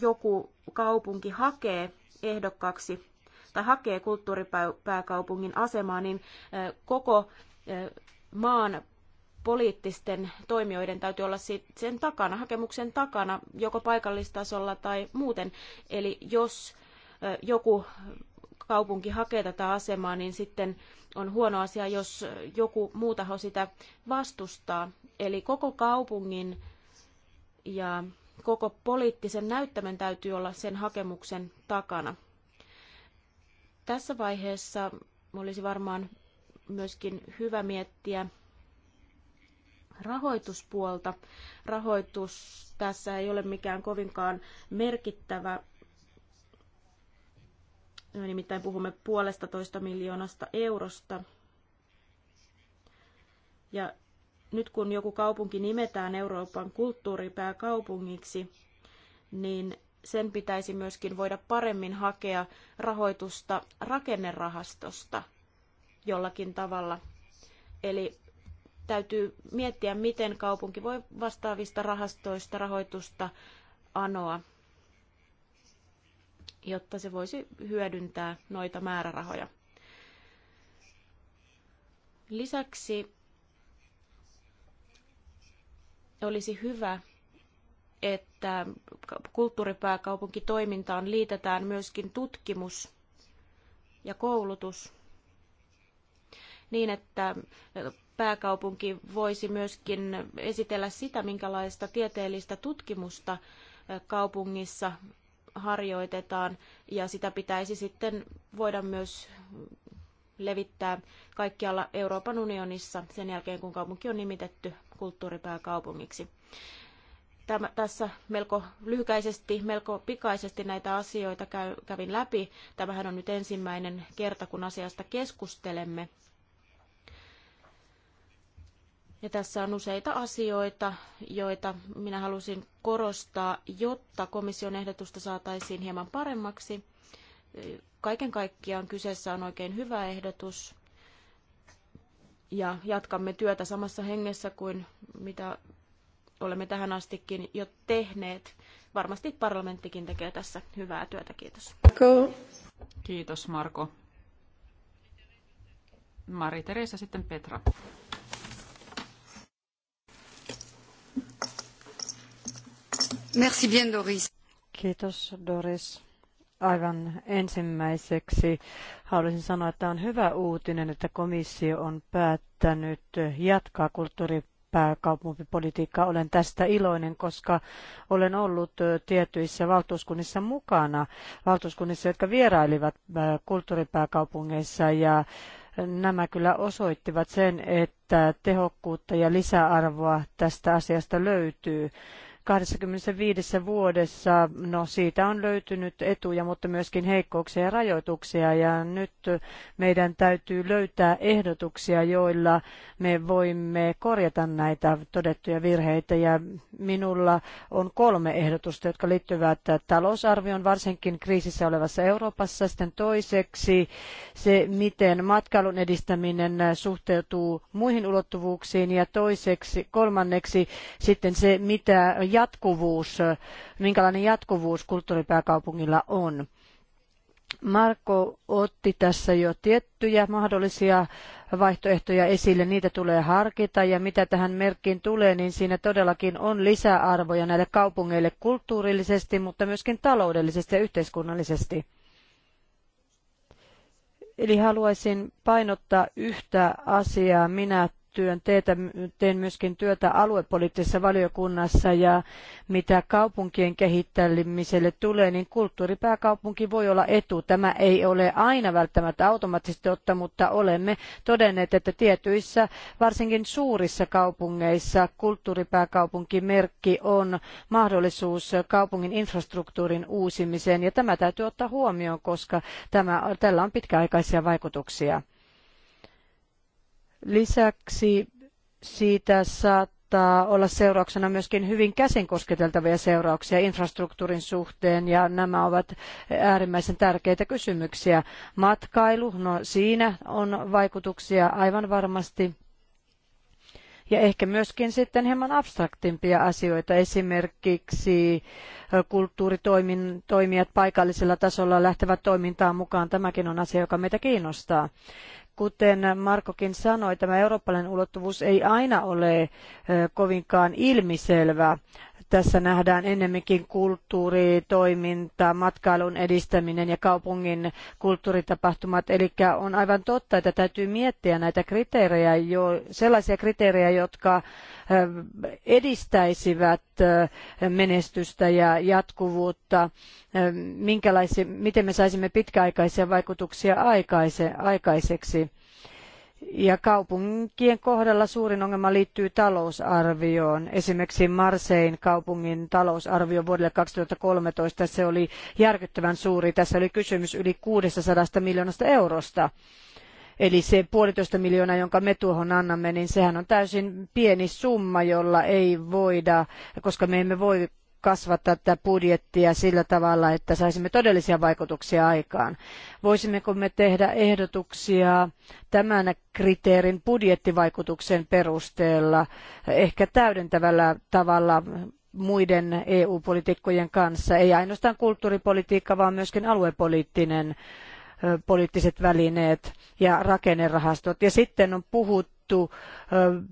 joku kaupunki hakee ehdokkaaksi tai hakee kulttuuripääkaupungin asemaa, niin koko maan poliittisten toimijoiden täytyy olla sen takana, hakemuksen takana, joko paikallistasolla tai muuten. Eli jos joku kaupunki hakee tätä asemaa, niin sitten on huono asia, jos joku muu taho sitä vastustaa. Eli koko kaupungin ja koko poliittisen näyttämön täytyy olla sen hakemuksen takana. Tässä vaiheessa olisi varmaan myöskin hyvä miettiä rahoituspuolta. Rahoitus tässä ei ole mikään kovinkaan merkittävä. Me nimittäin puhumme puolesta toista miljoonasta eurosta. Ja nyt kun joku kaupunki nimetään Euroopan kulttuuripääkaupungiksi, niin sen pitäisi myöskin voida paremmin hakea rahoitusta rakennerahastosta jollakin tavalla. Eli täytyy miettiä, miten kaupunki voi vastaavista rahastoista rahoitusta anoa, jotta se voisi hyödyntää noita määrärahoja. Lisäksi olisi hyvä, että kulttuuripääkaupunkitoimintaan liitetään myöskin tutkimus ja koulutus niin, että pääkaupunki voisi myöskin esitellä sitä, minkälaista tieteellistä tutkimusta kaupungissa harjoitetaan ja sitä pitäisi sitten voida myös levittää kaikkialla Euroopan unionissa sen jälkeen, kun kaupunki on nimitetty kulttuuripääkaupungiksi. Tämä, tässä melko lyhykäisesti, melko pikaisesti näitä asioita käy, kävin läpi. Tämähän on nyt ensimmäinen kerta, kun asiasta keskustelemme. Ja tässä on useita asioita, joita minä halusin korostaa, jotta komission ehdotusta saataisiin hieman paremmaksi. Kaiken kaikkiaan kyseessä on oikein hyvä ehdotus ja jatkamme työtä samassa hengessä kuin mitä olemme tähän astikin jo tehneet. Varmasti parlamenttikin tekee tässä hyvää työtä. Kiitos. Marko. Kiitos Marko. Mari-Teresa sitten Petra. Merci bien Doris. Kiitos Doris. Aivan ensimmäiseksi haluaisin sanoa, että on hyvä uutinen, että komissio on päättänyt jatkaa kulttuuri pääkaupunkipolitiikkaa. Olen tästä iloinen, koska olen ollut tietyissä valtuuskunnissa mukana, valtuuskunnissa, jotka vierailivat äh, kulttuuripääkaupungeissa ja Nämä kyllä osoittivat sen, että tehokkuutta ja lisäarvoa tästä asiasta löytyy. 25 vuodessa, no siitä on löytynyt etuja, mutta myöskin heikkouksia ja rajoituksia. Ja nyt meidän täytyy löytää ehdotuksia, joilla me voimme korjata näitä todettuja virheitä. Ja minulla on kolme ehdotusta, jotka liittyvät talousarvioon, varsinkin kriisissä olevassa Euroopassa. Sitten toiseksi se, miten matkailun edistäminen suhteutuu muihin ulottuvuuksiin. Ja toiseksi, kolmanneksi sitten se, mitä jatkuvuus, minkälainen jatkuvuus kulttuuripääkaupungilla on. Marko otti tässä jo tiettyjä mahdollisia vaihtoehtoja esille, niitä tulee harkita ja mitä tähän merkkiin tulee, niin siinä todellakin on lisäarvoja näille kaupungeille kulttuurillisesti, mutta myöskin taloudellisesti ja yhteiskunnallisesti. Eli haluaisin painottaa yhtä asiaa. Minä työn. Teetä, teen myöskin työtä aluepoliittisessa valiokunnassa ja mitä kaupunkien kehittämiselle tulee, niin kulttuuripääkaupunki voi olla etu. Tämä ei ole aina välttämättä automaattisesti totta, mutta olemme todenneet, että tietyissä, varsinkin suurissa kaupungeissa kulttuuripääkaupunkimerkki on mahdollisuus kaupungin infrastruktuurin uusimiseen ja tämä täytyy ottaa huomioon, koska tämä, tällä on pitkäaikaisia vaikutuksia. Lisäksi siitä saattaa olla seurauksena myöskin hyvin käsin kosketeltavia seurauksia infrastruktuurin suhteen ja nämä ovat äärimmäisen tärkeitä kysymyksiä. Matkailu, no siinä on vaikutuksia aivan varmasti ja ehkä myöskin sitten hieman abstraktimpia asioita, esimerkiksi kulttuuritoimijat paikallisella tasolla lähtevät toimintaan mukaan. Tämäkin on asia, joka meitä kiinnostaa kuten Markokin sanoi, tämä eurooppalainen ulottuvuus ei aina ole kovinkaan ilmiselvä. Tässä nähdään ennemminkin kulttuuri, toiminta, matkailun edistäminen ja kaupungin kulttuuritapahtumat. Eli on aivan totta, että täytyy miettiä näitä kriteerejä, jo, sellaisia kriteerejä, jotka edistäisivät menestystä ja jatkuvuutta. Minkälaisi, miten me saisimme pitkäaikaisia vaikutuksia aikaiseksi? Ja kaupunkien kohdalla suurin ongelma liittyy talousarvioon. Esimerkiksi Marsein kaupungin talousarvio vuodelle 2013 se oli järkyttävän suuri. Tässä oli kysymys yli 600 miljoonasta eurosta. Eli se puolitoista miljoonaa, jonka me tuohon annamme, niin sehän on täysin pieni summa, jolla ei voida, koska me emme voi kasvattaa tätä budjettia sillä tavalla, että saisimme todellisia vaikutuksia aikaan. Voisimmeko me tehdä ehdotuksia tämän kriteerin budjettivaikutuksen perusteella, ehkä täydentävällä tavalla muiden EU-politiikkojen kanssa, ei ainoastaan kulttuuripolitiikka, vaan myöskin aluepoliittinen poliittiset välineet ja rakennerahastot. Ja sitten on puhuttu puhuttu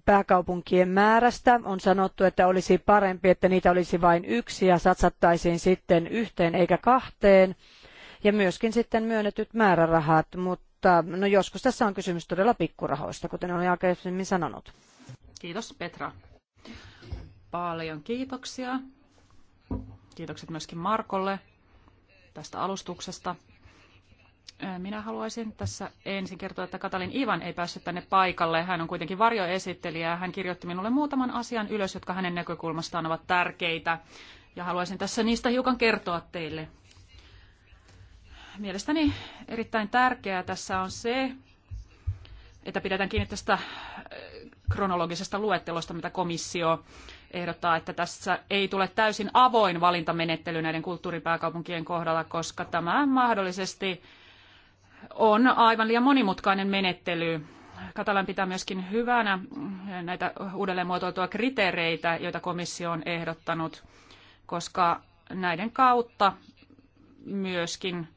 pääkaupunkien määrästä. On sanottu, että olisi parempi, että niitä olisi vain yksi ja satsattaisiin sitten yhteen eikä kahteen. Ja myöskin sitten myönnetyt määrärahat, mutta no joskus tässä on kysymys todella pikkurahoista, kuten olen aikaisemmin sanonut. Kiitos Petra. Paljon kiitoksia. Kiitokset myöskin Markolle tästä alustuksesta. Minä haluaisin tässä ensin kertoa, että Katalin Ivan ei päässyt tänne paikalle. Hän on kuitenkin varjoesittelijä ja hän kirjoitti minulle muutaman asian ylös, jotka hänen näkökulmastaan ovat tärkeitä. Ja haluaisin tässä niistä hiukan kertoa teille. Mielestäni erittäin tärkeää tässä on se, että pidetään kiinni tästä kronologisesta luettelosta, mitä komissio ehdottaa, että tässä ei tule täysin avoin valintamenettely näiden kulttuuripääkaupunkien kohdalla, koska tämä mahdollisesti on aivan liian monimutkainen menettely. Katalan pitää myöskin hyvänä näitä uudelleenmuotoiltua kriteereitä, joita komissio on ehdottanut, koska näiden kautta myöskin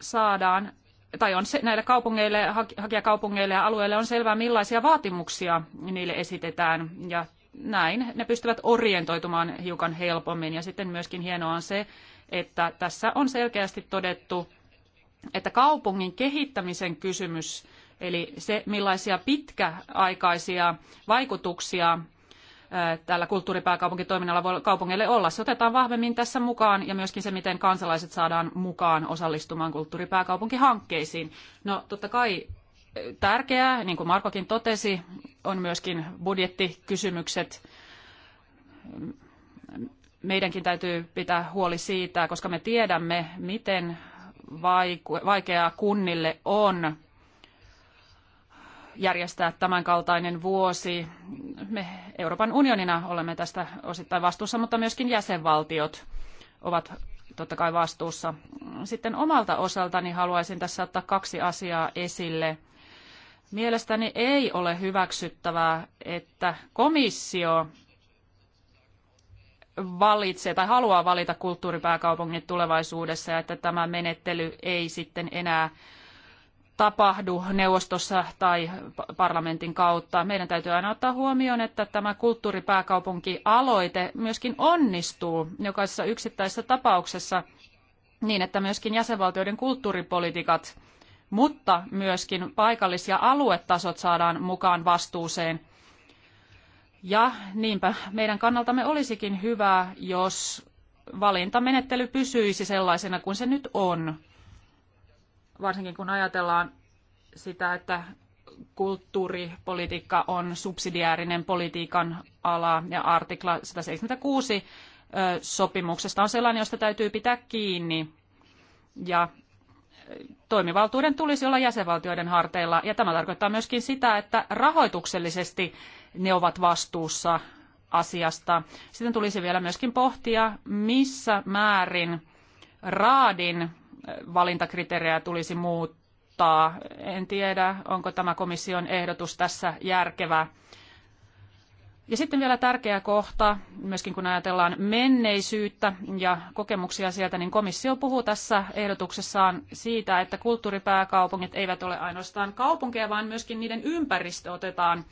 saadaan, tai on se, näille kaupungeille, hakijakaupungeille ja alueille on selvää, millaisia vaatimuksia niille esitetään, ja näin ne pystyvät orientoitumaan hiukan helpommin. Ja sitten myöskin hienoa on se, että tässä on selkeästi todettu, että kaupungin kehittämisen kysymys, eli se millaisia pitkäaikaisia vaikutuksia tällä kulttuuripääkaupunkitoiminnalla voi kaupungeille olla. Se otetaan vahvemmin tässä mukaan ja myöskin se, miten kansalaiset saadaan mukaan osallistumaan kulttuuripääkaupunkihankkeisiin. No totta kai tärkeää, niin kuin Markokin totesi, on myöskin budjettikysymykset meidänkin täytyy pitää huoli siitä, koska me tiedämme, miten vaikeaa kunnille on järjestää tämänkaltainen vuosi. Me Euroopan unionina olemme tästä osittain vastuussa, mutta myöskin jäsenvaltiot ovat totta kai vastuussa. Sitten omalta osaltani haluaisin tässä ottaa kaksi asiaa esille. Mielestäni ei ole hyväksyttävää, että komissio valitsee tai haluaa valita kulttuuripääkaupungit tulevaisuudessa ja että tämä menettely ei sitten enää tapahdu neuvostossa tai parlamentin kautta. Meidän täytyy aina ottaa huomioon, että tämä kulttuuripääkaupunki-aloite myöskin onnistuu jokaisessa yksittäisessä tapauksessa niin, että myöskin jäsenvaltioiden kulttuuripolitiikat, mutta myöskin paikallis- ja aluetasot saadaan mukaan vastuuseen – ja niinpä meidän kannaltamme olisikin hyvä, jos valintamenettely pysyisi sellaisena kuin se nyt on. Varsinkin kun ajatellaan sitä, että kulttuuripolitiikka on subsidiaarinen politiikan ala ja artikla 176 sopimuksesta on sellainen, josta täytyy pitää kiinni. Ja toimivaltuuden tulisi olla jäsenvaltioiden harteilla ja tämä tarkoittaa myöskin sitä, että rahoituksellisesti ne ovat vastuussa asiasta. Sitten tulisi vielä myöskin pohtia, missä määrin raadin äh, valintakriteerejä tulisi muuttaa. En tiedä, onko tämä komission ehdotus tässä järkevä. Ja sitten vielä tärkeä kohta, myöskin kun ajatellaan menneisyyttä ja kokemuksia sieltä, niin komissio puhuu tässä ehdotuksessaan siitä, että kulttuuripääkaupungit eivät ole ainoastaan kaupunkeja, vaan myöskin niiden ympäristö otetaan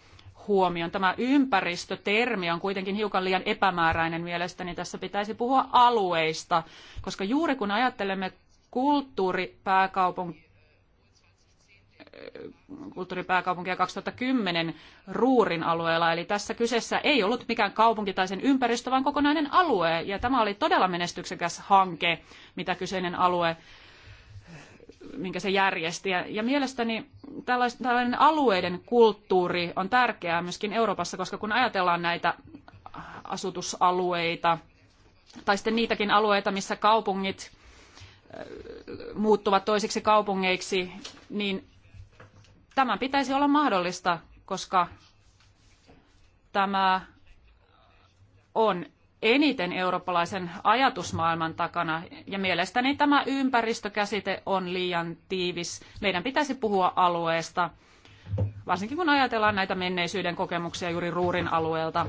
huomioon. Tämä ympäristötermi on kuitenkin hiukan liian epämääräinen mielestäni. Tässä pitäisi puhua alueista, koska juuri kun ajattelemme kulttuuripääkaupunkia, kulttuuripääkaupunkia 2010 Ruurin alueella. Eli tässä kyseessä ei ollut mikään kaupunki tai sen ympäristö, vaan kokonainen alue. Ja tämä oli todella menestyksekäs hanke, mitä kyseinen alue minkä se järjesti. Ja, ja mielestäni tällais, tällainen alueiden kulttuuri on tärkeää myöskin Euroopassa, koska kun ajatellaan näitä asutusalueita, tai sitten niitäkin alueita, missä kaupungit muuttuvat toisiksi kaupungeiksi, niin tämä pitäisi olla mahdollista, koska tämä on eniten eurooppalaisen ajatusmaailman takana, ja mielestäni tämä ympäristökäsite on liian tiivis. Meidän pitäisi puhua alueesta, varsinkin kun ajatellaan näitä menneisyyden kokemuksia juuri Ruurin alueelta.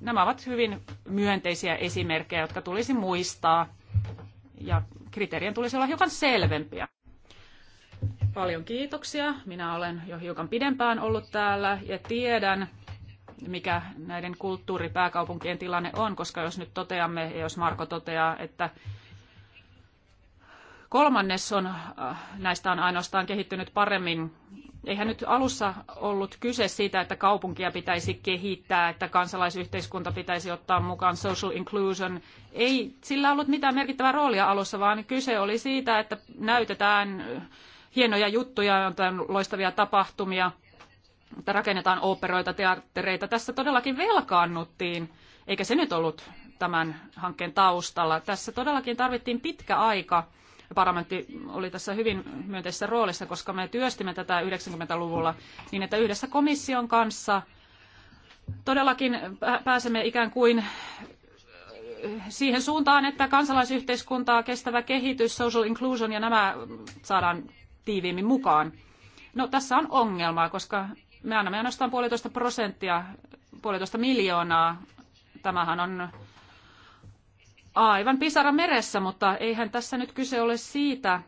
Nämä ovat hyvin myönteisiä esimerkkejä, jotka tulisi muistaa, ja kriteerien tulisi olla hiukan selvempiä. Paljon kiitoksia. Minä olen jo hiukan pidempään ollut täällä ja tiedän, mikä näiden kulttuuripääkaupunkien tilanne on, koska jos nyt toteamme, jos Marko toteaa, että kolmannes on, äh, näistä on ainoastaan kehittynyt paremmin. Eihän nyt alussa ollut kyse siitä, että kaupunkia pitäisi kehittää, että kansalaisyhteiskunta pitäisi ottaa mukaan social inclusion. Ei sillä ollut mitään merkittävää roolia alussa, vaan kyse oli siitä, että näytetään hienoja juttuja, on loistavia tapahtumia – että rakennetaan oopperoita, teattereita. Tässä todellakin velkaannuttiin, eikä se nyt ollut tämän hankkeen taustalla. Tässä todellakin tarvittiin pitkä aika. Parlamentti oli tässä hyvin myönteisessä roolissa, koska me työstimme tätä 90-luvulla niin, että yhdessä komission kanssa todellakin pääsemme ikään kuin siihen suuntaan, että kansalaisyhteiskuntaa, kestävä kehitys, social inclusion ja nämä saadaan tiiviimmin mukaan. No tässä on ongelmaa, koska me annamme ainoastaan puolitoista prosenttia, puolitoista miljoonaa. Tämähän on aivan pisara meressä, mutta eihän tässä nyt kyse ole siitä,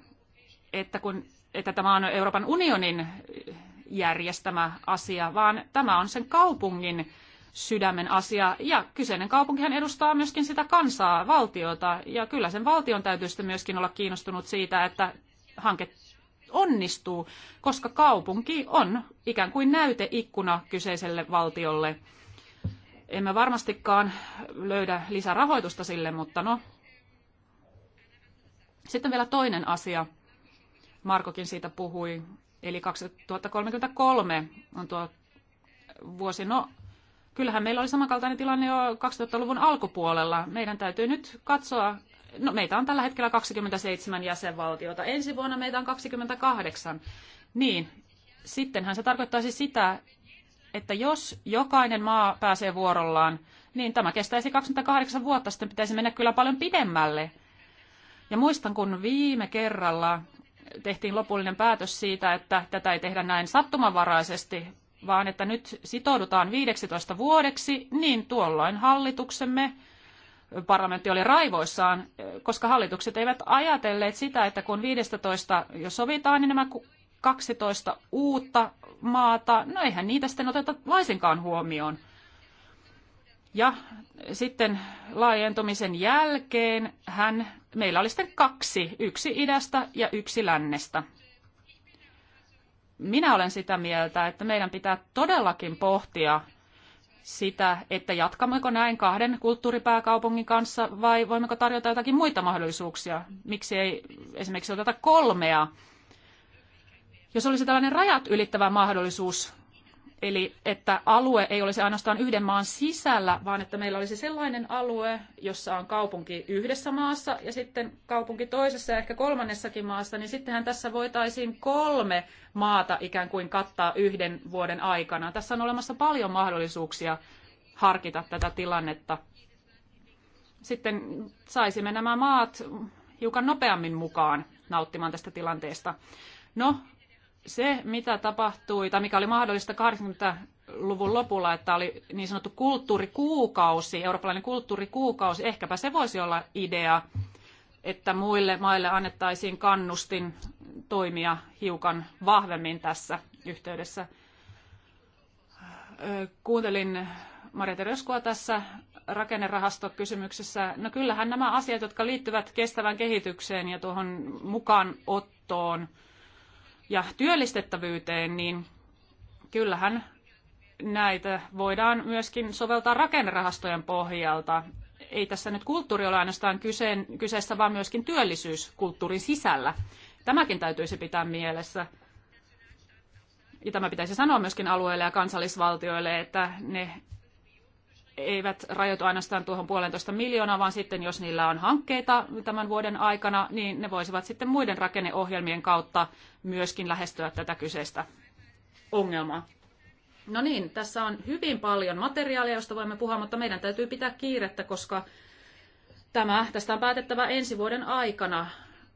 että, kun, että tämä on Euroopan unionin järjestämä asia, vaan tämä on sen kaupungin sydämen asia. Ja kyseinen kaupunkihan edustaa myöskin sitä kansaa, valtiota. Ja kyllä sen valtion täytyy sitten myöskin olla kiinnostunut siitä, että hanke onnistuu, koska kaupunki on ikään kuin näyteikkuna kyseiselle valtiolle. Emme varmastikaan löydä lisärahoitusta sille, mutta no. Sitten vielä toinen asia. Markokin siitä puhui. Eli 2033 on tuo vuosi. No, kyllähän meillä oli samankaltainen tilanne jo 2000-luvun alkupuolella. Meidän täytyy nyt katsoa no meitä on tällä hetkellä 27 jäsenvaltiota, ensi vuonna meitä on 28, niin sittenhän se tarkoittaisi sitä, että jos jokainen maa pääsee vuorollaan, niin tämä kestäisi 28 vuotta, sitten pitäisi mennä kyllä paljon pidemmälle. Ja muistan, kun viime kerralla tehtiin lopullinen päätös siitä, että tätä ei tehdä näin sattumanvaraisesti, vaan että nyt sitoudutaan 15 vuodeksi, niin tuolloin hallituksemme parlamentti oli raivoissaan, koska hallitukset eivät ajatelleet sitä, että kun 15 jo sovitaan, niin nämä 12 uutta maata, no eihän niitä sitten oteta laisinkaan huomioon. Ja sitten laajentumisen jälkeen hän, meillä oli sitten kaksi, yksi idästä ja yksi lännestä. Minä olen sitä mieltä, että meidän pitää todellakin pohtia sitä, että jatkammeko näin kahden kulttuuripääkaupungin kanssa vai voimmeko tarjota jotakin muita mahdollisuuksia? Miksi ei esimerkiksi oteta kolmea? Jos olisi tällainen rajat ylittävä mahdollisuus Eli että alue ei olisi ainoastaan yhden maan sisällä, vaan että meillä olisi sellainen alue, jossa on kaupunki yhdessä maassa ja sitten kaupunki toisessa ja ehkä kolmannessakin maassa, niin sittenhän tässä voitaisiin kolme maata ikään kuin kattaa yhden vuoden aikana. Tässä on olemassa paljon mahdollisuuksia harkita tätä tilannetta. Sitten saisimme nämä maat hiukan nopeammin mukaan nauttimaan tästä tilanteesta. No, se, mitä tapahtui, tai mikä oli mahdollista 80-luvun lopulla, että oli niin sanottu kulttuurikuukausi, eurooppalainen kulttuurikuukausi, ehkäpä se voisi olla idea, että muille maille annettaisiin kannustin toimia hiukan vahvemmin tässä yhteydessä. Kuuntelin Maria Tereskoa tässä rakennerahastokysymyksessä. No kyllähän nämä asiat, jotka liittyvät kestävään kehitykseen ja tuohon mukaanottoon, ja työllistettävyyteen, niin kyllähän näitä voidaan myöskin soveltaa rakennerahastojen pohjalta. Ei tässä nyt kulttuuri ole ainoastaan kyseen, kyseessä, vaan myöskin työllisyys kulttuurin sisällä. Tämäkin täytyisi pitää mielessä. Ja tämä pitäisi sanoa myöskin alueille ja kansallisvaltioille, että ne eivät rajoitu ainoastaan tuohon puolentoista miljoonaa, vaan sitten jos niillä on hankkeita tämän vuoden aikana, niin ne voisivat sitten muiden rakenneohjelmien kautta myöskin lähestyä tätä kyseistä ongelmaa. No niin, tässä on hyvin paljon materiaalia, josta voimme puhua, mutta meidän täytyy pitää kiirettä, koska tämä, tästä on päätettävä ensi vuoden aikana.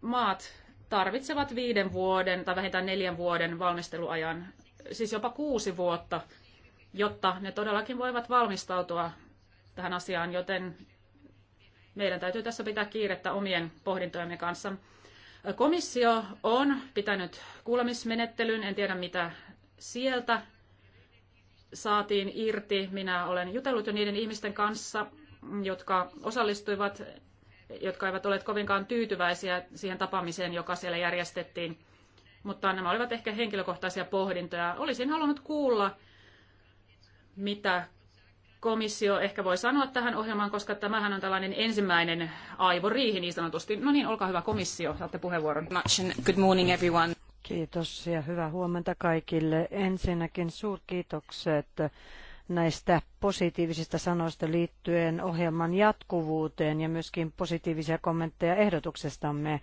Maat tarvitsevat viiden vuoden tai vähintään neljän vuoden valmisteluajan, siis jopa kuusi vuotta jotta ne todellakin voivat valmistautua tähän asiaan, joten meidän täytyy tässä pitää kiirettä omien pohdintojemme kanssa. Komissio on pitänyt kuulemismenettelyn, en tiedä mitä sieltä saatiin irti. Minä olen jutellut jo niiden ihmisten kanssa, jotka osallistuivat, jotka eivät ole kovinkaan tyytyväisiä siihen tapaamiseen, joka siellä järjestettiin. Mutta nämä olivat ehkä henkilökohtaisia pohdintoja. Olisin halunnut kuulla mitä komissio ehkä voi sanoa tähän ohjelmaan, koska tämähän on tällainen ensimmäinen aivoriihi niin sanotusti. No niin, olkaa hyvä komissio, saatte puheenvuoron. Good morning everyone. Kiitos ja hyvää huomenta kaikille. Ensinnäkin suurkiitokset näistä positiivisista sanoista liittyen ohjelman jatkuvuuteen ja myöskin positiivisia kommentteja ehdotuksestamme.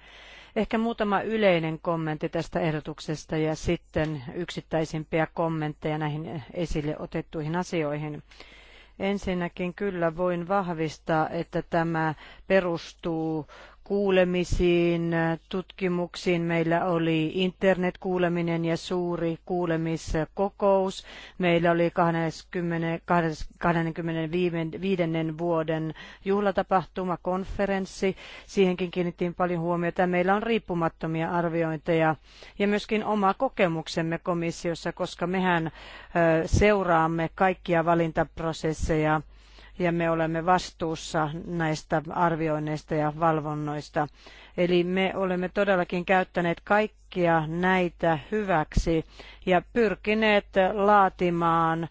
Ehkä muutama yleinen kommentti tästä ehdotuksesta ja sitten yksittäisimpiä kommentteja näihin esille otettuihin asioihin. Ensinnäkin kyllä voin vahvistaa, että tämä perustuu kuulemisiin, tutkimuksiin. Meillä oli internetkuuleminen ja suuri kuulemiskokous. Meillä oli 20, 25. vuoden juhlatapahtuma, konferenssi. Siihenkin kiinnittiin paljon huomiota. Meillä on riippumattomia arviointeja ja myöskin oma kokemuksemme komissiossa, koska mehän seuraamme kaikkia valintaprosesseja ja me olemme vastuussa näistä arvioinneista ja valvonnoista. Eli me olemme todellakin käyttäneet kaikkia näitä hyväksi ja pyrkineet laatimaan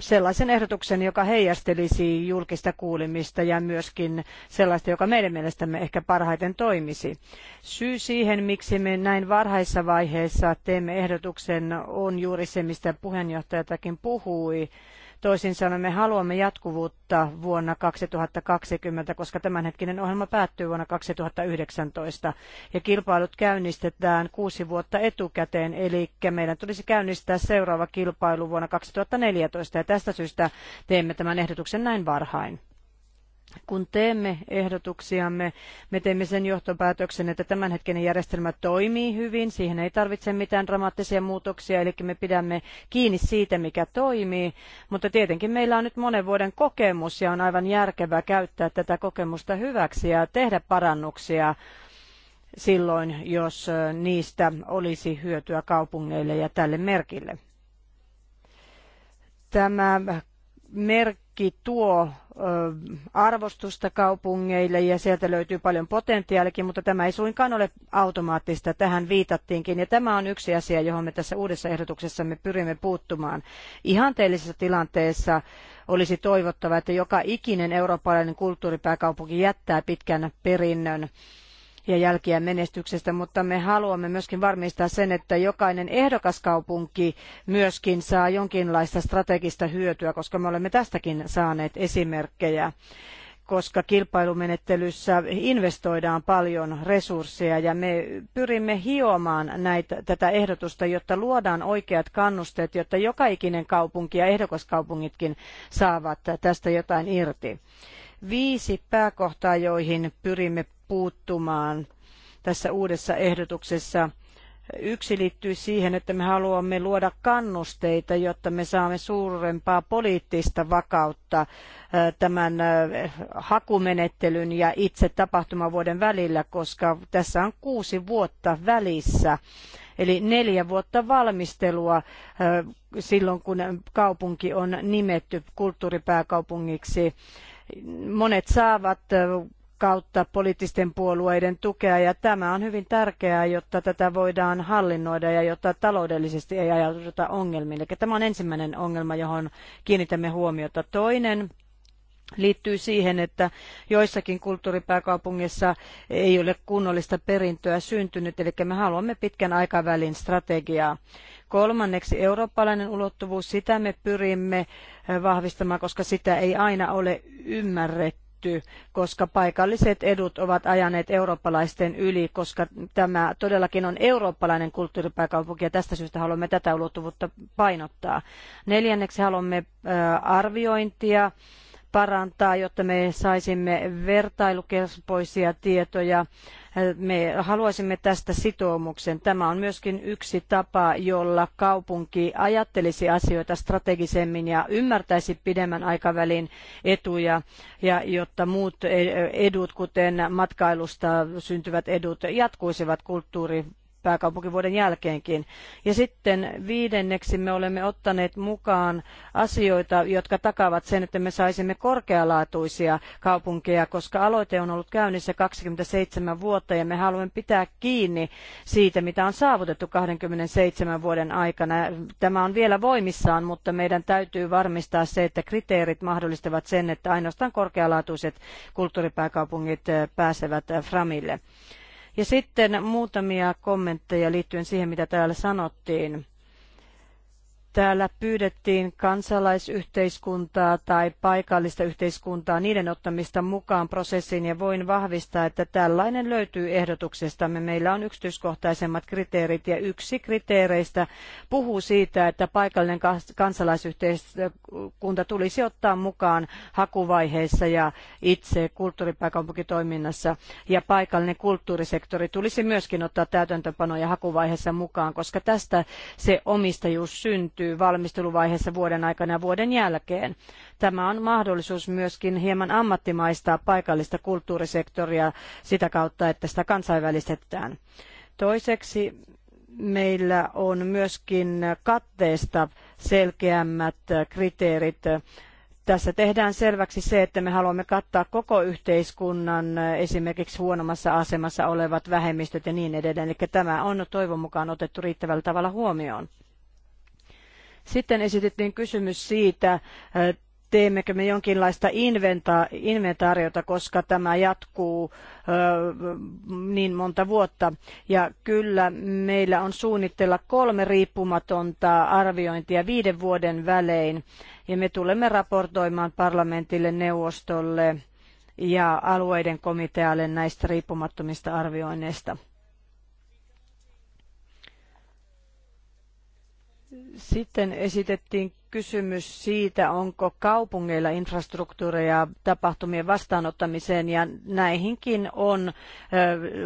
sellaisen ehdotuksen, joka heijastelisi julkista kuulemista ja myöskin sellaista, joka meidän mielestämme ehkä parhaiten toimisi. Syy siihen, miksi me näin varhaisessa vaiheessa teemme ehdotuksen, on juuri se, mistä puheenjohtajatakin puhui, Toisin sanoen me haluamme jatkuvuutta vuonna 2020, koska tämänhetkinen ohjelma päättyy vuonna 2019 ja kilpailut käynnistetään kuusi vuotta etukäteen, eli meidän tulisi käynnistää seuraava kilpailu vuonna 2014 ja tästä syystä teemme tämän ehdotuksen näin varhain kun teemme ehdotuksiamme, me teemme sen johtopäätöksen, että tämänhetkinen järjestelmä toimii hyvin, siihen ei tarvitse mitään dramaattisia muutoksia, eli me pidämme kiinni siitä, mikä toimii, mutta tietenkin meillä on nyt monen vuoden kokemus ja on aivan järkevää käyttää tätä kokemusta hyväksi ja tehdä parannuksia silloin, jos niistä olisi hyötyä kaupungeille ja tälle merkille. Tämä merkki toki tuo arvostusta kaupungeille ja sieltä löytyy paljon potentiaalikin, mutta tämä ei suinkaan ole automaattista. Tähän viitattiinkin ja tämä on yksi asia, johon me tässä uudessa ehdotuksessa me pyrimme puuttumaan. Ihanteellisessa tilanteessa olisi toivottava, että joka ikinen eurooppalainen kulttuuripääkaupunki jättää pitkän perinnön ja jälkiä menestyksestä, mutta me haluamme myöskin varmistaa sen, että jokainen ehdokaskaupunki myöskin saa jonkinlaista strategista hyötyä, koska me olemme tästäkin saaneet esimerkkejä koska kilpailumenettelyssä investoidaan paljon resursseja ja me pyrimme hiomaan näitä, tätä ehdotusta, jotta luodaan oikeat kannusteet, jotta joka ikinen kaupunki ja ehdokaskaupungitkin saavat tästä jotain irti. Viisi pääkohtaa, joihin pyrimme puuttumaan tässä uudessa ehdotuksessa. Yksi liittyy siihen, että me haluamme luoda kannusteita, jotta me saamme suurempaa poliittista vakautta tämän hakumenettelyn ja itse tapahtumavuoden välillä, koska tässä on kuusi vuotta välissä. Eli neljä vuotta valmistelua silloin, kun kaupunki on nimetty kulttuuripääkaupungiksi monet saavat kautta poliittisten puolueiden tukea ja tämä on hyvin tärkeää, jotta tätä voidaan hallinnoida ja jotta taloudellisesti ei ajauduta ongelmiin. Eli tämä on ensimmäinen ongelma, johon kiinnitämme huomiota. Toinen liittyy siihen, että joissakin kulttuuripääkaupungeissa ei ole kunnollista perintöä syntynyt, eli me haluamme pitkän aikavälin strategiaa. Kolmanneksi eurooppalainen ulottuvuus, sitä me pyrimme vahvistamaan, koska sitä ei aina ole ymmärretty tehty, koska paikalliset edut ovat ajaneet eurooppalaisten yli, koska tämä todellakin on eurooppalainen kulttuuripääkaupunki ja tästä syystä haluamme tätä ulottuvuutta painottaa. Neljänneksi haluamme arviointia parantaa, jotta me saisimme vertailukelpoisia tietoja me haluaisimme tästä sitoumuksen. Tämä on myöskin yksi tapa, jolla kaupunki ajattelisi asioita strategisemmin ja ymmärtäisi pidemmän aikavälin etuja, ja jotta muut e- edut, kuten matkailusta syntyvät edut, jatkuisivat kulttuuri pääkaupunkivuoden jälkeenkin. Ja sitten viidenneksi me olemme ottaneet mukaan asioita, jotka takaavat sen, että me saisimme korkealaatuisia kaupunkeja, koska aloite on ollut käynnissä 27 vuotta ja me haluamme pitää kiinni siitä, mitä on saavutettu 27 vuoden aikana. Tämä on vielä voimissaan, mutta meidän täytyy varmistaa se, että kriteerit mahdollistavat sen, että ainoastaan korkealaatuiset kulttuuripääkaupungit eh, pääsevät eh, Framille. Ja sitten muutamia kommentteja liittyen siihen, mitä täällä sanottiin. Täällä pyydettiin kansalaisyhteiskuntaa tai paikallista yhteiskuntaa niiden ottamista mukaan prosessiin ja voin vahvistaa, että tällainen löytyy ehdotuksestamme. Meillä on yksityiskohtaisemmat kriteerit ja yksi kriteereistä puhuu siitä, että paikallinen kansalaisyhteiskunta tulisi ottaa mukaan hakuvaiheessa ja itse kulttuuripääkaupunkitoiminnassa ja paikallinen kulttuurisektori tulisi myöskin ottaa täytäntöpanoja hakuvaiheessa mukaan, koska tästä se omistajuus syntyy löytyy valmisteluvaiheessa vuoden aikana ja vuoden jälkeen. Tämä on mahdollisuus myöskin hieman ammattimaistaa paikallista kulttuurisektoria sitä kautta, että sitä kansainvälistetään. Toiseksi meillä on myöskin katteesta selkeämmät kriteerit tässä tehdään selväksi se, että me haluamme kattaa koko yhteiskunnan esimerkiksi huonommassa asemassa olevat vähemmistöt ja niin edelleen. Eli tämä on toivon mukaan otettu riittävällä tavalla huomioon. Sitten esitettiin kysymys siitä, äh, teemmekö me jonkinlaista inventa- inventaariota, koska tämä jatkuu ö, äh, niin monta vuotta. Ja kyllä meillä on suunnitella kolme riippumatonta arviointia viiden vuoden välein. Ja me tulemme raportoimaan parlamentille, neuvostolle ja alueiden komitealle näistä riippumattomista arvioinneista. Sitten esitettiin kysymys siitä, onko kaupungeilla infrastruktuureja tapahtumien vastaanottamiseen ja näihinkin on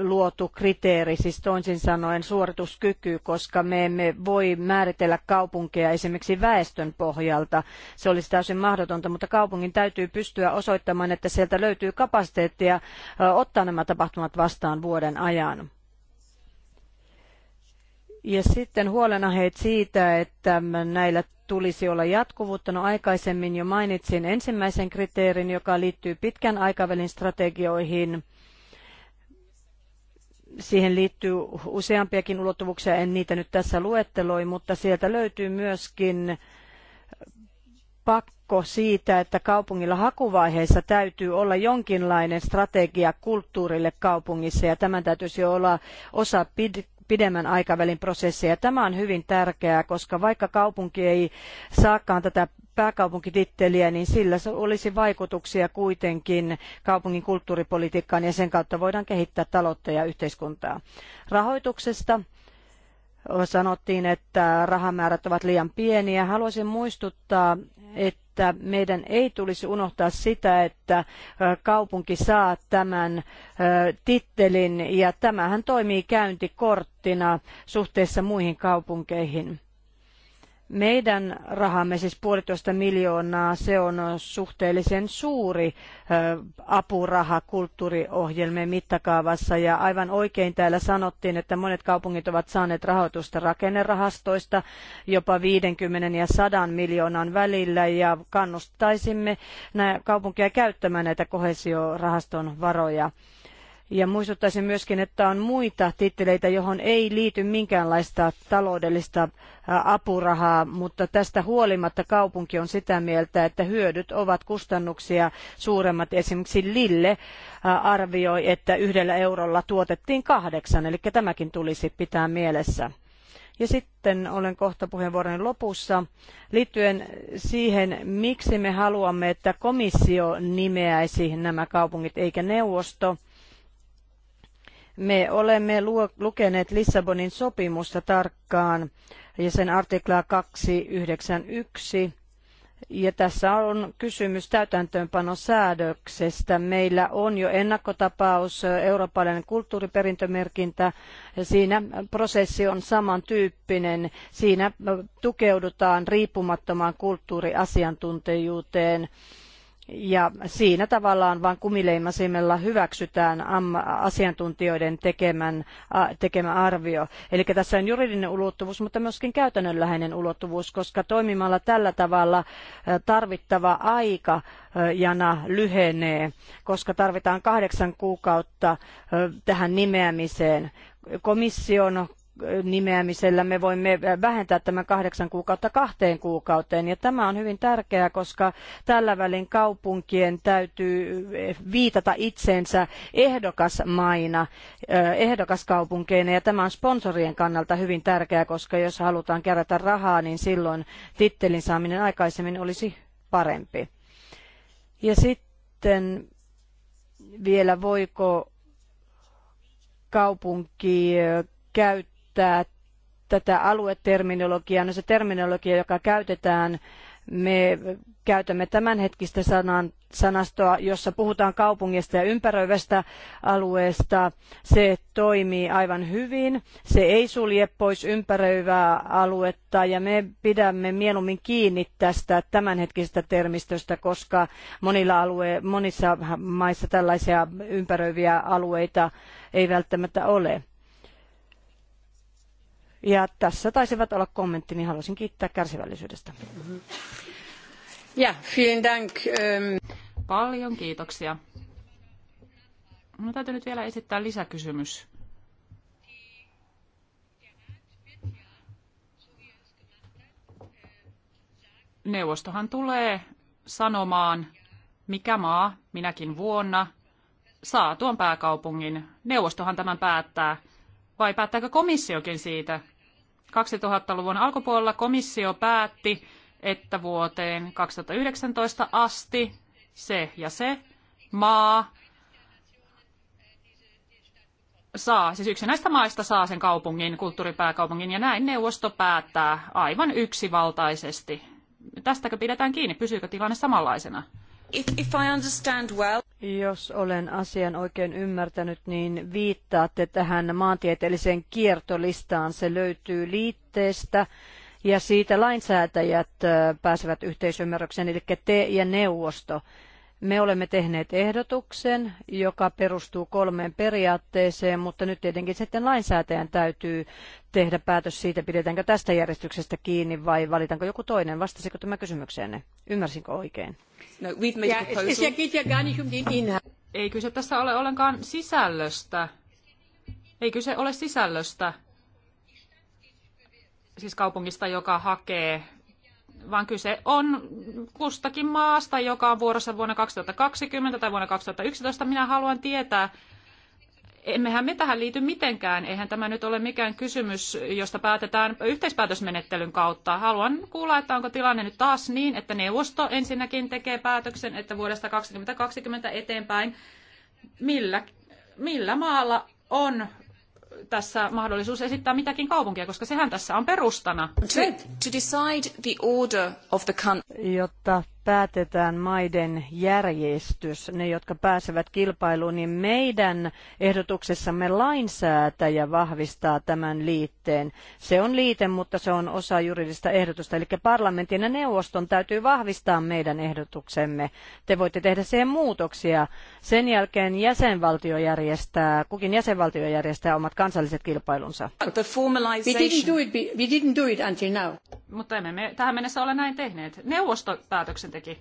luotu kriteeri, siis toisin sanoen suorituskyky, koska me emme voi määritellä kaupunkeja esimerkiksi väestön pohjalta. Se olisi täysin mahdotonta, mutta kaupungin täytyy pystyä osoittamaan, että sieltä löytyy kapasiteettia ottaa nämä tapahtumat vastaan vuoden ajan. Ja sitten huolenaiheet siitä, että näillä tulisi olla jatkuvuutta. No aikaisemmin jo mainitsin ensimmäisen kriteerin, joka liittyy pitkän aikavälin strategioihin. Siihen liittyy useampiakin ulottuvuuksia, en niitä nyt tässä luetteloi, mutta sieltä löytyy myöskin pakko siitä, että kaupungilla hakuvaiheessa täytyy olla jonkinlainen strategia kulttuurille kaupungissa ja tämän täytyisi olla osa pidemmän aikavälin prosesseja. Tämä on hyvin tärkeää, koska vaikka kaupunki ei saakaan tätä pääkaupunkititteliä, niin sillä olisi vaikutuksia kuitenkin kaupungin kulttuuripolitiikkaan ja sen kautta voidaan kehittää taloutta ja yhteiskuntaa. Rahoituksesta sanottiin, että rahamäärät ovat liian pieniä. Haluaisin muistuttaa että meidän ei tulisi unohtaa sitä, että kaupunki saa tämän tittelin ja tämähän toimii käyntikorttina suhteessa muihin kaupunkeihin. Meidän rahamme, siis puolitoista miljoonaa, se on suhteellisen suuri apuraha kulttuuriohjelmien mittakaavassa. Ja aivan oikein täällä sanottiin, että monet kaupungit ovat saaneet rahoitusta rakennerahastoista jopa 50 ja 100 miljoonan välillä. Ja kannustaisimme kaupunkia käyttämään näitä kohesiorahaston varoja. Ja muistuttaisin myöskin, että on muita titteleitä, johon ei liity minkäänlaista taloudellista apurahaa, mutta tästä huolimatta kaupunki on sitä mieltä, että hyödyt ovat kustannuksia suuremmat. Esimerkiksi Lille arvioi, että yhdellä eurolla tuotettiin kahdeksan, eli tämäkin tulisi pitää mielessä. Ja sitten olen kohta puheenvuoroni lopussa liittyen siihen, miksi me haluamme, että komissio nimeäisi nämä kaupungit eikä neuvosto me olemme lukeneet Lissabonin sopimusta tarkkaan ja sen artiklaa 291. Ja tässä on kysymys täytäntöönpanosäädöksestä. Meillä on jo ennakkotapaus, eurooppalainen kulttuuriperintömerkintä. Siinä prosessi on samantyyppinen. Siinä tukeudutaan riippumattomaan kulttuuriasiantuntijuuteen. Ja siinä tavallaan vain kumileimasimella hyväksytään asiantuntijoiden tekemän, tekemä arvio. Eli tässä on juridinen ulottuvuus, mutta myöskin käytännönläheinen ulottuvuus, koska toimimalla tällä tavalla tarvittava aika jana lyhenee, koska tarvitaan kahdeksan kuukautta tähän nimeämiseen. Komission nimeämisellä me voimme vähentää tämän kahdeksan kuukautta kahteen kuukauteen. Ja tämä on hyvin tärkeää, koska tällä välin kaupunkien täytyy viitata itseensä ehdokasmaina, ehdokaskaupunkeina. Ja tämä on sponsorien kannalta hyvin tärkeää, koska jos halutaan kerätä rahaa, niin silloin tittelin saaminen aikaisemmin olisi parempi. Ja sitten vielä voiko kaupunki käyttää käyttää tätä alueterminologiaa, no se terminologia, joka käytetään, me käytämme tämänhetkistä sanan, sanastoa, jossa puhutaan kaupungista ja ympäröivästä alueesta. Se toimii aivan hyvin, se ei sulje pois ympäröivää aluetta ja me pidämme mieluummin kiinni tästä tämänhetkisestä termistöstä, koska monilla alue, monissa maissa tällaisia ympäröiviä alueita ei välttämättä ole. Ja tässä taisivat olla kommenttini. Niin haluaisin kiittää kärsivällisyydestä. Ja, vielen dank. Ähm. Paljon kiitoksia. Minun täytyy nyt vielä esittää lisäkysymys. Neuvostohan tulee sanomaan, mikä maa minäkin vuonna saa tuon pääkaupungin. Neuvostohan tämän päättää. Vai päättääkö komissiokin siitä? 2000-luvun alkupuolella komissio päätti, että vuoteen 2019 asti se ja se maa saa, siis yksi näistä maista saa sen kaupungin, kulttuuripääkaupungin, ja näin neuvosto päättää aivan yksivaltaisesti. Tästäkö pidetään kiinni? Pysyykö tilanne samanlaisena? If, if I understand well... Jos olen asian oikein ymmärtänyt, niin viittaatte tähän maantieteelliseen kiertolistaan. Se löytyy liitteestä ja siitä lainsäätäjät pääsevät yhteisymmärrykseen, eli te ja neuvosto. Me olemme tehneet ehdotuksen, joka perustuu kolmeen periaatteeseen, mutta nyt tietenkin sitten lainsäätäjän täytyy tehdä päätös siitä, pidetäänkö tästä järjestyksestä kiinni vai valitaanko joku toinen. Vastasiko tämä kysymykseenne? Ymmärsinkö oikein? No, ja, Ei kyse tässä ole ollenkaan sisällöstä. Ei kyse ole sisällöstä. Siis kaupungista, joka hakee vaan kyse on kustakin maasta, joka on vuorossa vuonna 2020 tai vuonna 2011. Minä haluan tietää, emmehän me tähän liity mitenkään. Eihän tämä nyt ole mikään kysymys, josta päätetään yhteispäätösmenettelyn kautta. Haluan kuulla, että onko tilanne nyt taas niin, että neuvosto ensinnäkin tekee päätöksen, että vuodesta 2020 eteenpäin, millä, millä maalla on tässä mahdollisuus esittää mitäkin kaupunkia, koska sehän tässä on perustana. To, to decide the order of the country. Jotta päätetään maiden järjestys, ne jotka pääsevät kilpailuun, niin meidän ehdotuksessamme lainsäätäjä vahvistaa tämän liitteen. Se on liite, mutta se on osa juridista ehdotusta, eli parlamentin ja neuvoston täytyy vahvistaa meidän ehdotuksemme. Te voitte tehdä siihen muutoksia. Sen jälkeen jäsenvaltio järjestää, kukin jäsenvaltio järjestää omat kansalliset kilpailunsa. Mutta emme me tähän mennessä ole näin tehneet. Neuvostopäätöksen teki.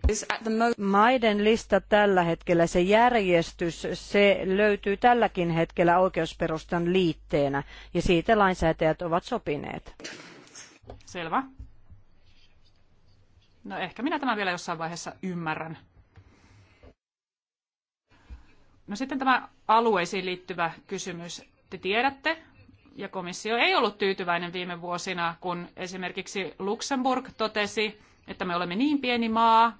Maiden lista tällä hetkellä, se järjestys, se löytyy tälläkin hetkellä oikeusperustan liitteenä ja siitä lainsäätäjät ovat sopineet. Selvä. No ehkä minä tämän vielä jossain vaiheessa ymmärrän. No sitten tämä alueisiin liittyvä kysymys. Te tiedätte, ja komissio ei ollut tyytyväinen viime vuosina, kun esimerkiksi Luxemburg totesi, että me olemme niin pieni maa,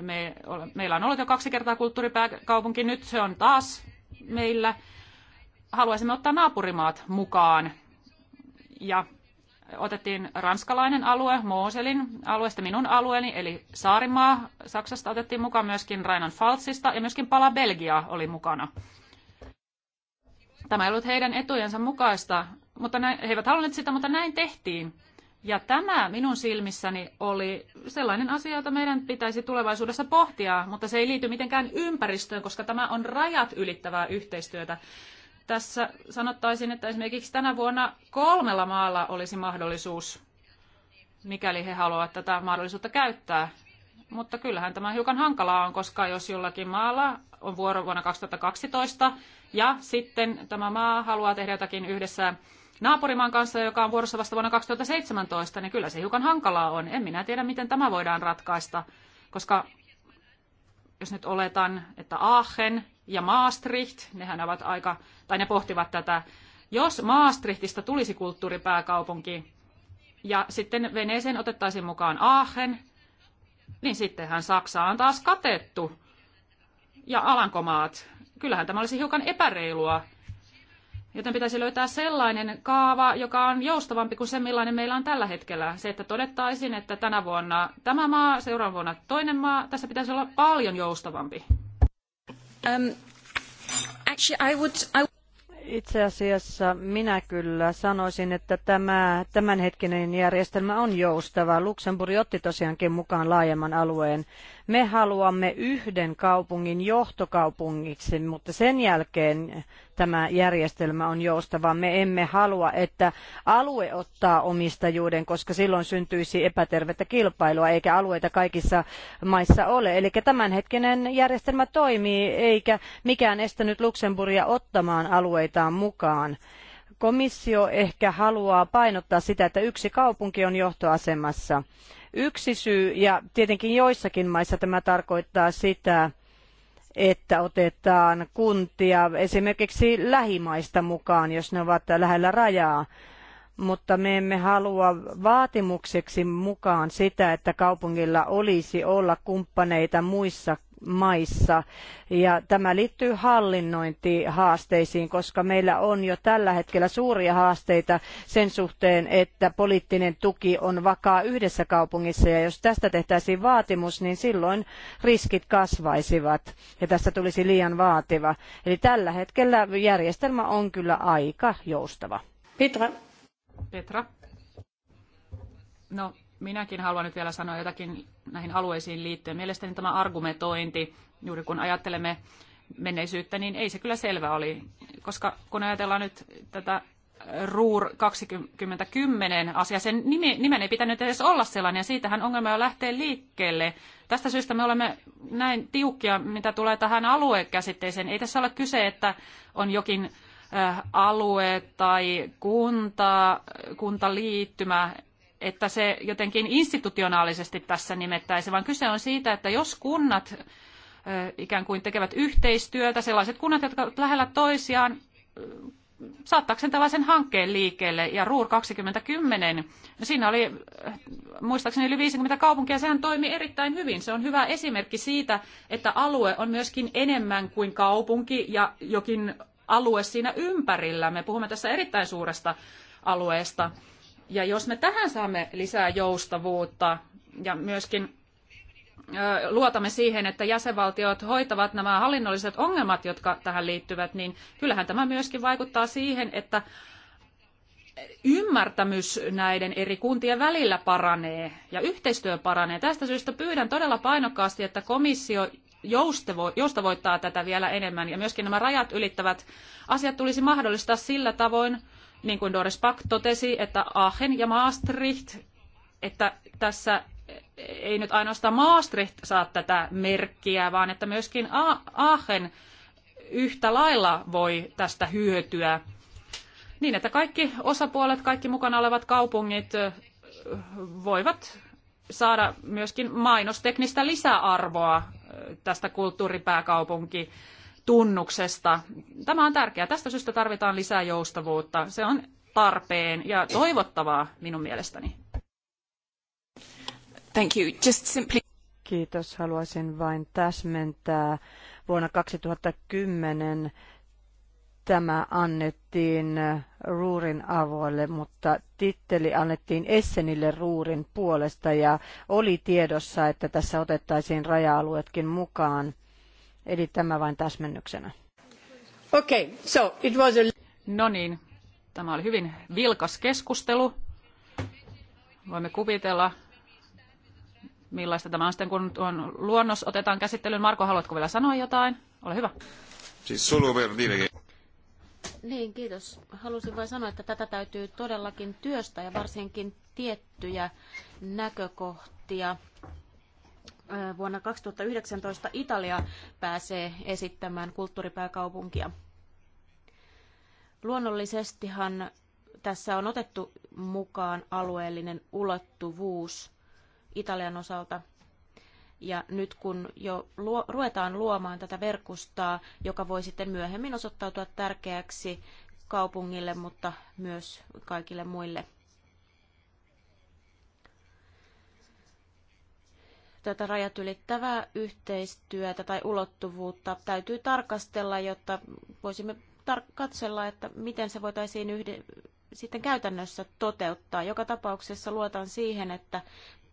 me, meillä on ollut jo kaksi kertaa kulttuuripääkaupunki, nyt se on taas meillä. Haluaisimme ottaa naapurimaat mukaan. Ja otettiin ranskalainen alue, Mooselin alueesta minun alueeni, eli Saarimaa. Saksasta otettiin mukaan myöskin Rainan Falsista ja myöskin Pala Belgia oli mukana. Tämä ei ollut heidän etujensa mukaista, mutta näin, he eivät halunneet sitä, mutta näin tehtiin. Ja tämä minun silmissäni oli sellainen asia, jota meidän pitäisi tulevaisuudessa pohtia, mutta se ei liity mitenkään ympäristöön, koska tämä on rajat ylittävää yhteistyötä. Tässä sanottaisin, että esimerkiksi tänä vuonna kolmella maalla olisi mahdollisuus, mikäli he haluavat tätä mahdollisuutta käyttää. Mutta kyllähän tämä hiukan hankalaa on, koska jos jollakin maalla on vuoro vuonna 2012 ja sitten tämä maa haluaa tehdä jotakin yhdessä naapurimaan kanssa, joka on vuorossa vasta vuonna 2017, niin kyllä se hiukan hankalaa on. En minä tiedä, miten tämä voidaan ratkaista, koska jos nyt oletan, että Aachen ja Maastricht, nehän ovat aika, tai ne pohtivat tätä, jos Maastrichtista tulisi kulttuuripääkaupunki ja sitten veneeseen otettaisiin mukaan Aachen, niin sittenhän Saksa on taas katettu ja Alankomaat. Kyllähän tämä olisi hiukan epäreilua Joten pitäisi löytää sellainen kaava, joka on joustavampi kuin se, millainen meillä on tällä hetkellä. Se, että todettaisiin, että tänä vuonna tämä maa, seuraavana vuonna toinen maa, tässä pitäisi olla paljon joustavampi. Um, actually I would, I... Itse asiassa minä kyllä sanoisin, että tämä tämänhetkinen järjestelmä on joustava. Luxemburg otti tosiaankin mukaan laajemman alueen me haluamme yhden kaupungin johtokaupungiksi, mutta sen jälkeen tämä järjestelmä on joustava. Me emme halua, että alue ottaa omistajuuden, koska silloin syntyisi epätervettä kilpailua, eikä alueita kaikissa maissa ole. Eli tämänhetkinen järjestelmä toimii, eikä mikään estänyt Luxemburgia ottamaan alueitaan mukaan komissio ehkä haluaa painottaa sitä, että yksi kaupunki on johtoasemassa yksi syy, ja tietenkin joissakin maissa tämä tarkoittaa sitä, että otetaan kuntia esimerkiksi lähimaista mukaan, jos ne ovat lähellä rajaa. Mutta me emme halua vaatimukseksi mukaan sitä, että kaupungilla olisi olla kumppaneita muissa maissa. Ja tämä liittyy hallinnointihaasteisiin, koska meillä on jo tällä hetkellä suuria haasteita sen suhteen, että poliittinen tuki on vakaa yhdessä kaupungissa. Ja jos tästä tehtäisiin vaatimus, niin silloin riskit kasvaisivat ja tästä tulisi liian vaativa. Eli tällä hetkellä järjestelmä on kyllä aika joustava. Petra. Petra. No, minäkin haluan nyt vielä sanoa jotakin näihin alueisiin liittyen. Mielestäni tämä argumentointi, juuri kun ajattelemme menneisyyttä, niin ei se kyllä selvä oli, koska kun ajatellaan nyt tätä Ruur 2010 asia. Sen nimi, nimen ei pitänyt edes olla sellainen, ja siitähän ongelma jo lähtee liikkeelle. Tästä syystä me olemme näin tiukkia, mitä tulee tähän aluekäsitteeseen. Ei tässä ole kyse, että on jokin äh, alue tai kunta, kuntaliittymä että se jotenkin institutionaalisesti tässä nimettäisi, vaan kyse on siitä, että jos kunnat ikään kuin tekevät yhteistyötä, sellaiset kunnat, jotka ovat lähellä toisiaan, saattaakseen tällaisen hankkeen liikkeelle. Ja Ruur 2010, siinä oli muistaakseni yli 50 kaupunkia, sehän toimi erittäin hyvin. Se on hyvä esimerkki siitä, että alue on myöskin enemmän kuin kaupunki ja jokin alue siinä ympärillä. Me puhumme tässä erittäin suuresta alueesta. Ja jos me tähän saamme lisää joustavuutta ja myöskin luotamme siihen, että jäsenvaltiot hoitavat nämä hallinnolliset ongelmat, jotka tähän liittyvät, niin kyllähän tämä myöskin vaikuttaa siihen, että ymmärtämys näiden eri kuntien välillä paranee ja yhteistyö paranee. Tästä syystä pyydän todella painokkaasti, että komissio joustavo, joustavoittaa tätä vielä enemmän ja myöskin nämä rajat ylittävät asiat tulisi mahdollistaa sillä tavoin, niin kuin Doris Pack totesi, että Aachen ja Maastricht, että tässä ei nyt ainoastaan Maastricht saa tätä merkkiä, vaan että myöskin Aachen yhtä lailla voi tästä hyötyä. Niin, että kaikki osapuolet, kaikki mukana olevat kaupungit voivat saada myöskin mainosteknistä lisäarvoa tästä kulttuuripääkaupunki tunnuksesta. Tämä on tärkeää. Tästä syystä tarvitaan lisää joustavuutta. Se on tarpeen ja toivottavaa minun mielestäni. Thank you. Just simply... Kiitos. Haluaisin vain täsmentää. Vuonna 2010 tämä annettiin Ruurin avoille, mutta titteli annettiin Essenille Ruurin puolesta ja oli tiedossa, että tässä otettaisiin raja-alueetkin mukaan. Eli tämä vain täsmennyksenä. Okay, so it was a... No niin, tämä oli hyvin vilkas keskustelu. Voimme kuvitella, millaista tämä on sitten, kun on luonnos otetaan käsittelyyn. Marko, haluatko vielä sanoa jotain? Ole hyvä. Siis solo Niin, kiitos. Halusin vain sanoa, että tätä täytyy todellakin työstää ja varsinkin tiettyjä näkökohtia vuonna 2019 Italia pääsee esittämään kulttuuripääkaupunkia. Luonnollisestihan tässä on otettu mukaan alueellinen ulottuvuus Italian osalta. Ja nyt kun jo luo, ruvetaan luomaan tätä verkostoa, joka voi sitten myöhemmin osoittautua tärkeäksi kaupungille, mutta myös kaikille muille tätä rajat ylittävää yhteistyötä tai ulottuvuutta täytyy tarkastella, jotta voisimme tar- katsella, että miten se voitaisiin yhde- sitten käytännössä toteuttaa. Joka tapauksessa luotan siihen, että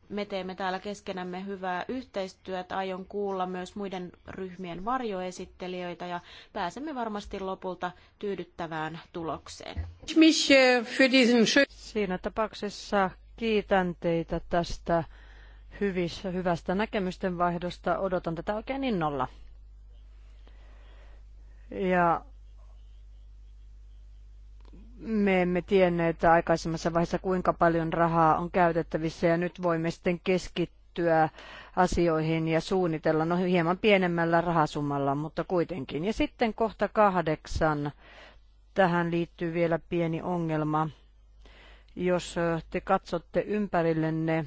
me teemme täällä keskenämme hyvää yhteistyötä. Aion kuulla myös muiden ryhmien varjoesittelijöitä ja pääsemme varmasti lopulta tyydyttävään tulokseen. Siinä tapauksessa kiitän teitä tästä hyvissä, hyvästä näkemysten vaihdosta. Odotan tätä oikein innolla. Ja me emme tienneet aikaisemmassa vaiheessa, kuinka paljon rahaa on käytettävissä ja nyt voimme sitten keskittyä asioihin ja suunnitella, no hieman pienemmällä rahasummalla, mutta kuitenkin. Ja sitten kohta kahdeksan, tähän liittyy vielä pieni ongelma. Jos te katsotte ympärillenne,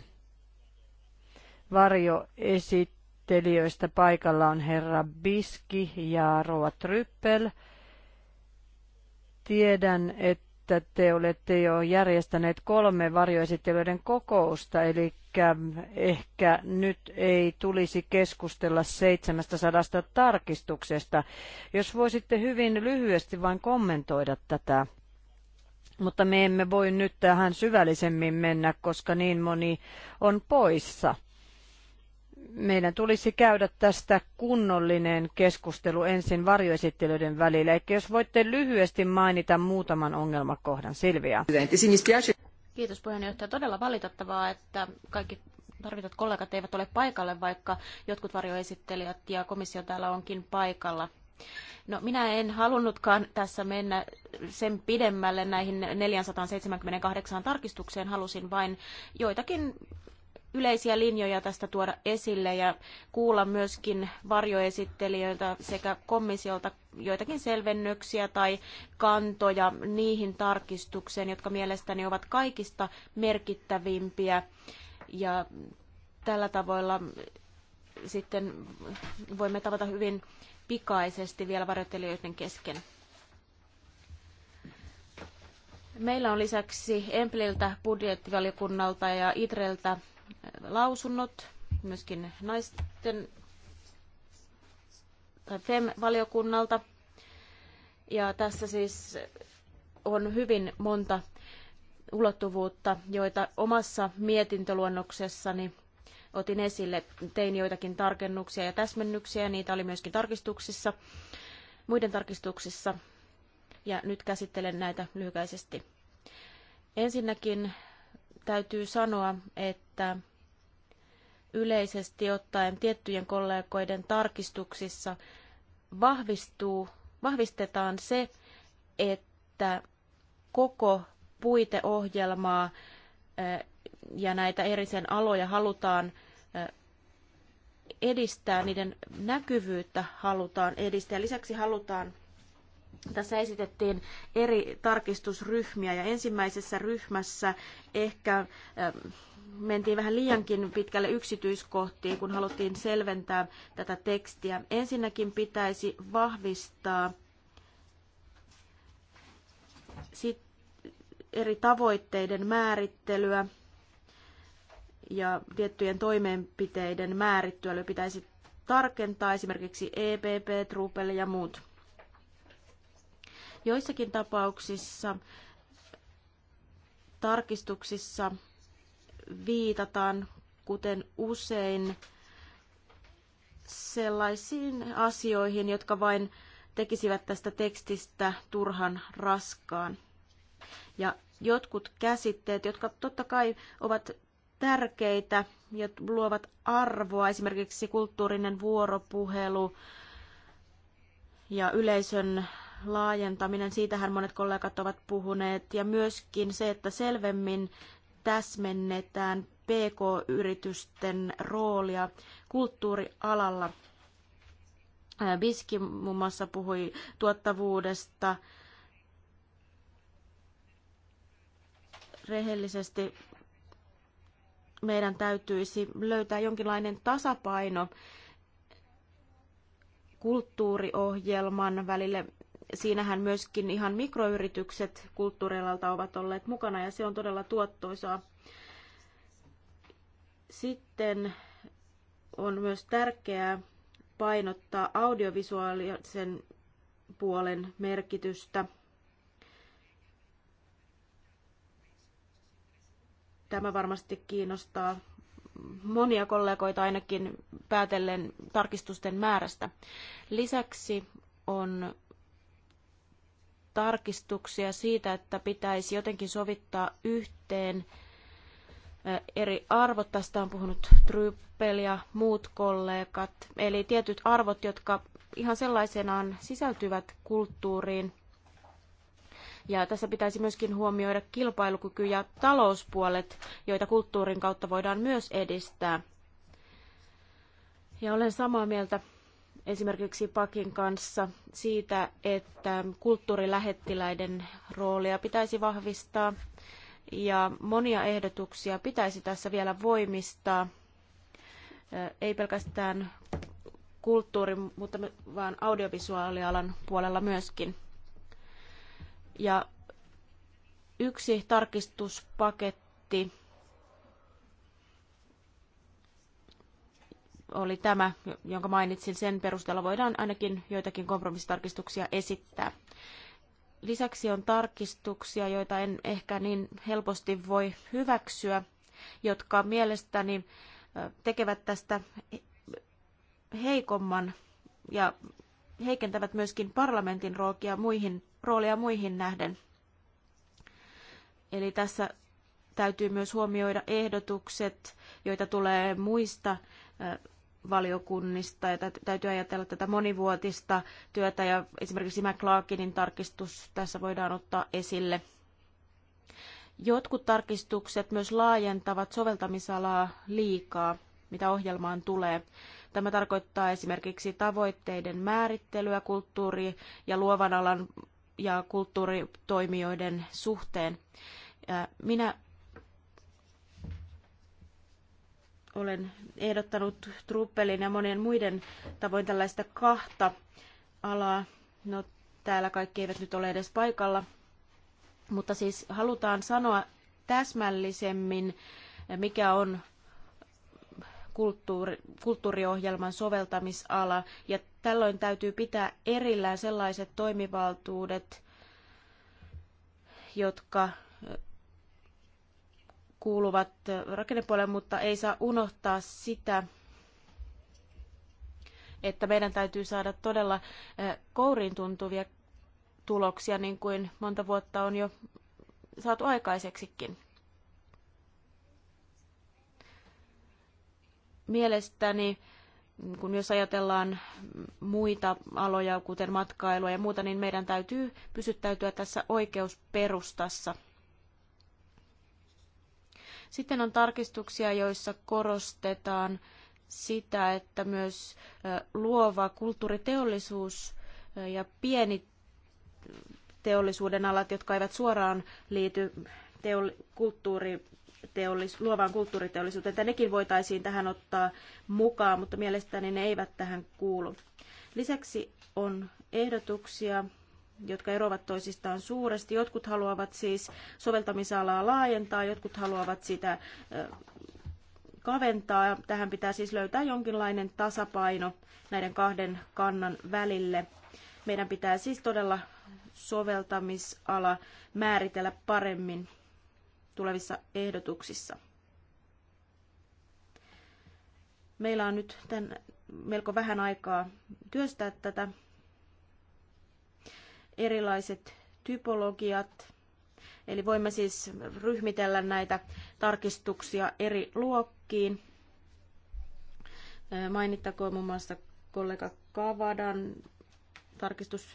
varjoesittelijöistä paikalla on herra Biski ja Roa Tryppel. Tiedän, että te olette jo järjestäneet kolme varjoesittelijöiden kokousta, eli ehkä nyt ei tulisi keskustella 700 tarkistuksesta. Jos voisitte hyvin lyhyesti vain kommentoida tätä mutta me emme voi nyt tähän syvällisemmin mennä, koska niin moni on poissa meidän tulisi käydä tästä kunnollinen keskustelu ensin varjoesittelyiden välillä. Eikä jos voitte lyhyesti mainita muutaman ongelmakohdan, Silvia. Kiitos puheenjohtaja. Todella valitettavaa, että kaikki tarvitut kollegat eivät ole paikalle, vaikka jotkut varjoesittelijät ja komissio täällä onkin paikalla. No, minä en halunnutkaan tässä mennä sen pidemmälle näihin 478 tarkistukseen. Halusin vain joitakin yleisiä linjoja tästä tuoda esille ja kuulla myöskin varjoesittelijöiltä sekä komissiolta joitakin selvennyksiä tai kantoja niihin tarkistukseen, jotka mielestäni ovat kaikista merkittävimpiä. Ja tällä tavalla sitten voimme tavata hyvin pikaisesti vielä varjoittelijoiden kesken. Meillä on lisäksi Empliltä, budjettivaliokunnalta ja Itreltä lausunnot, myöskin naisten tai FEM-valiokunnalta. Ja tässä siis on hyvin monta ulottuvuutta, joita omassa mietintöluonnoksessani otin esille. Tein joitakin tarkennuksia ja täsmennyksiä, niitä oli myöskin tarkistuksissa, muiden tarkistuksissa, ja nyt käsittelen näitä lyhykäisesti. Ensinnäkin täytyy sanoa, että yleisesti ottaen tiettyjen kollegoiden tarkistuksissa vahvistuu, vahvistetaan se, että koko puiteohjelmaa ja näitä eri sen aloja halutaan edistää, niiden näkyvyyttä halutaan edistää. Lisäksi halutaan tässä esitettiin eri tarkistusryhmiä ja ensimmäisessä ryhmässä ehkä ähm, mentiin vähän liiankin pitkälle yksityiskohtiin, kun haluttiin selventää tätä tekstiä. Ensinnäkin pitäisi vahvistaa sit eri tavoitteiden määrittelyä ja tiettyjen toimenpiteiden määrittelyä pitäisi tarkentaa esimerkiksi EPP, Trupel ja muut. Joissakin tapauksissa tarkistuksissa viitataan, kuten usein, sellaisiin asioihin, jotka vain tekisivät tästä tekstistä turhan raskaan. Ja jotkut käsitteet, jotka totta kai ovat tärkeitä ja luovat arvoa, esimerkiksi kulttuurinen vuoropuhelu ja yleisön laajentaminen, siitähän monet kollegat ovat puhuneet, ja myöskin se, että selvemmin täsmennetään PK-yritysten roolia kulttuurialalla. Biski muun muassa puhui tuottavuudesta, rehellisesti meidän täytyisi löytää jonkinlainen tasapaino kulttuuriohjelman välille siinähän myöskin ihan mikroyritykset kulttuurialalta ovat olleet mukana ja se on todella tuottoisaa. Sitten on myös tärkeää painottaa audiovisuaalisen puolen merkitystä. Tämä varmasti kiinnostaa monia kollegoita ainakin päätellen tarkistusten määrästä. Lisäksi on tarkistuksia siitä, että pitäisi jotenkin sovittaa yhteen eri arvot. Tästä on puhunut Tryppel ja muut kollegat. Eli tietyt arvot, jotka ihan sellaisenaan sisältyvät kulttuuriin. Ja tässä pitäisi myöskin huomioida kilpailukyky ja talouspuolet, joita kulttuurin kautta voidaan myös edistää. Ja olen samaa mieltä esimerkiksi Pakin kanssa siitä, että kulttuurilähettiläiden roolia pitäisi vahvistaa ja monia ehdotuksia pitäisi tässä vielä voimistaa, ei pelkästään kulttuuri, mutta vaan audiovisuaalialan puolella myöskin. Ja yksi tarkistuspaketti oli tämä, jonka mainitsin. Sen perusteella voidaan ainakin joitakin kompromissitarkistuksia esittää. Lisäksi on tarkistuksia, joita en ehkä niin helposti voi hyväksyä, jotka mielestäni tekevät tästä heikomman ja heikentävät myöskin parlamentin roolia muihin, roolia muihin nähden. Eli tässä täytyy myös huomioida ehdotukset, joita tulee muista valiokunnista ja täytyy ajatella tätä monivuotista työtä ja esimerkiksi McClarkinin tarkistus tässä voidaan ottaa esille. Jotkut tarkistukset myös laajentavat soveltamisalaa liikaa, mitä ohjelmaan tulee. Tämä tarkoittaa esimerkiksi tavoitteiden määrittelyä kulttuuri- ja luovan alan ja kulttuuritoimijoiden suhteen. Minä olen ehdottanut Truppelin ja monien muiden tavoin tällaista kahta alaa. No, täällä kaikki eivät nyt ole edes paikalla, mutta siis halutaan sanoa täsmällisemmin, mikä on kulttuuri, kulttuuriohjelman soveltamisala, ja tällöin täytyy pitää erillään sellaiset toimivaltuudet, jotka kuuluvat rakennepuolelle, mutta ei saa unohtaa sitä, että meidän täytyy saada todella eh, kouriin tuntuvia tuloksia, niin kuin monta vuotta on jo saatu aikaiseksikin. Mielestäni, kun jos ajatellaan muita aloja, kuten matkailua ja muuta, niin meidän täytyy pysyttäytyä tässä oikeusperustassa – sitten on tarkistuksia, joissa korostetaan sitä, että myös luova kulttuuriteollisuus ja pieni teollisuuden alat, jotka eivät suoraan liity teoli- kulttuuri luovaan kulttuuriteollisuuteen, että nekin voitaisiin tähän ottaa mukaan, mutta mielestäni ne eivät tähän kuulu. Lisäksi on ehdotuksia jotka eroavat toisistaan suuresti. Jotkut haluavat siis soveltamisalaa laajentaa, jotkut haluavat sitä kaventaa. Tähän pitää siis löytää jonkinlainen tasapaino näiden kahden kannan välille. Meidän pitää siis todella soveltamisala määritellä paremmin tulevissa ehdotuksissa. Meillä on nyt tämän, melko vähän aikaa työstää tätä erilaiset typologiat. Eli voimme siis ryhmitellä näitä tarkistuksia eri luokkiin. Mainittakoon muun mm. muassa kollega Kavadan tarkistus.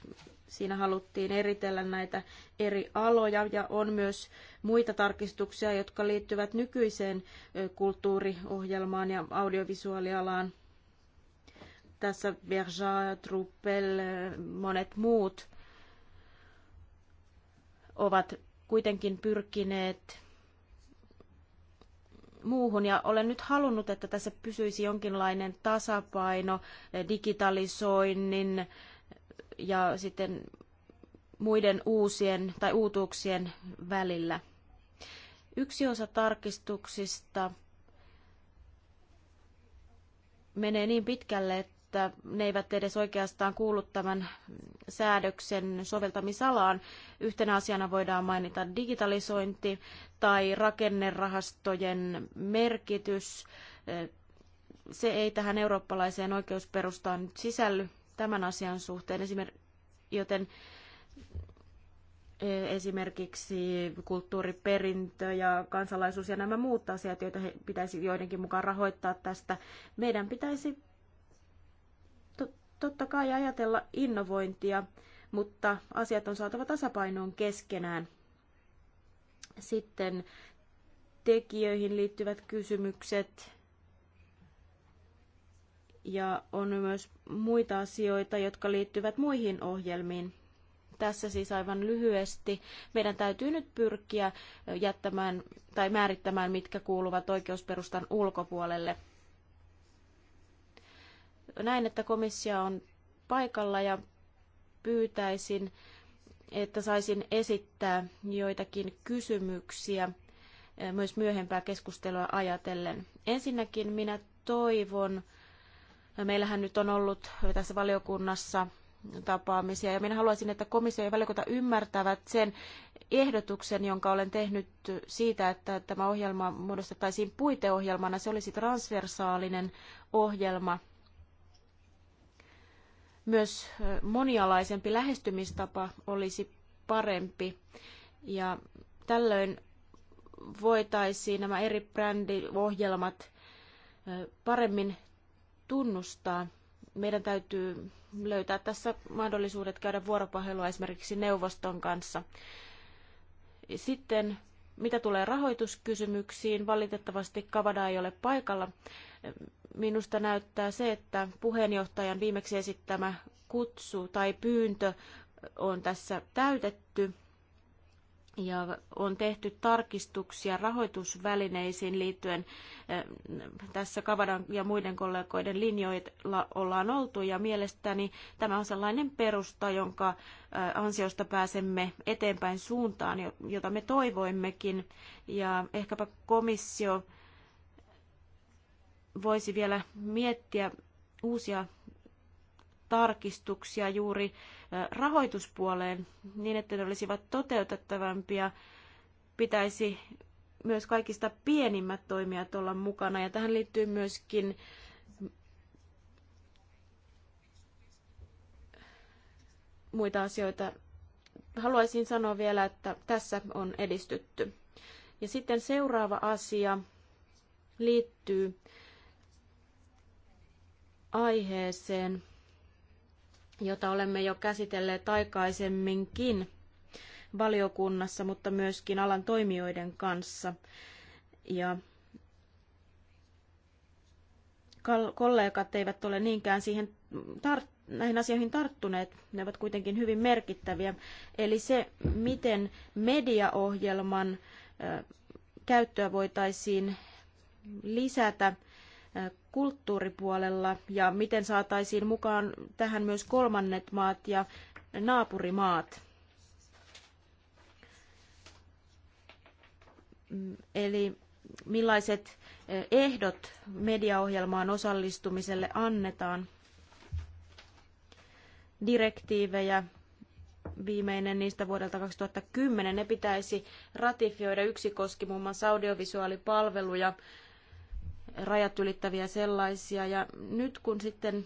Siinä haluttiin eritellä näitä eri aloja ja on myös muita tarkistuksia, jotka liittyvät nykyiseen kulttuuriohjelmaan ja audiovisuaalialaan. Tässä Verja, Truppel, monet muut – ovat kuitenkin pyrkineet muuhun ja olen nyt halunnut, että tässä pysyisi jonkinlainen tasapaino digitalisoinnin ja sitten muiden uusien tai uutuuksien välillä. Yksi osa tarkistuksista menee niin pitkälle, että että ne eivät edes oikeastaan kuulu tämän säädöksen soveltamisalaan. Yhtenä asiana voidaan mainita digitalisointi tai rakennerahastojen merkitys. Se ei tähän eurooppalaiseen oikeusperustaan nyt sisälly tämän asian suhteen, joten e, esimerkiksi kulttuuriperintö ja kansalaisuus ja nämä muut asiat, joita he pitäisi joidenkin mukaan rahoittaa tästä. Meidän pitäisi totta kai ajatella innovointia, mutta asiat on saatava tasapainoon keskenään. Sitten tekijöihin liittyvät kysymykset. Ja on myös muita asioita, jotka liittyvät muihin ohjelmiin. Tässä siis aivan lyhyesti. Meidän täytyy nyt pyrkiä jättämään tai määrittämään, mitkä kuuluvat oikeusperustan ulkopuolelle näin, että komissio on paikalla ja pyytäisin, että saisin esittää joitakin kysymyksiä eh, myös myöhempää keskustelua ajatellen. Ensinnäkin minä toivon, no meillähän nyt on ollut tässä valiokunnassa tapaamisia. Ja minä haluaisin, että komissio ja valiokunta ymmärtävät sen ehdotuksen, jonka olen tehnyt siitä, että tämä ohjelma muodostettaisiin puiteohjelmana. Se olisi transversaalinen ohjelma, myös monialaisempi lähestymistapa olisi parempi. Ja tällöin voitaisiin nämä eri brändiohjelmat paremmin tunnustaa. Meidän täytyy löytää tässä mahdollisuudet käydä vuoropahelua esimerkiksi neuvoston kanssa. Sitten mitä tulee rahoituskysymyksiin, valitettavasti Kavada ei ole paikalla, Minusta näyttää se, että puheenjohtajan viimeksi esittämä kutsu tai pyyntö on tässä täytetty ja on tehty tarkistuksia rahoitusvälineisiin liittyen. Äh, tässä Kavadan ja muiden kollegoiden linjoilla ollaan oltu ja mielestäni tämä on sellainen perusta, jonka äh, ansiosta pääsemme eteenpäin suuntaan, jota me toivoimmekin. Ja ehkäpä komissio voisi vielä miettiä uusia tarkistuksia juuri rahoituspuoleen niin, että ne olisivat toteutettavampia. Pitäisi myös kaikista pienimmät toimijat olla mukana ja tähän liittyy myöskin muita asioita. Haluaisin sanoa vielä, että tässä on edistytty. Ja sitten seuraava asia liittyy aiheeseen, jota olemme jo käsitelleet aikaisemminkin valiokunnassa, mutta myöskin alan toimijoiden kanssa. Ja kollegat eivät ole niinkään siihen tart- näihin asioihin tarttuneet, ne ovat kuitenkin hyvin merkittäviä. Eli se, miten mediaohjelman käyttöä voitaisiin lisätä kulttuuripuolella ja miten saataisiin mukaan tähän myös kolmannet maat ja naapurimaat. Mm, eli millaiset eh, ehdot mediaohjelmaan osallistumiselle annetaan. Direktiivejä, viimeinen niistä vuodelta 2010, ne pitäisi ratifioida. Yksi koski muun muassa audiovisuaalipalveluja rajat ylittäviä sellaisia. Ja nyt kun sitten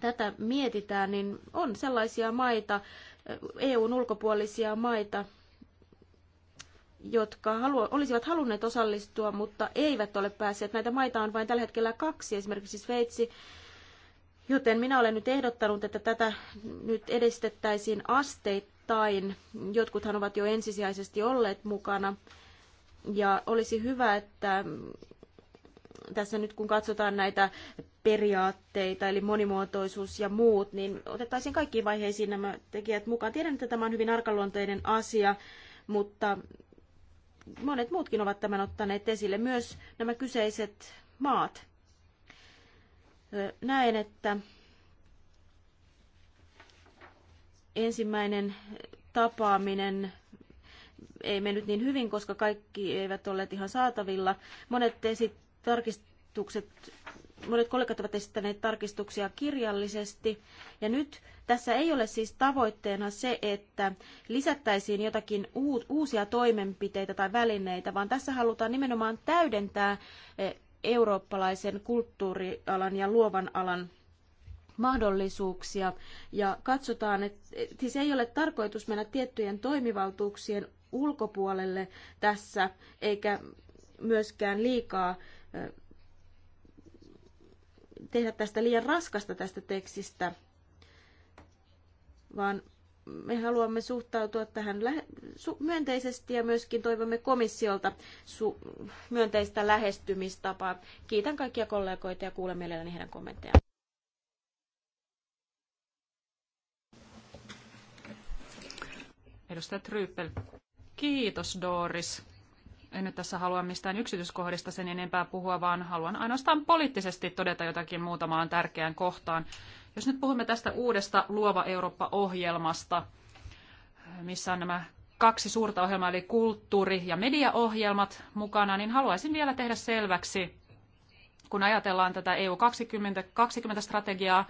tätä mietitään, niin on sellaisia maita, EUn ulkopuolisia maita, jotka halu- olisivat halunneet osallistua, mutta eivät ole päässeet. Näitä maita on vain tällä hetkellä kaksi, esimerkiksi Sveitsi. Joten minä olen nyt ehdottanut, että tätä nyt edistettäisiin asteittain. Jotkuthan ovat jo ensisijaisesti olleet mukana. Ja olisi hyvä, että tässä nyt kun katsotaan näitä periaatteita, eli monimuotoisuus ja muut, niin otettaisiin kaikkiin vaiheisiin nämä tekijät mukaan. Tiedän, että tämä on hyvin arkaluonteinen asia, mutta monet muutkin ovat tämän ottaneet esille, myös nämä kyseiset maat. Näen, että ensimmäinen tapaaminen ei mennyt niin hyvin, koska kaikki eivät olleet ihan saatavilla. Monet esit tarkistukset, monet kollegat ovat esittäneet tarkistuksia kirjallisesti. Ja nyt tässä ei ole siis tavoitteena se, että lisättäisiin jotakin uusia toimenpiteitä tai välineitä, vaan tässä halutaan nimenomaan täydentää eh, eurooppalaisen kulttuurialan ja luovan alan mahdollisuuksia ja katsotaan, että siis ei ole tarkoitus mennä tiettyjen toimivaltuuksien ulkopuolelle tässä, eikä myöskään liikaa tehdä tästä liian raskasta tästä tekstistä, vaan me haluamme suhtautua tähän myönteisesti ja myöskin toivomme komissiolta myönteistä lähestymistapaa. Kiitän kaikkia kollegoita ja kuulen mielelläni heidän kommenttejaan. Edustaja Trypel. Kiitos Doris en nyt tässä halua mistään yksityiskohdista sen enempää puhua, vaan haluan ainoastaan poliittisesti todeta jotakin muutamaan tärkeään kohtaan. Jos nyt puhumme tästä uudesta Luova Eurooppa-ohjelmasta, missä on nämä kaksi suurta ohjelmaa, eli kulttuuri- ja mediaohjelmat mukana, niin haluaisin vielä tehdä selväksi, kun ajatellaan tätä EU 2020-strategiaa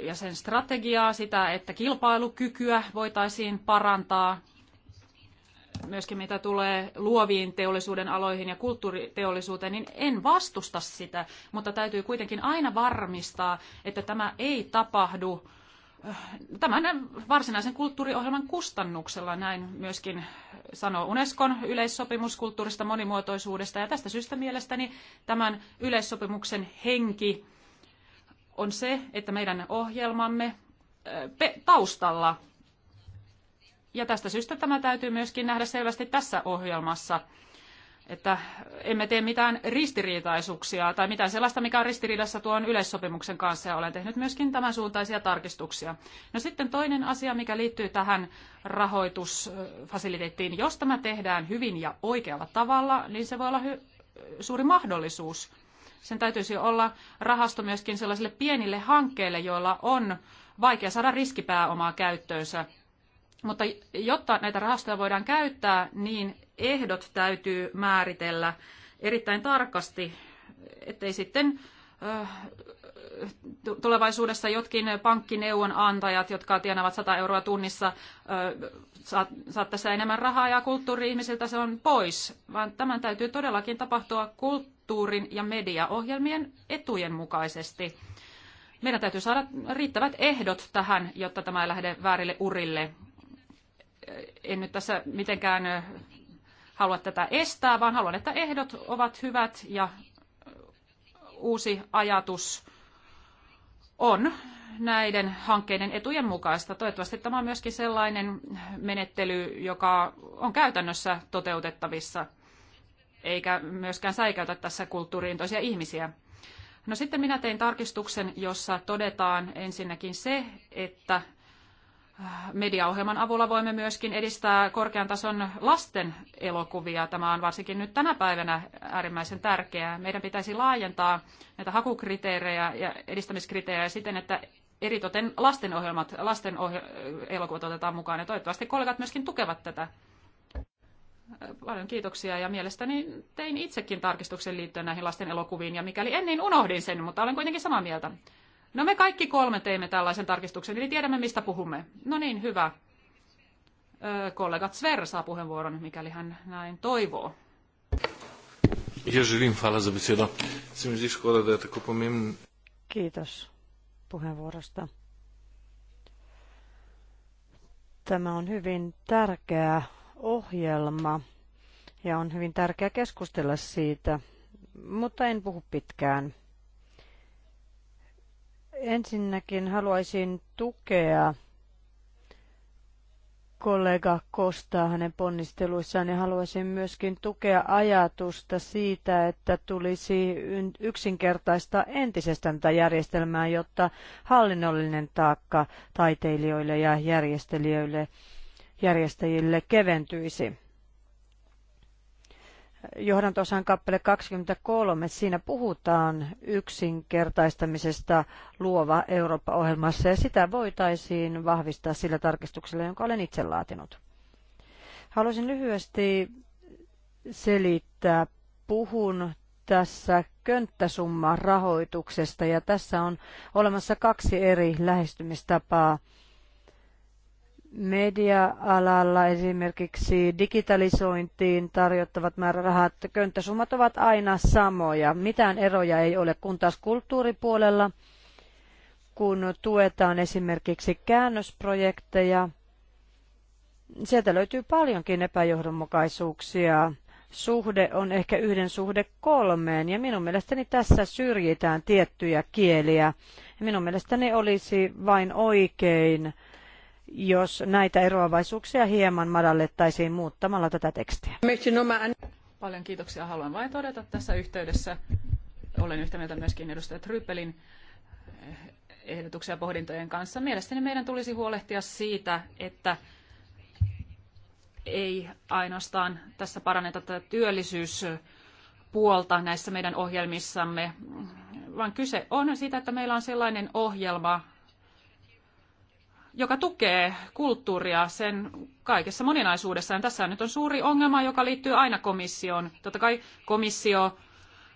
ja sen strategiaa, sitä, että kilpailukykyä voitaisiin parantaa myöskin mitä tulee luoviin teollisuuden aloihin ja kulttuuriteollisuuteen, niin en vastusta sitä, mutta täytyy kuitenkin aina varmistaa, että tämä ei tapahdu äh, tämän varsinaisen kulttuuriohjelman kustannuksella, näin myöskin sanoo Unescon yleissopimus kulttuurista monimuotoisuudesta. Ja tästä syystä mielestäni tämän yleissopimuksen henki on se, että meidän ohjelmamme äh, taustalla ja tästä syystä tämä täytyy myöskin nähdä selvästi tässä ohjelmassa, että emme tee mitään ristiriitaisuuksia tai mitään sellaista, mikä on ristiriidassa tuon yleissopimuksen kanssa ja olen tehnyt myöskin tämän suuntaisia tarkistuksia. No sitten toinen asia, mikä liittyy tähän rahoitusfasiliteettiin. Jos tämä tehdään hyvin ja oikealla tavalla, niin se voi olla suuri mahdollisuus. Sen täytyisi olla rahasto myöskin sellaisille pienille hankkeille, joilla on vaikea saada riskipääomaa käyttöönsä – mutta jotta näitä rahastoja voidaan käyttää, niin ehdot täytyy määritellä erittäin tarkasti, ettei sitten äh, tulevaisuudessa jotkin pankkineuvonantajat, jotka tienavat 100 euroa tunnissa, äh, saat tässä enemmän rahaa ja kulttuuri-ihmisiltä se on pois, vaan tämän täytyy todellakin tapahtua kulttuurin ja mediaohjelmien etujen mukaisesti. Meidän täytyy saada riittävät ehdot tähän, jotta tämä ei lähde väärille urille en nyt tässä mitenkään halua tätä estää, vaan haluan, että ehdot ovat hyvät ja uusi ajatus on näiden hankkeiden etujen mukaista. Toivottavasti tämä on myöskin sellainen menettely, joka on käytännössä toteutettavissa, eikä myöskään säikäytä tässä kulttuuriin toisia ihmisiä. No sitten minä tein tarkistuksen, jossa todetaan ensinnäkin se, että mediaohjelman avulla voimme myöskin edistää korkean tason lasten elokuvia. Tämä on varsinkin nyt tänä päivänä äärimmäisen tärkeää. Meidän pitäisi laajentaa näitä hakukriteerejä ja edistämiskriteerejä siten, että eritoten lastenohjelmat, lasten elokuvat otetaan mukaan. Ja toivottavasti kollegat myöskin tukevat tätä. Paljon kiitoksia ja mielestäni tein itsekin tarkistuksen liittyen näihin lasten elokuviin ja mikäli en niin unohdin sen, mutta olen kuitenkin samaa mieltä. No me kaikki kolme teimme tällaisen tarkistuksen, eli tiedämme mistä puhumme. No niin, hyvä. Ö, kollega Zver saa puheenvuoron, mikäli hän näin toivoo. Kiitos puheenvuorosta. Tämä on hyvin tärkeä ohjelma ja on hyvin tärkeää keskustella siitä, mutta en puhu pitkään. Ensinnäkin haluaisin tukea kollega Kostaa hänen ponnisteluissaan ja haluaisin myöskin tukea ajatusta siitä, että tulisi yksinkertaista entisestä tätä järjestelmää, jotta hallinnollinen taakka taiteilijoille ja järjestelijöille, järjestäjille keventyisi johdantosan kappale 23. Siinä puhutaan yksinkertaistamisesta luova Eurooppa-ohjelmassa ja sitä voitaisiin vahvistaa sillä tarkistuksella, jonka olen itse laatinut. Haluaisin lyhyesti selittää. Puhun tässä könttäsumma rahoituksesta ja tässä on olemassa kaksi eri lähestymistapaa media-alalla esimerkiksi digitalisointiin tarjottavat määrärahat, könttäsummat ovat aina samoja. Mitään eroja ei ole, kun taas kulttuuripuolella, kun tuetaan esimerkiksi käännösprojekteja, sieltä löytyy paljonkin epäjohdonmukaisuuksia. Suhde on ehkä yhden suhde kolmeen, ja minun mielestäni tässä syrjitään tiettyjä kieliä. Minun mielestäni olisi vain oikein, jos näitä eroavaisuuksia hieman madallettaisiin muuttamalla tätä tekstiä. Paljon kiitoksia. Haluan vain todeta tässä yhteydessä, olen yhtä mieltä myöskin edustaja Tryppelin ehdotuksia pohdintojen kanssa. Mielestäni meidän tulisi huolehtia siitä, että ei ainoastaan tässä paranneta tätä työllisyyspuolta näissä meidän ohjelmissamme, vaan kyse on siitä, että meillä on sellainen ohjelma, joka tukee kulttuuria sen kaikessa moninaisuudessa Ja Tässä nyt on suuri ongelma, joka liittyy aina komissioon. Totta kai komissio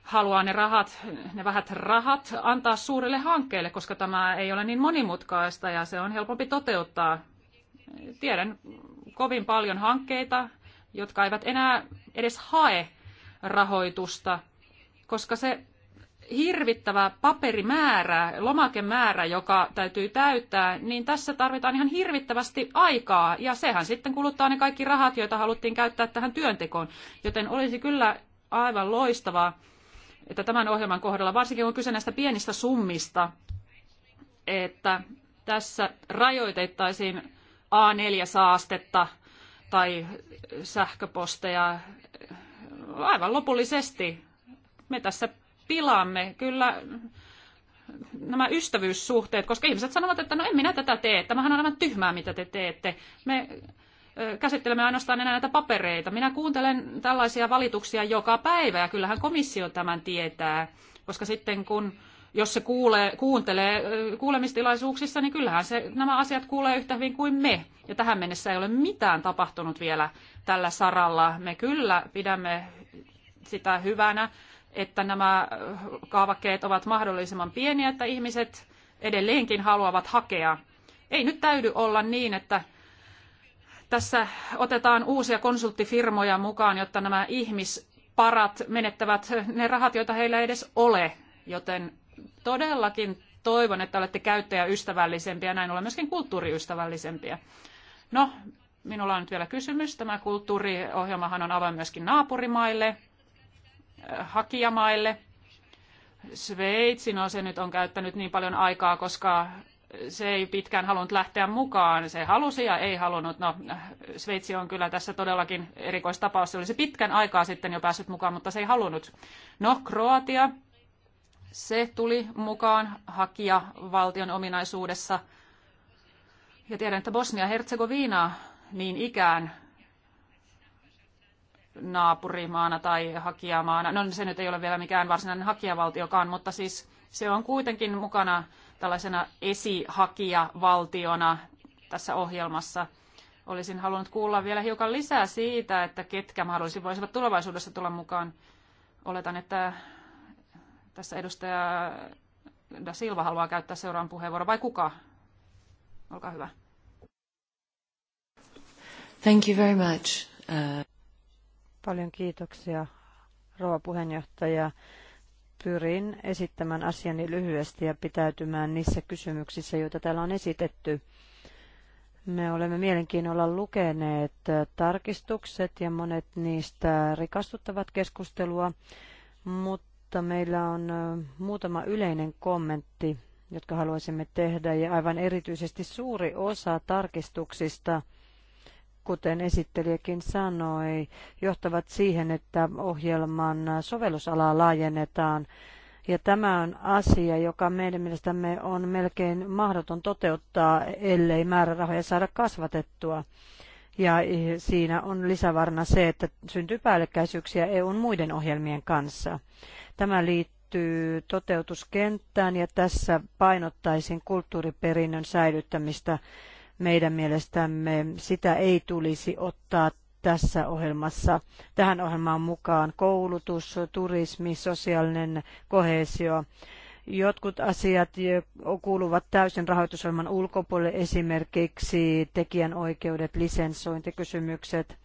haluaa ne rahat, ne vähät rahat antaa suurille hankkeille, koska tämä ei ole niin monimutkaista ja se on helpompi toteuttaa. Tiedän kovin paljon hankkeita, jotka eivät enää edes hae rahoitusta, koska se hirvittävä paperimäärä, lomakemäärä, joka täytyy täyttää, niin tässä tarvitaan ihan hirvittävästi aikaa, ja sehän sitten kuluttaa ne kaikki rahat, joita haluttiin käyttää tähän työntekoon. Joten olisi kyllä aivan loistavaa, että tämän ohjelman kohdalla, varsinkin kun kyse näistä pienistä summista, että tässä rajoitettaisiin A4-saastetta tai sähköposteja aivan lopullisesti. Me tässä pilaamme kyllä nämä ystävyyssuhteet, koska ihmiset sanovat, että no en minä tätä tee, tämähän on aivan tyhmää, mitä te teette. Me käsittelemme ainoastaan enää näitä papereita. Minä kuuntelen tällaisia valituksia joka päivä ja kyllähän komissio tämän tietää, koska sitten kun jos se kuulee, kuuntelee kuulemistilaisuuksissa, niin kyllähän se, nämä asiat kuulee yhtä hyvin kuin me. Ja tähän mennessä ei ole mitään tapahtunut vielä tällä saralla. Me kyllä pidämme sitä hyvänä että nämä äh, kaavakkeet ovat mahdollisimman pieniä, että ihmiset edelleenkin haluavat hakea. Ei nyt täydy olla niin, että tässä otetaan uusia konsulttifirmoja mukaan, jotta nämä ihmisparat menettävät ne rahat, joita heillä ei edes ole. Joten todellakin toivon, että olette käyttäjäystävällisempiä ja näin ollen myöskin kulttuuriystävällisempiä. No, minulla on nyt vielä kysymys. Tämä kulttuuriohjelmahan on avoin myöskin naapurimaille hakijamaille. Sveitsi, no se nyt on käyttänyt niin paljon aikaa, koska se ei pitkään halunnut lähteä mukaan. Se halusi ja ei halunnut. No, Sveitsi on kyllä tässä todellakin erikoistapaus. Se olisi pitkän aikaa sitten jo päässyt mukaan, mutta se ei halunnut. No, Kroatia, se tuli mukaan hakija valtion ominaisuudessa. Ja tiedän, että Bosnia-Herzegovina niin ikään naapurimaana tai hakijamaana. No se nyt ei ole vielä mikään varsinainen hakijavaltiokaan, mutta siis se on kuitenkin mukana tällaisena esihakijavaltiona tässä ohjelmassa. Olisin halunnut kuulla vielä hiukan lisää siitä, että ketkä mahdollisesti voisivat tulevaisuudessa tulla mukaan. Oletan, että tässä edustaja Da Silva haluaa käyttää seuraavan puheenvuoron, vai kuka? Olkaa hyvä. Thank you very much. Uh... Paljon kiitoksia, rouva puheenjohtaja. Pyrin esittämään asiani lyhyesti ja pitäytymään niissä kysymyksissä, joita täällä on esitetty. Me olemme mielenkiinnolla lukeneet tarkistukset ja monet niistä rikastuttavat keskustelua, mutta meillä on muutama yleinen kommentti, jotka haluaisimme tehdä ja aivan erityisesti suuri osa tarkistuksista – kuten esittelijäkin sanoi, johtavat siihen, että ohjelman sovellusalaa laajennetaan. Ja tämä on asia, joka meidän mielestämme on melkein mahdoton toteuttaa, ellei määrärahoja saada kasvatettua. Ja siinä on lisävarna se, että syntyy päällekkäisyyksiä EUn muiden ohjelmien kanssa. Tämä liittyy toteutuskenttään ja tässä painottaisin kulttuuriperinnön säilyttämistä meidän mielestämme sitä ei tulisi ottaa tässä ohjelmassa, tähän ohjelmaan mukaan koulutus, turismi, sosiaalinen kohesio. Jotkut asiat kuuluvat täysin rahoitusohjelman ulkopuolelle, esimerkiksi tekijänoikeudet, lisensointikysymykset.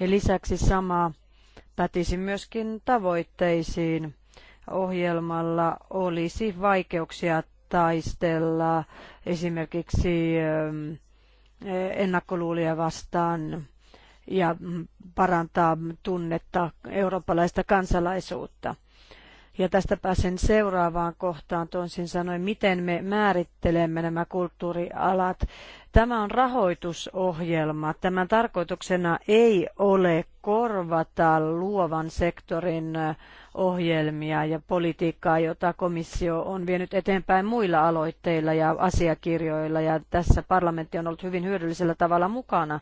Ja lisäksi sama pätisi myöskin tavoitteisiin. Ohjelmalla olisi vaikeuksia taistella esimerkiksi ähm, ennakkoluulia vastaan ja parantaa tunnetta eurooppalaista kansalaisuutta. Ja tästä pääsen seuraavaan kohtaan, toisin sanoen, miten me määrittelemme nämä kulttuurialat. Tämä on rahoitusohjelma. Tämän tarkoituksena ei ole korvata luovan sektorin ohjelmia ja politiikkaa, jota komissio on vienyt eteenpäin muilla aloitteilla ja asiakirjoilla. Ja tässä parlamentti on ollut hyvin hyödyllisellä tavalla mukana.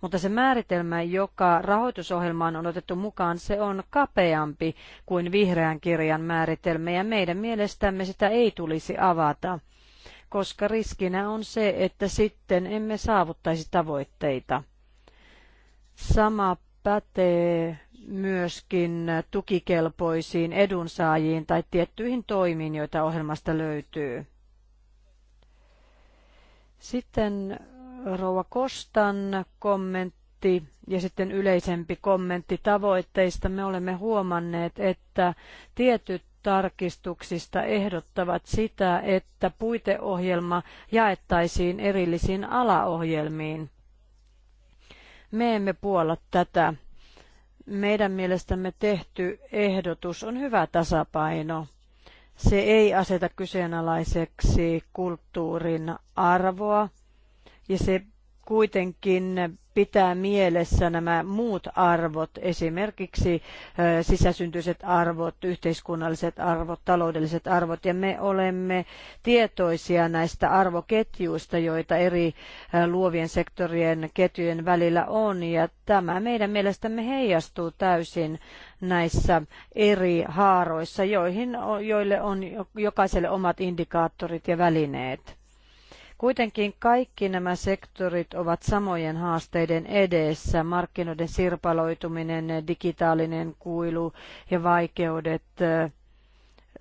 Mutta se määritelmä, joka rahoitusohjelmaan on otettu mukaan, se on kapeampi kuin vihreän kirjan määritelmä. Ja meidän mielestämme sitä ei tulisi avata koska riskinä on se, että sitten emme saavuttaisi tavoitteita. Sama pätee myöskin tukikelpoisiin edunsaajiin tai tiettyihin toimiin, joita ohjelmasta löytyy. Sitten Rouva Kostan kommentti ja sitten yleisempi kommentti tavoitteista. Me olemme huomanneet, että tietyt tarkistuksista ehdottavat sitä, että puiteohjelma jaettaisiin erillisiin alaohjelmiin. Me emme puolla tätä. Meidän mielestämme tehty ehdotus on hyvä tasapaino. Se ei aseta kyseenalaiseksi kulttuurin arvoa ja se kuitenkin pitää mielessä nämä muut arvot, esimerkiksi sisäsyntyiset arvot, yhteiskunnalliset arvot, taloudelliset arvot, ja me olemme tietoisia näistä arvoketjuista, joita eri luovien sektorien ketjujen välillä on, ja tämä meidän mielestämme heijastuu täysin näissä eri haaroissa, joihin, joille on jokaiselle omat indikaattorit ja välineet. Kuitenkin kaikki nämä sektorit ovat samojen haasteiden edessä. Markkinoiden sirpaloituminen, digitaalinen kuilu ja vaikeudet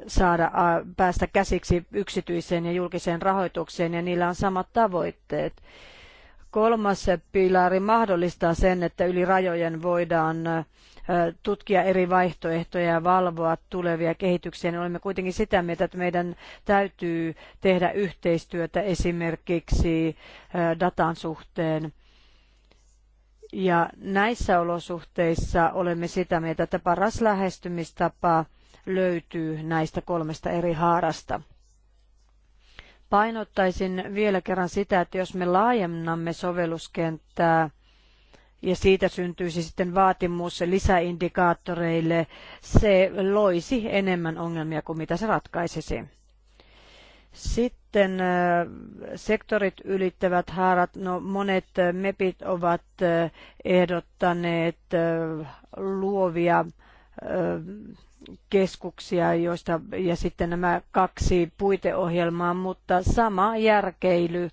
saada, päästä käsiksi yksityiseen ja julkiseen rahoitukseen ja niillä on samat tavoitteet. Kolmas pilari mahdollistaa sen, että yli rajojen voidaan tutkia eri vaihtoehtoja ja valvoa tulevia kehityksiä, niin olemme kuitenkin sitä mieltä, että meidän täytyy tehdä yhteistyötä esimerkiksi datan suhteen. Ja näissä olosuhteissa olemme sitä mieltä, että paras lähestymistapa löytyy näistä kolmesta eri haarasta. Painottaisin vielä kerran sitä, että jos me laajennamme sovelluskenttää ja siitä syntyisi sitten vaatimus lisäindikaattoreille, se loisi enemmän ongelmia kuin mitä se ratkaisisi. Sitten sektorit ylittävät haarat, no monet MEPit ovat ehdottaneet luovia keskuksia, joista ja sitten nämä kaksi puiteohjelmaa, mutta sama järkeily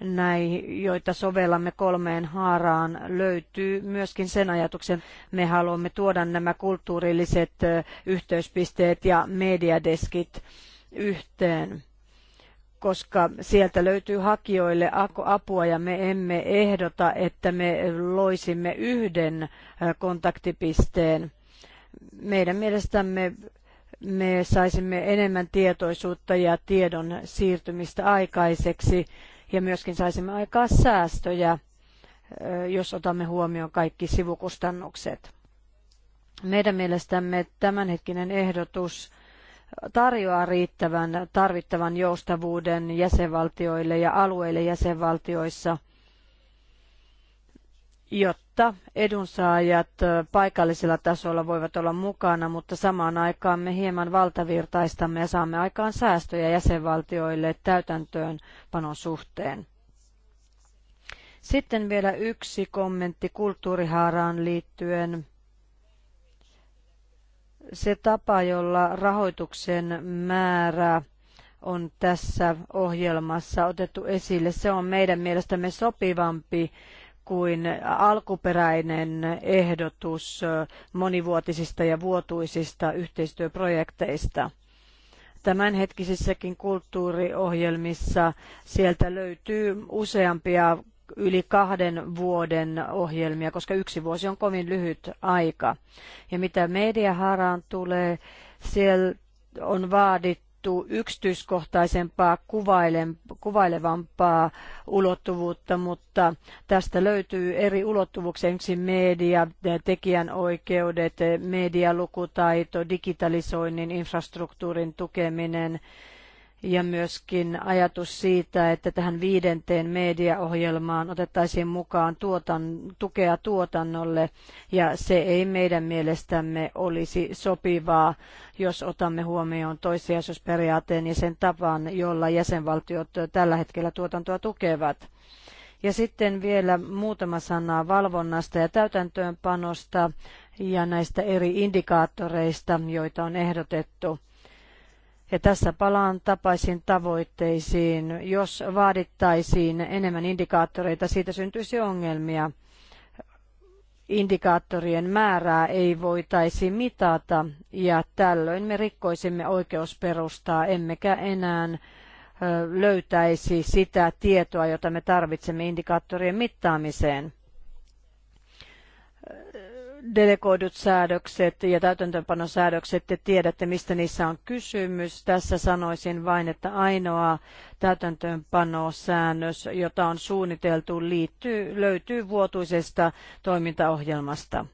näin, joita sovellamme kolmeen haaraan, löytyy myöskin sen ajatuksen, me haluamme tuoda nämä kulttuurilliset yhteyspisteet ja mediadeskit yhteen koska sieltä löytyy hakijoille apua ja me emme ehdota, että me loisimme yhden kontaktipisteen. Meidän mielestämme me saisimme enemmän tietoisuutta ja tiedon siirtymistä aikaiseksi ja myöskin saisimme aikaa säästöjä, jos otamme huomioon kaikki sivukustannukset. Meidän mielestämme tämänhetkinen ehdotus tarjoaa riittävän tarvittavan joustavuuden jäsenvaltioille ja alueille jäsenvaltioissa – jotta edunsaajat paikallisella tasolla voivat olla mukana, mutta samaan aikaan me hieman valtavirtaistamme ja saamme aikaan säästöjä jäsenvaltioille täytäntöönpanon suhteen. Sitten vielä yksi kommentti kulttuurihaaraan liittyen. Se tapa, jolla rahoituksen määrä on tässä ohjelmassa otettu esille, se on meidän mielestämme sopivampi kuin alkuperäinen ehdotus monivuotisista ja vuotuisista yhteistyöprojekteista. Tämänhetkisissäkin kulttuuriohjelmissa sieltä löytyy useampia yli kahden vuoden ohjelmia, koska yksi vuosi on kovin lyhyt aika. Ja mitä mediaharaan tulee, siellä on vaadittu haluttu yksityiskohtaisempaa, kuvailevampaa ulottuvuutta, mutta tästä löytyy eri ulottuvuuksia, media, tekijänoikeudet, medialukutaito, digitalisoinnin, infrastruktuurin tukeminen, ja myöskin ajatus siitä, että tähän viidenteen mediaohjelmaan otettaisiin mukaan tuotan, tukea tuotannolle ja se ei meidän mielestämme olisi sopivaa, jos otamme huomioon toissijaisuusperiaatteen ja sen tavan, jolla jäsenvaltiot tällä hetkellä tuotantoa tukevat. Ja sitten vielä muutama sana valvonnasta ja täytäntöönpanosta ja näistä eri indikaattoreista, joita on ehdotettu. Ja tässä palaan tapaisin tavoitteisiin. Jos vaadittaisiin enemmän indikaattoreita, siitä syntyisi ongelmia. Indikaattorien määrää ei voitaisi mitata ja tällöin me rikkoisimme oikeusperustaa, emmekä enää löytäisi sitä tietoa, jota me tarvitsemme indikaattorien mittaamiseen delegoidut säädökset ja täytäntöönpanosäädökset, te tiedätte, mistä niissä on kysymys. Tässä sanoisin vain, että ainoa täytäntöönpanosäännös, jota on suunniteltu, liittyy, löytyy vuotuisesta toimintaohjelmasta.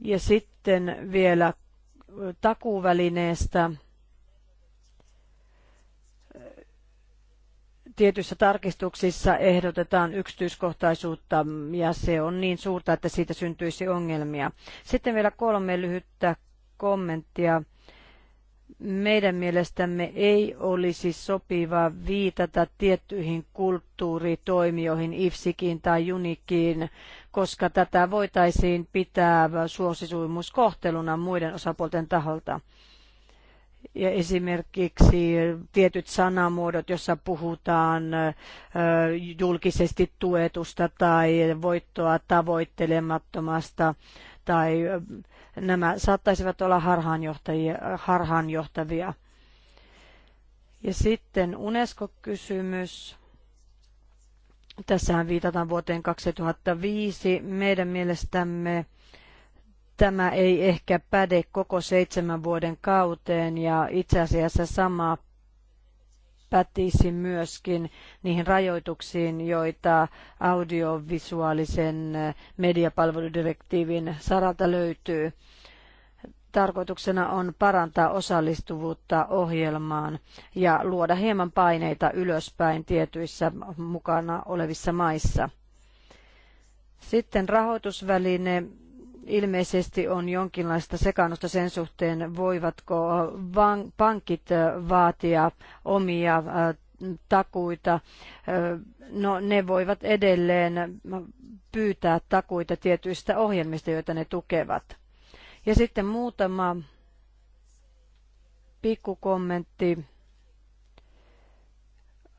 Ja sitten vielä takuvälineestä. tietyissä tarkistuksissa ehdotetaan yksityiskohtaisuutta ja se on niin suurta, että siitä syntyisi ongelmia. Sitten vielä kolme lyhyttä kommenttia. Meidän mielestämme ei olisi sopivaa viitata tiettyihin kulttuuritoimijoihin, IFSIKiin tai Junikiin, koska tätä voitaisiin pitää suosisuimuskohteluna muiden osapuolten taholta ja esimerkiksi tietyt sanamuodot, jossa puhutaan julkisesti tuetusta tai voittoa tavoittelemattomasta tai nämä saattaisivat olla harhaanjohtavia. Ja sitten UNESCO-kysymys. Tässähän viitataan vuoteen 2005. Meidän mielestämme tämä ei ehkä päde koko seitsemän vuoden kauteen ja itse asiassa sama pätisi myöskin niihin rajoituksiin, joita audiovisuaalisen eh, mediapalveludirektiivin saralta löytyy. Tarkoituksena on parantaa osallistuvuutta ohjelmaan ja luoda hieman paineita ylöspäin tietyissä mukana olevissa maissa. Sitten rahoitusväline ilmeisesti on jonkinlaista sekaannusta sen suhteen, voivatko van, pankit vaatia omia takuita. No, ne voivat edelleen pyytää takuita tietyistä ohjelmista, joita ne tukevat. Ja sitten muutama pikkukommentti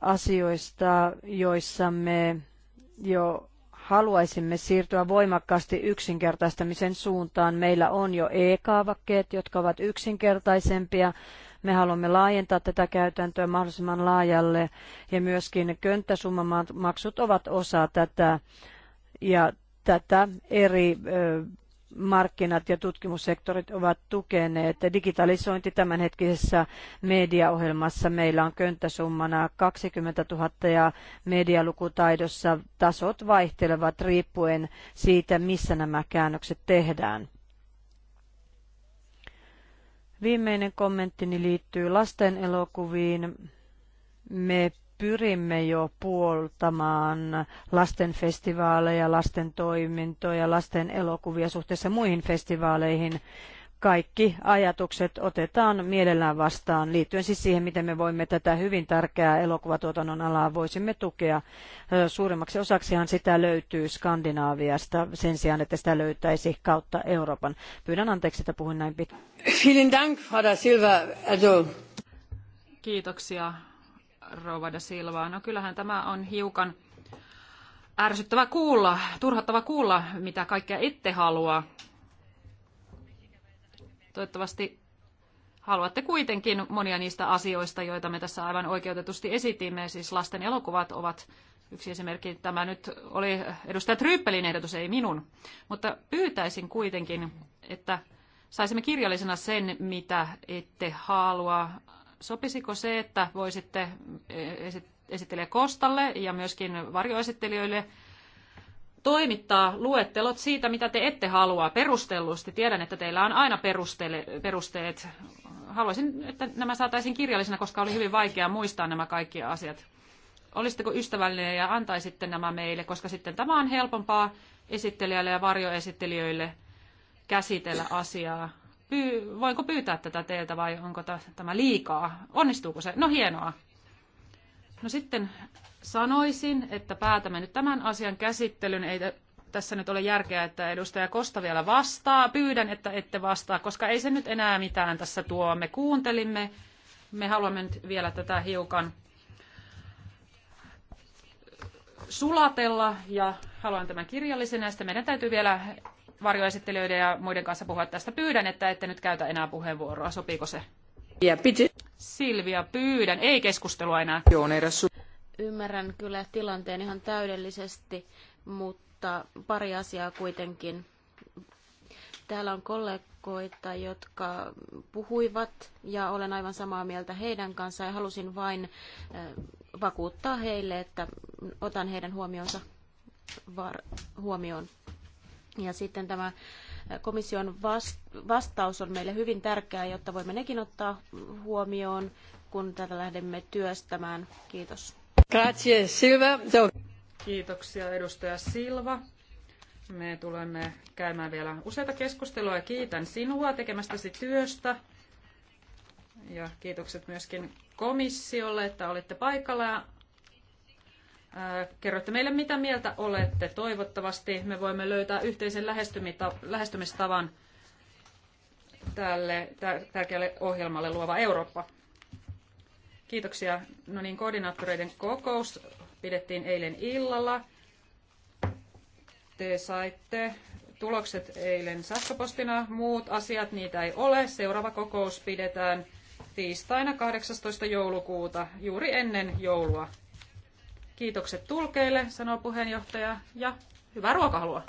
asioista, joissa me jo haluaisimme siirtyä voimakkaasti yksinkertaistamisen suuntaan. Meillä on jo e-kaavakkeet, jotka ovat yksinkertaisempia. Me haluamme laajentaa tätä käytäntöä mahdollisimman laajalle ja myöskin könttäsummamaksut ovat osa tätä ja tätä eri markkinat ja tutkimussektorit ovat tukeneet. Digitalisointi tämänhetkisessä mediaohjelmassa meillä on könttäsummana 20 000 ja medialukutaidossa tasot vaihtelevat riippuen siitä, missä nämä käännökset tehdään. Viimeinen kommenttini liittyy lasten elokuviin. Me pyrimme jo puoltamaan lasten festivaaleja, lasten toimintoja, lasten elokuvia suhteessa muihin festivaaleihin. Kaikki ajatukset otetaan mielellään vastaan liittyen siis siihen, miten me voimme tätä hyvin tärkeää elokuvatuotannon alaa voisimme tukea. Suurimmaksi osaksihan sitä löytyy Skandinaaviasta sen sijaan, että sitä löytäisi kautta Euroopan. Pyydän anteeksi, että puhuin näin pitkään. Vielen Dank, Silva. Kiitoksia, Rova da Silva. No kyllähän tämä on hiukan ärsyttävä kuulla, turhattava kuulla, mitä kaikkea ette halua. Toivottavasti haluatte kuitenkin monia niistä asioista, joita me tässä aivan oikeutetusti esitimme. Siis lasten elokuvat ovat yksi esimerkki. Tämä nyt oli edustaja Tryyppelin ehdotus, ei minun. Mutta pyytäisin kuitenkin, että saisimme kirjallisena sen, mitä ette halua Sopisiko se, että voisitte eh, esittelijä Kostalle ja myöskin varjoesittelijöille toimittaa luettelot siitä, mitä te ette halua perustellusti. Tiedän, että teillä on aina perusteet. Haluaisin, että nämä saataisiin kirjallisena, koska oli hyvin vaikea muistaa nämä kaikki asiat. Olisitteko ystävällinen ja antaisitte nämä meille, koska sitten tämä on helpompaa esittelijälle ja varjoesittelijöille käsitellä asiaa pyy, voinko pyytää tätä teiltä vai onko tämä liikaa? Onnistuuko se? No hienoa. No sitten sanoisin, että päätämme nyt tämän asian käsittelyn. Ei tässä nyt ole järkeä, että edustaja Kosta vielä vastaa. Pyydän, että ette vastaa, koska ei se nyt enää mitään tässä tuo. Me kuuntelimme. Me haluamme nyt vielä tätä hiukan sulatella ja haluan tämän kirjallisena. sitten meidän täytyy vielä varjoesittelijöiden ja muiden kanssa puhua tästä. Pyydän, että ette nyt käytä enää puheenvuoroa. Sopiiko se? Ja piti. Silvia, pyydän. Ei keskustelua enää. Joo, Ymmärrän kyllä tilanteen ihan täydellisesti, mutta pari asiaa kuitenkin. Täällä on kollegoita, jotka puhuivat ja olen aivan samaa mieltä heidän kanssaan ja halusin vain eh, vakuuttaa heille, että otan heidän huomionsa var- huomioon ja sitten tämä komission vastaus on meille hyvin tärkeää, jotta voimme nekin ottaa huomioon, kun tätä lähdemme työstämään. Kiitos. Grazie, Silva. Kiitoksia edustaja Silva. Me tulemme käymään vielä useita keskustelua ja kiitän sinua tekemästäsi työstä. Ja kiitokset myöskin komissiolle, että olitte paikalla ja Äh, Kerrotte meille, mitä mieltä olette. Toivottavasti me voimme löytää yhteisen lähestymistavan tälle tärkeälle ohjelmalle Luova Eurooppa. Kiitoksia. No niin, koordinaattoreiden kokous pidettiin eilen illalla. Te saitte tulokset eilen sähköpostina. Muut asiat, niitä ei ole. Seuraava kokous pidetään tiistaina 18. joulukuuta, juuri ennen joulua. Kiitokset tulkeille, sanoo puheenjohtaja, ja hyvää ruokahalua!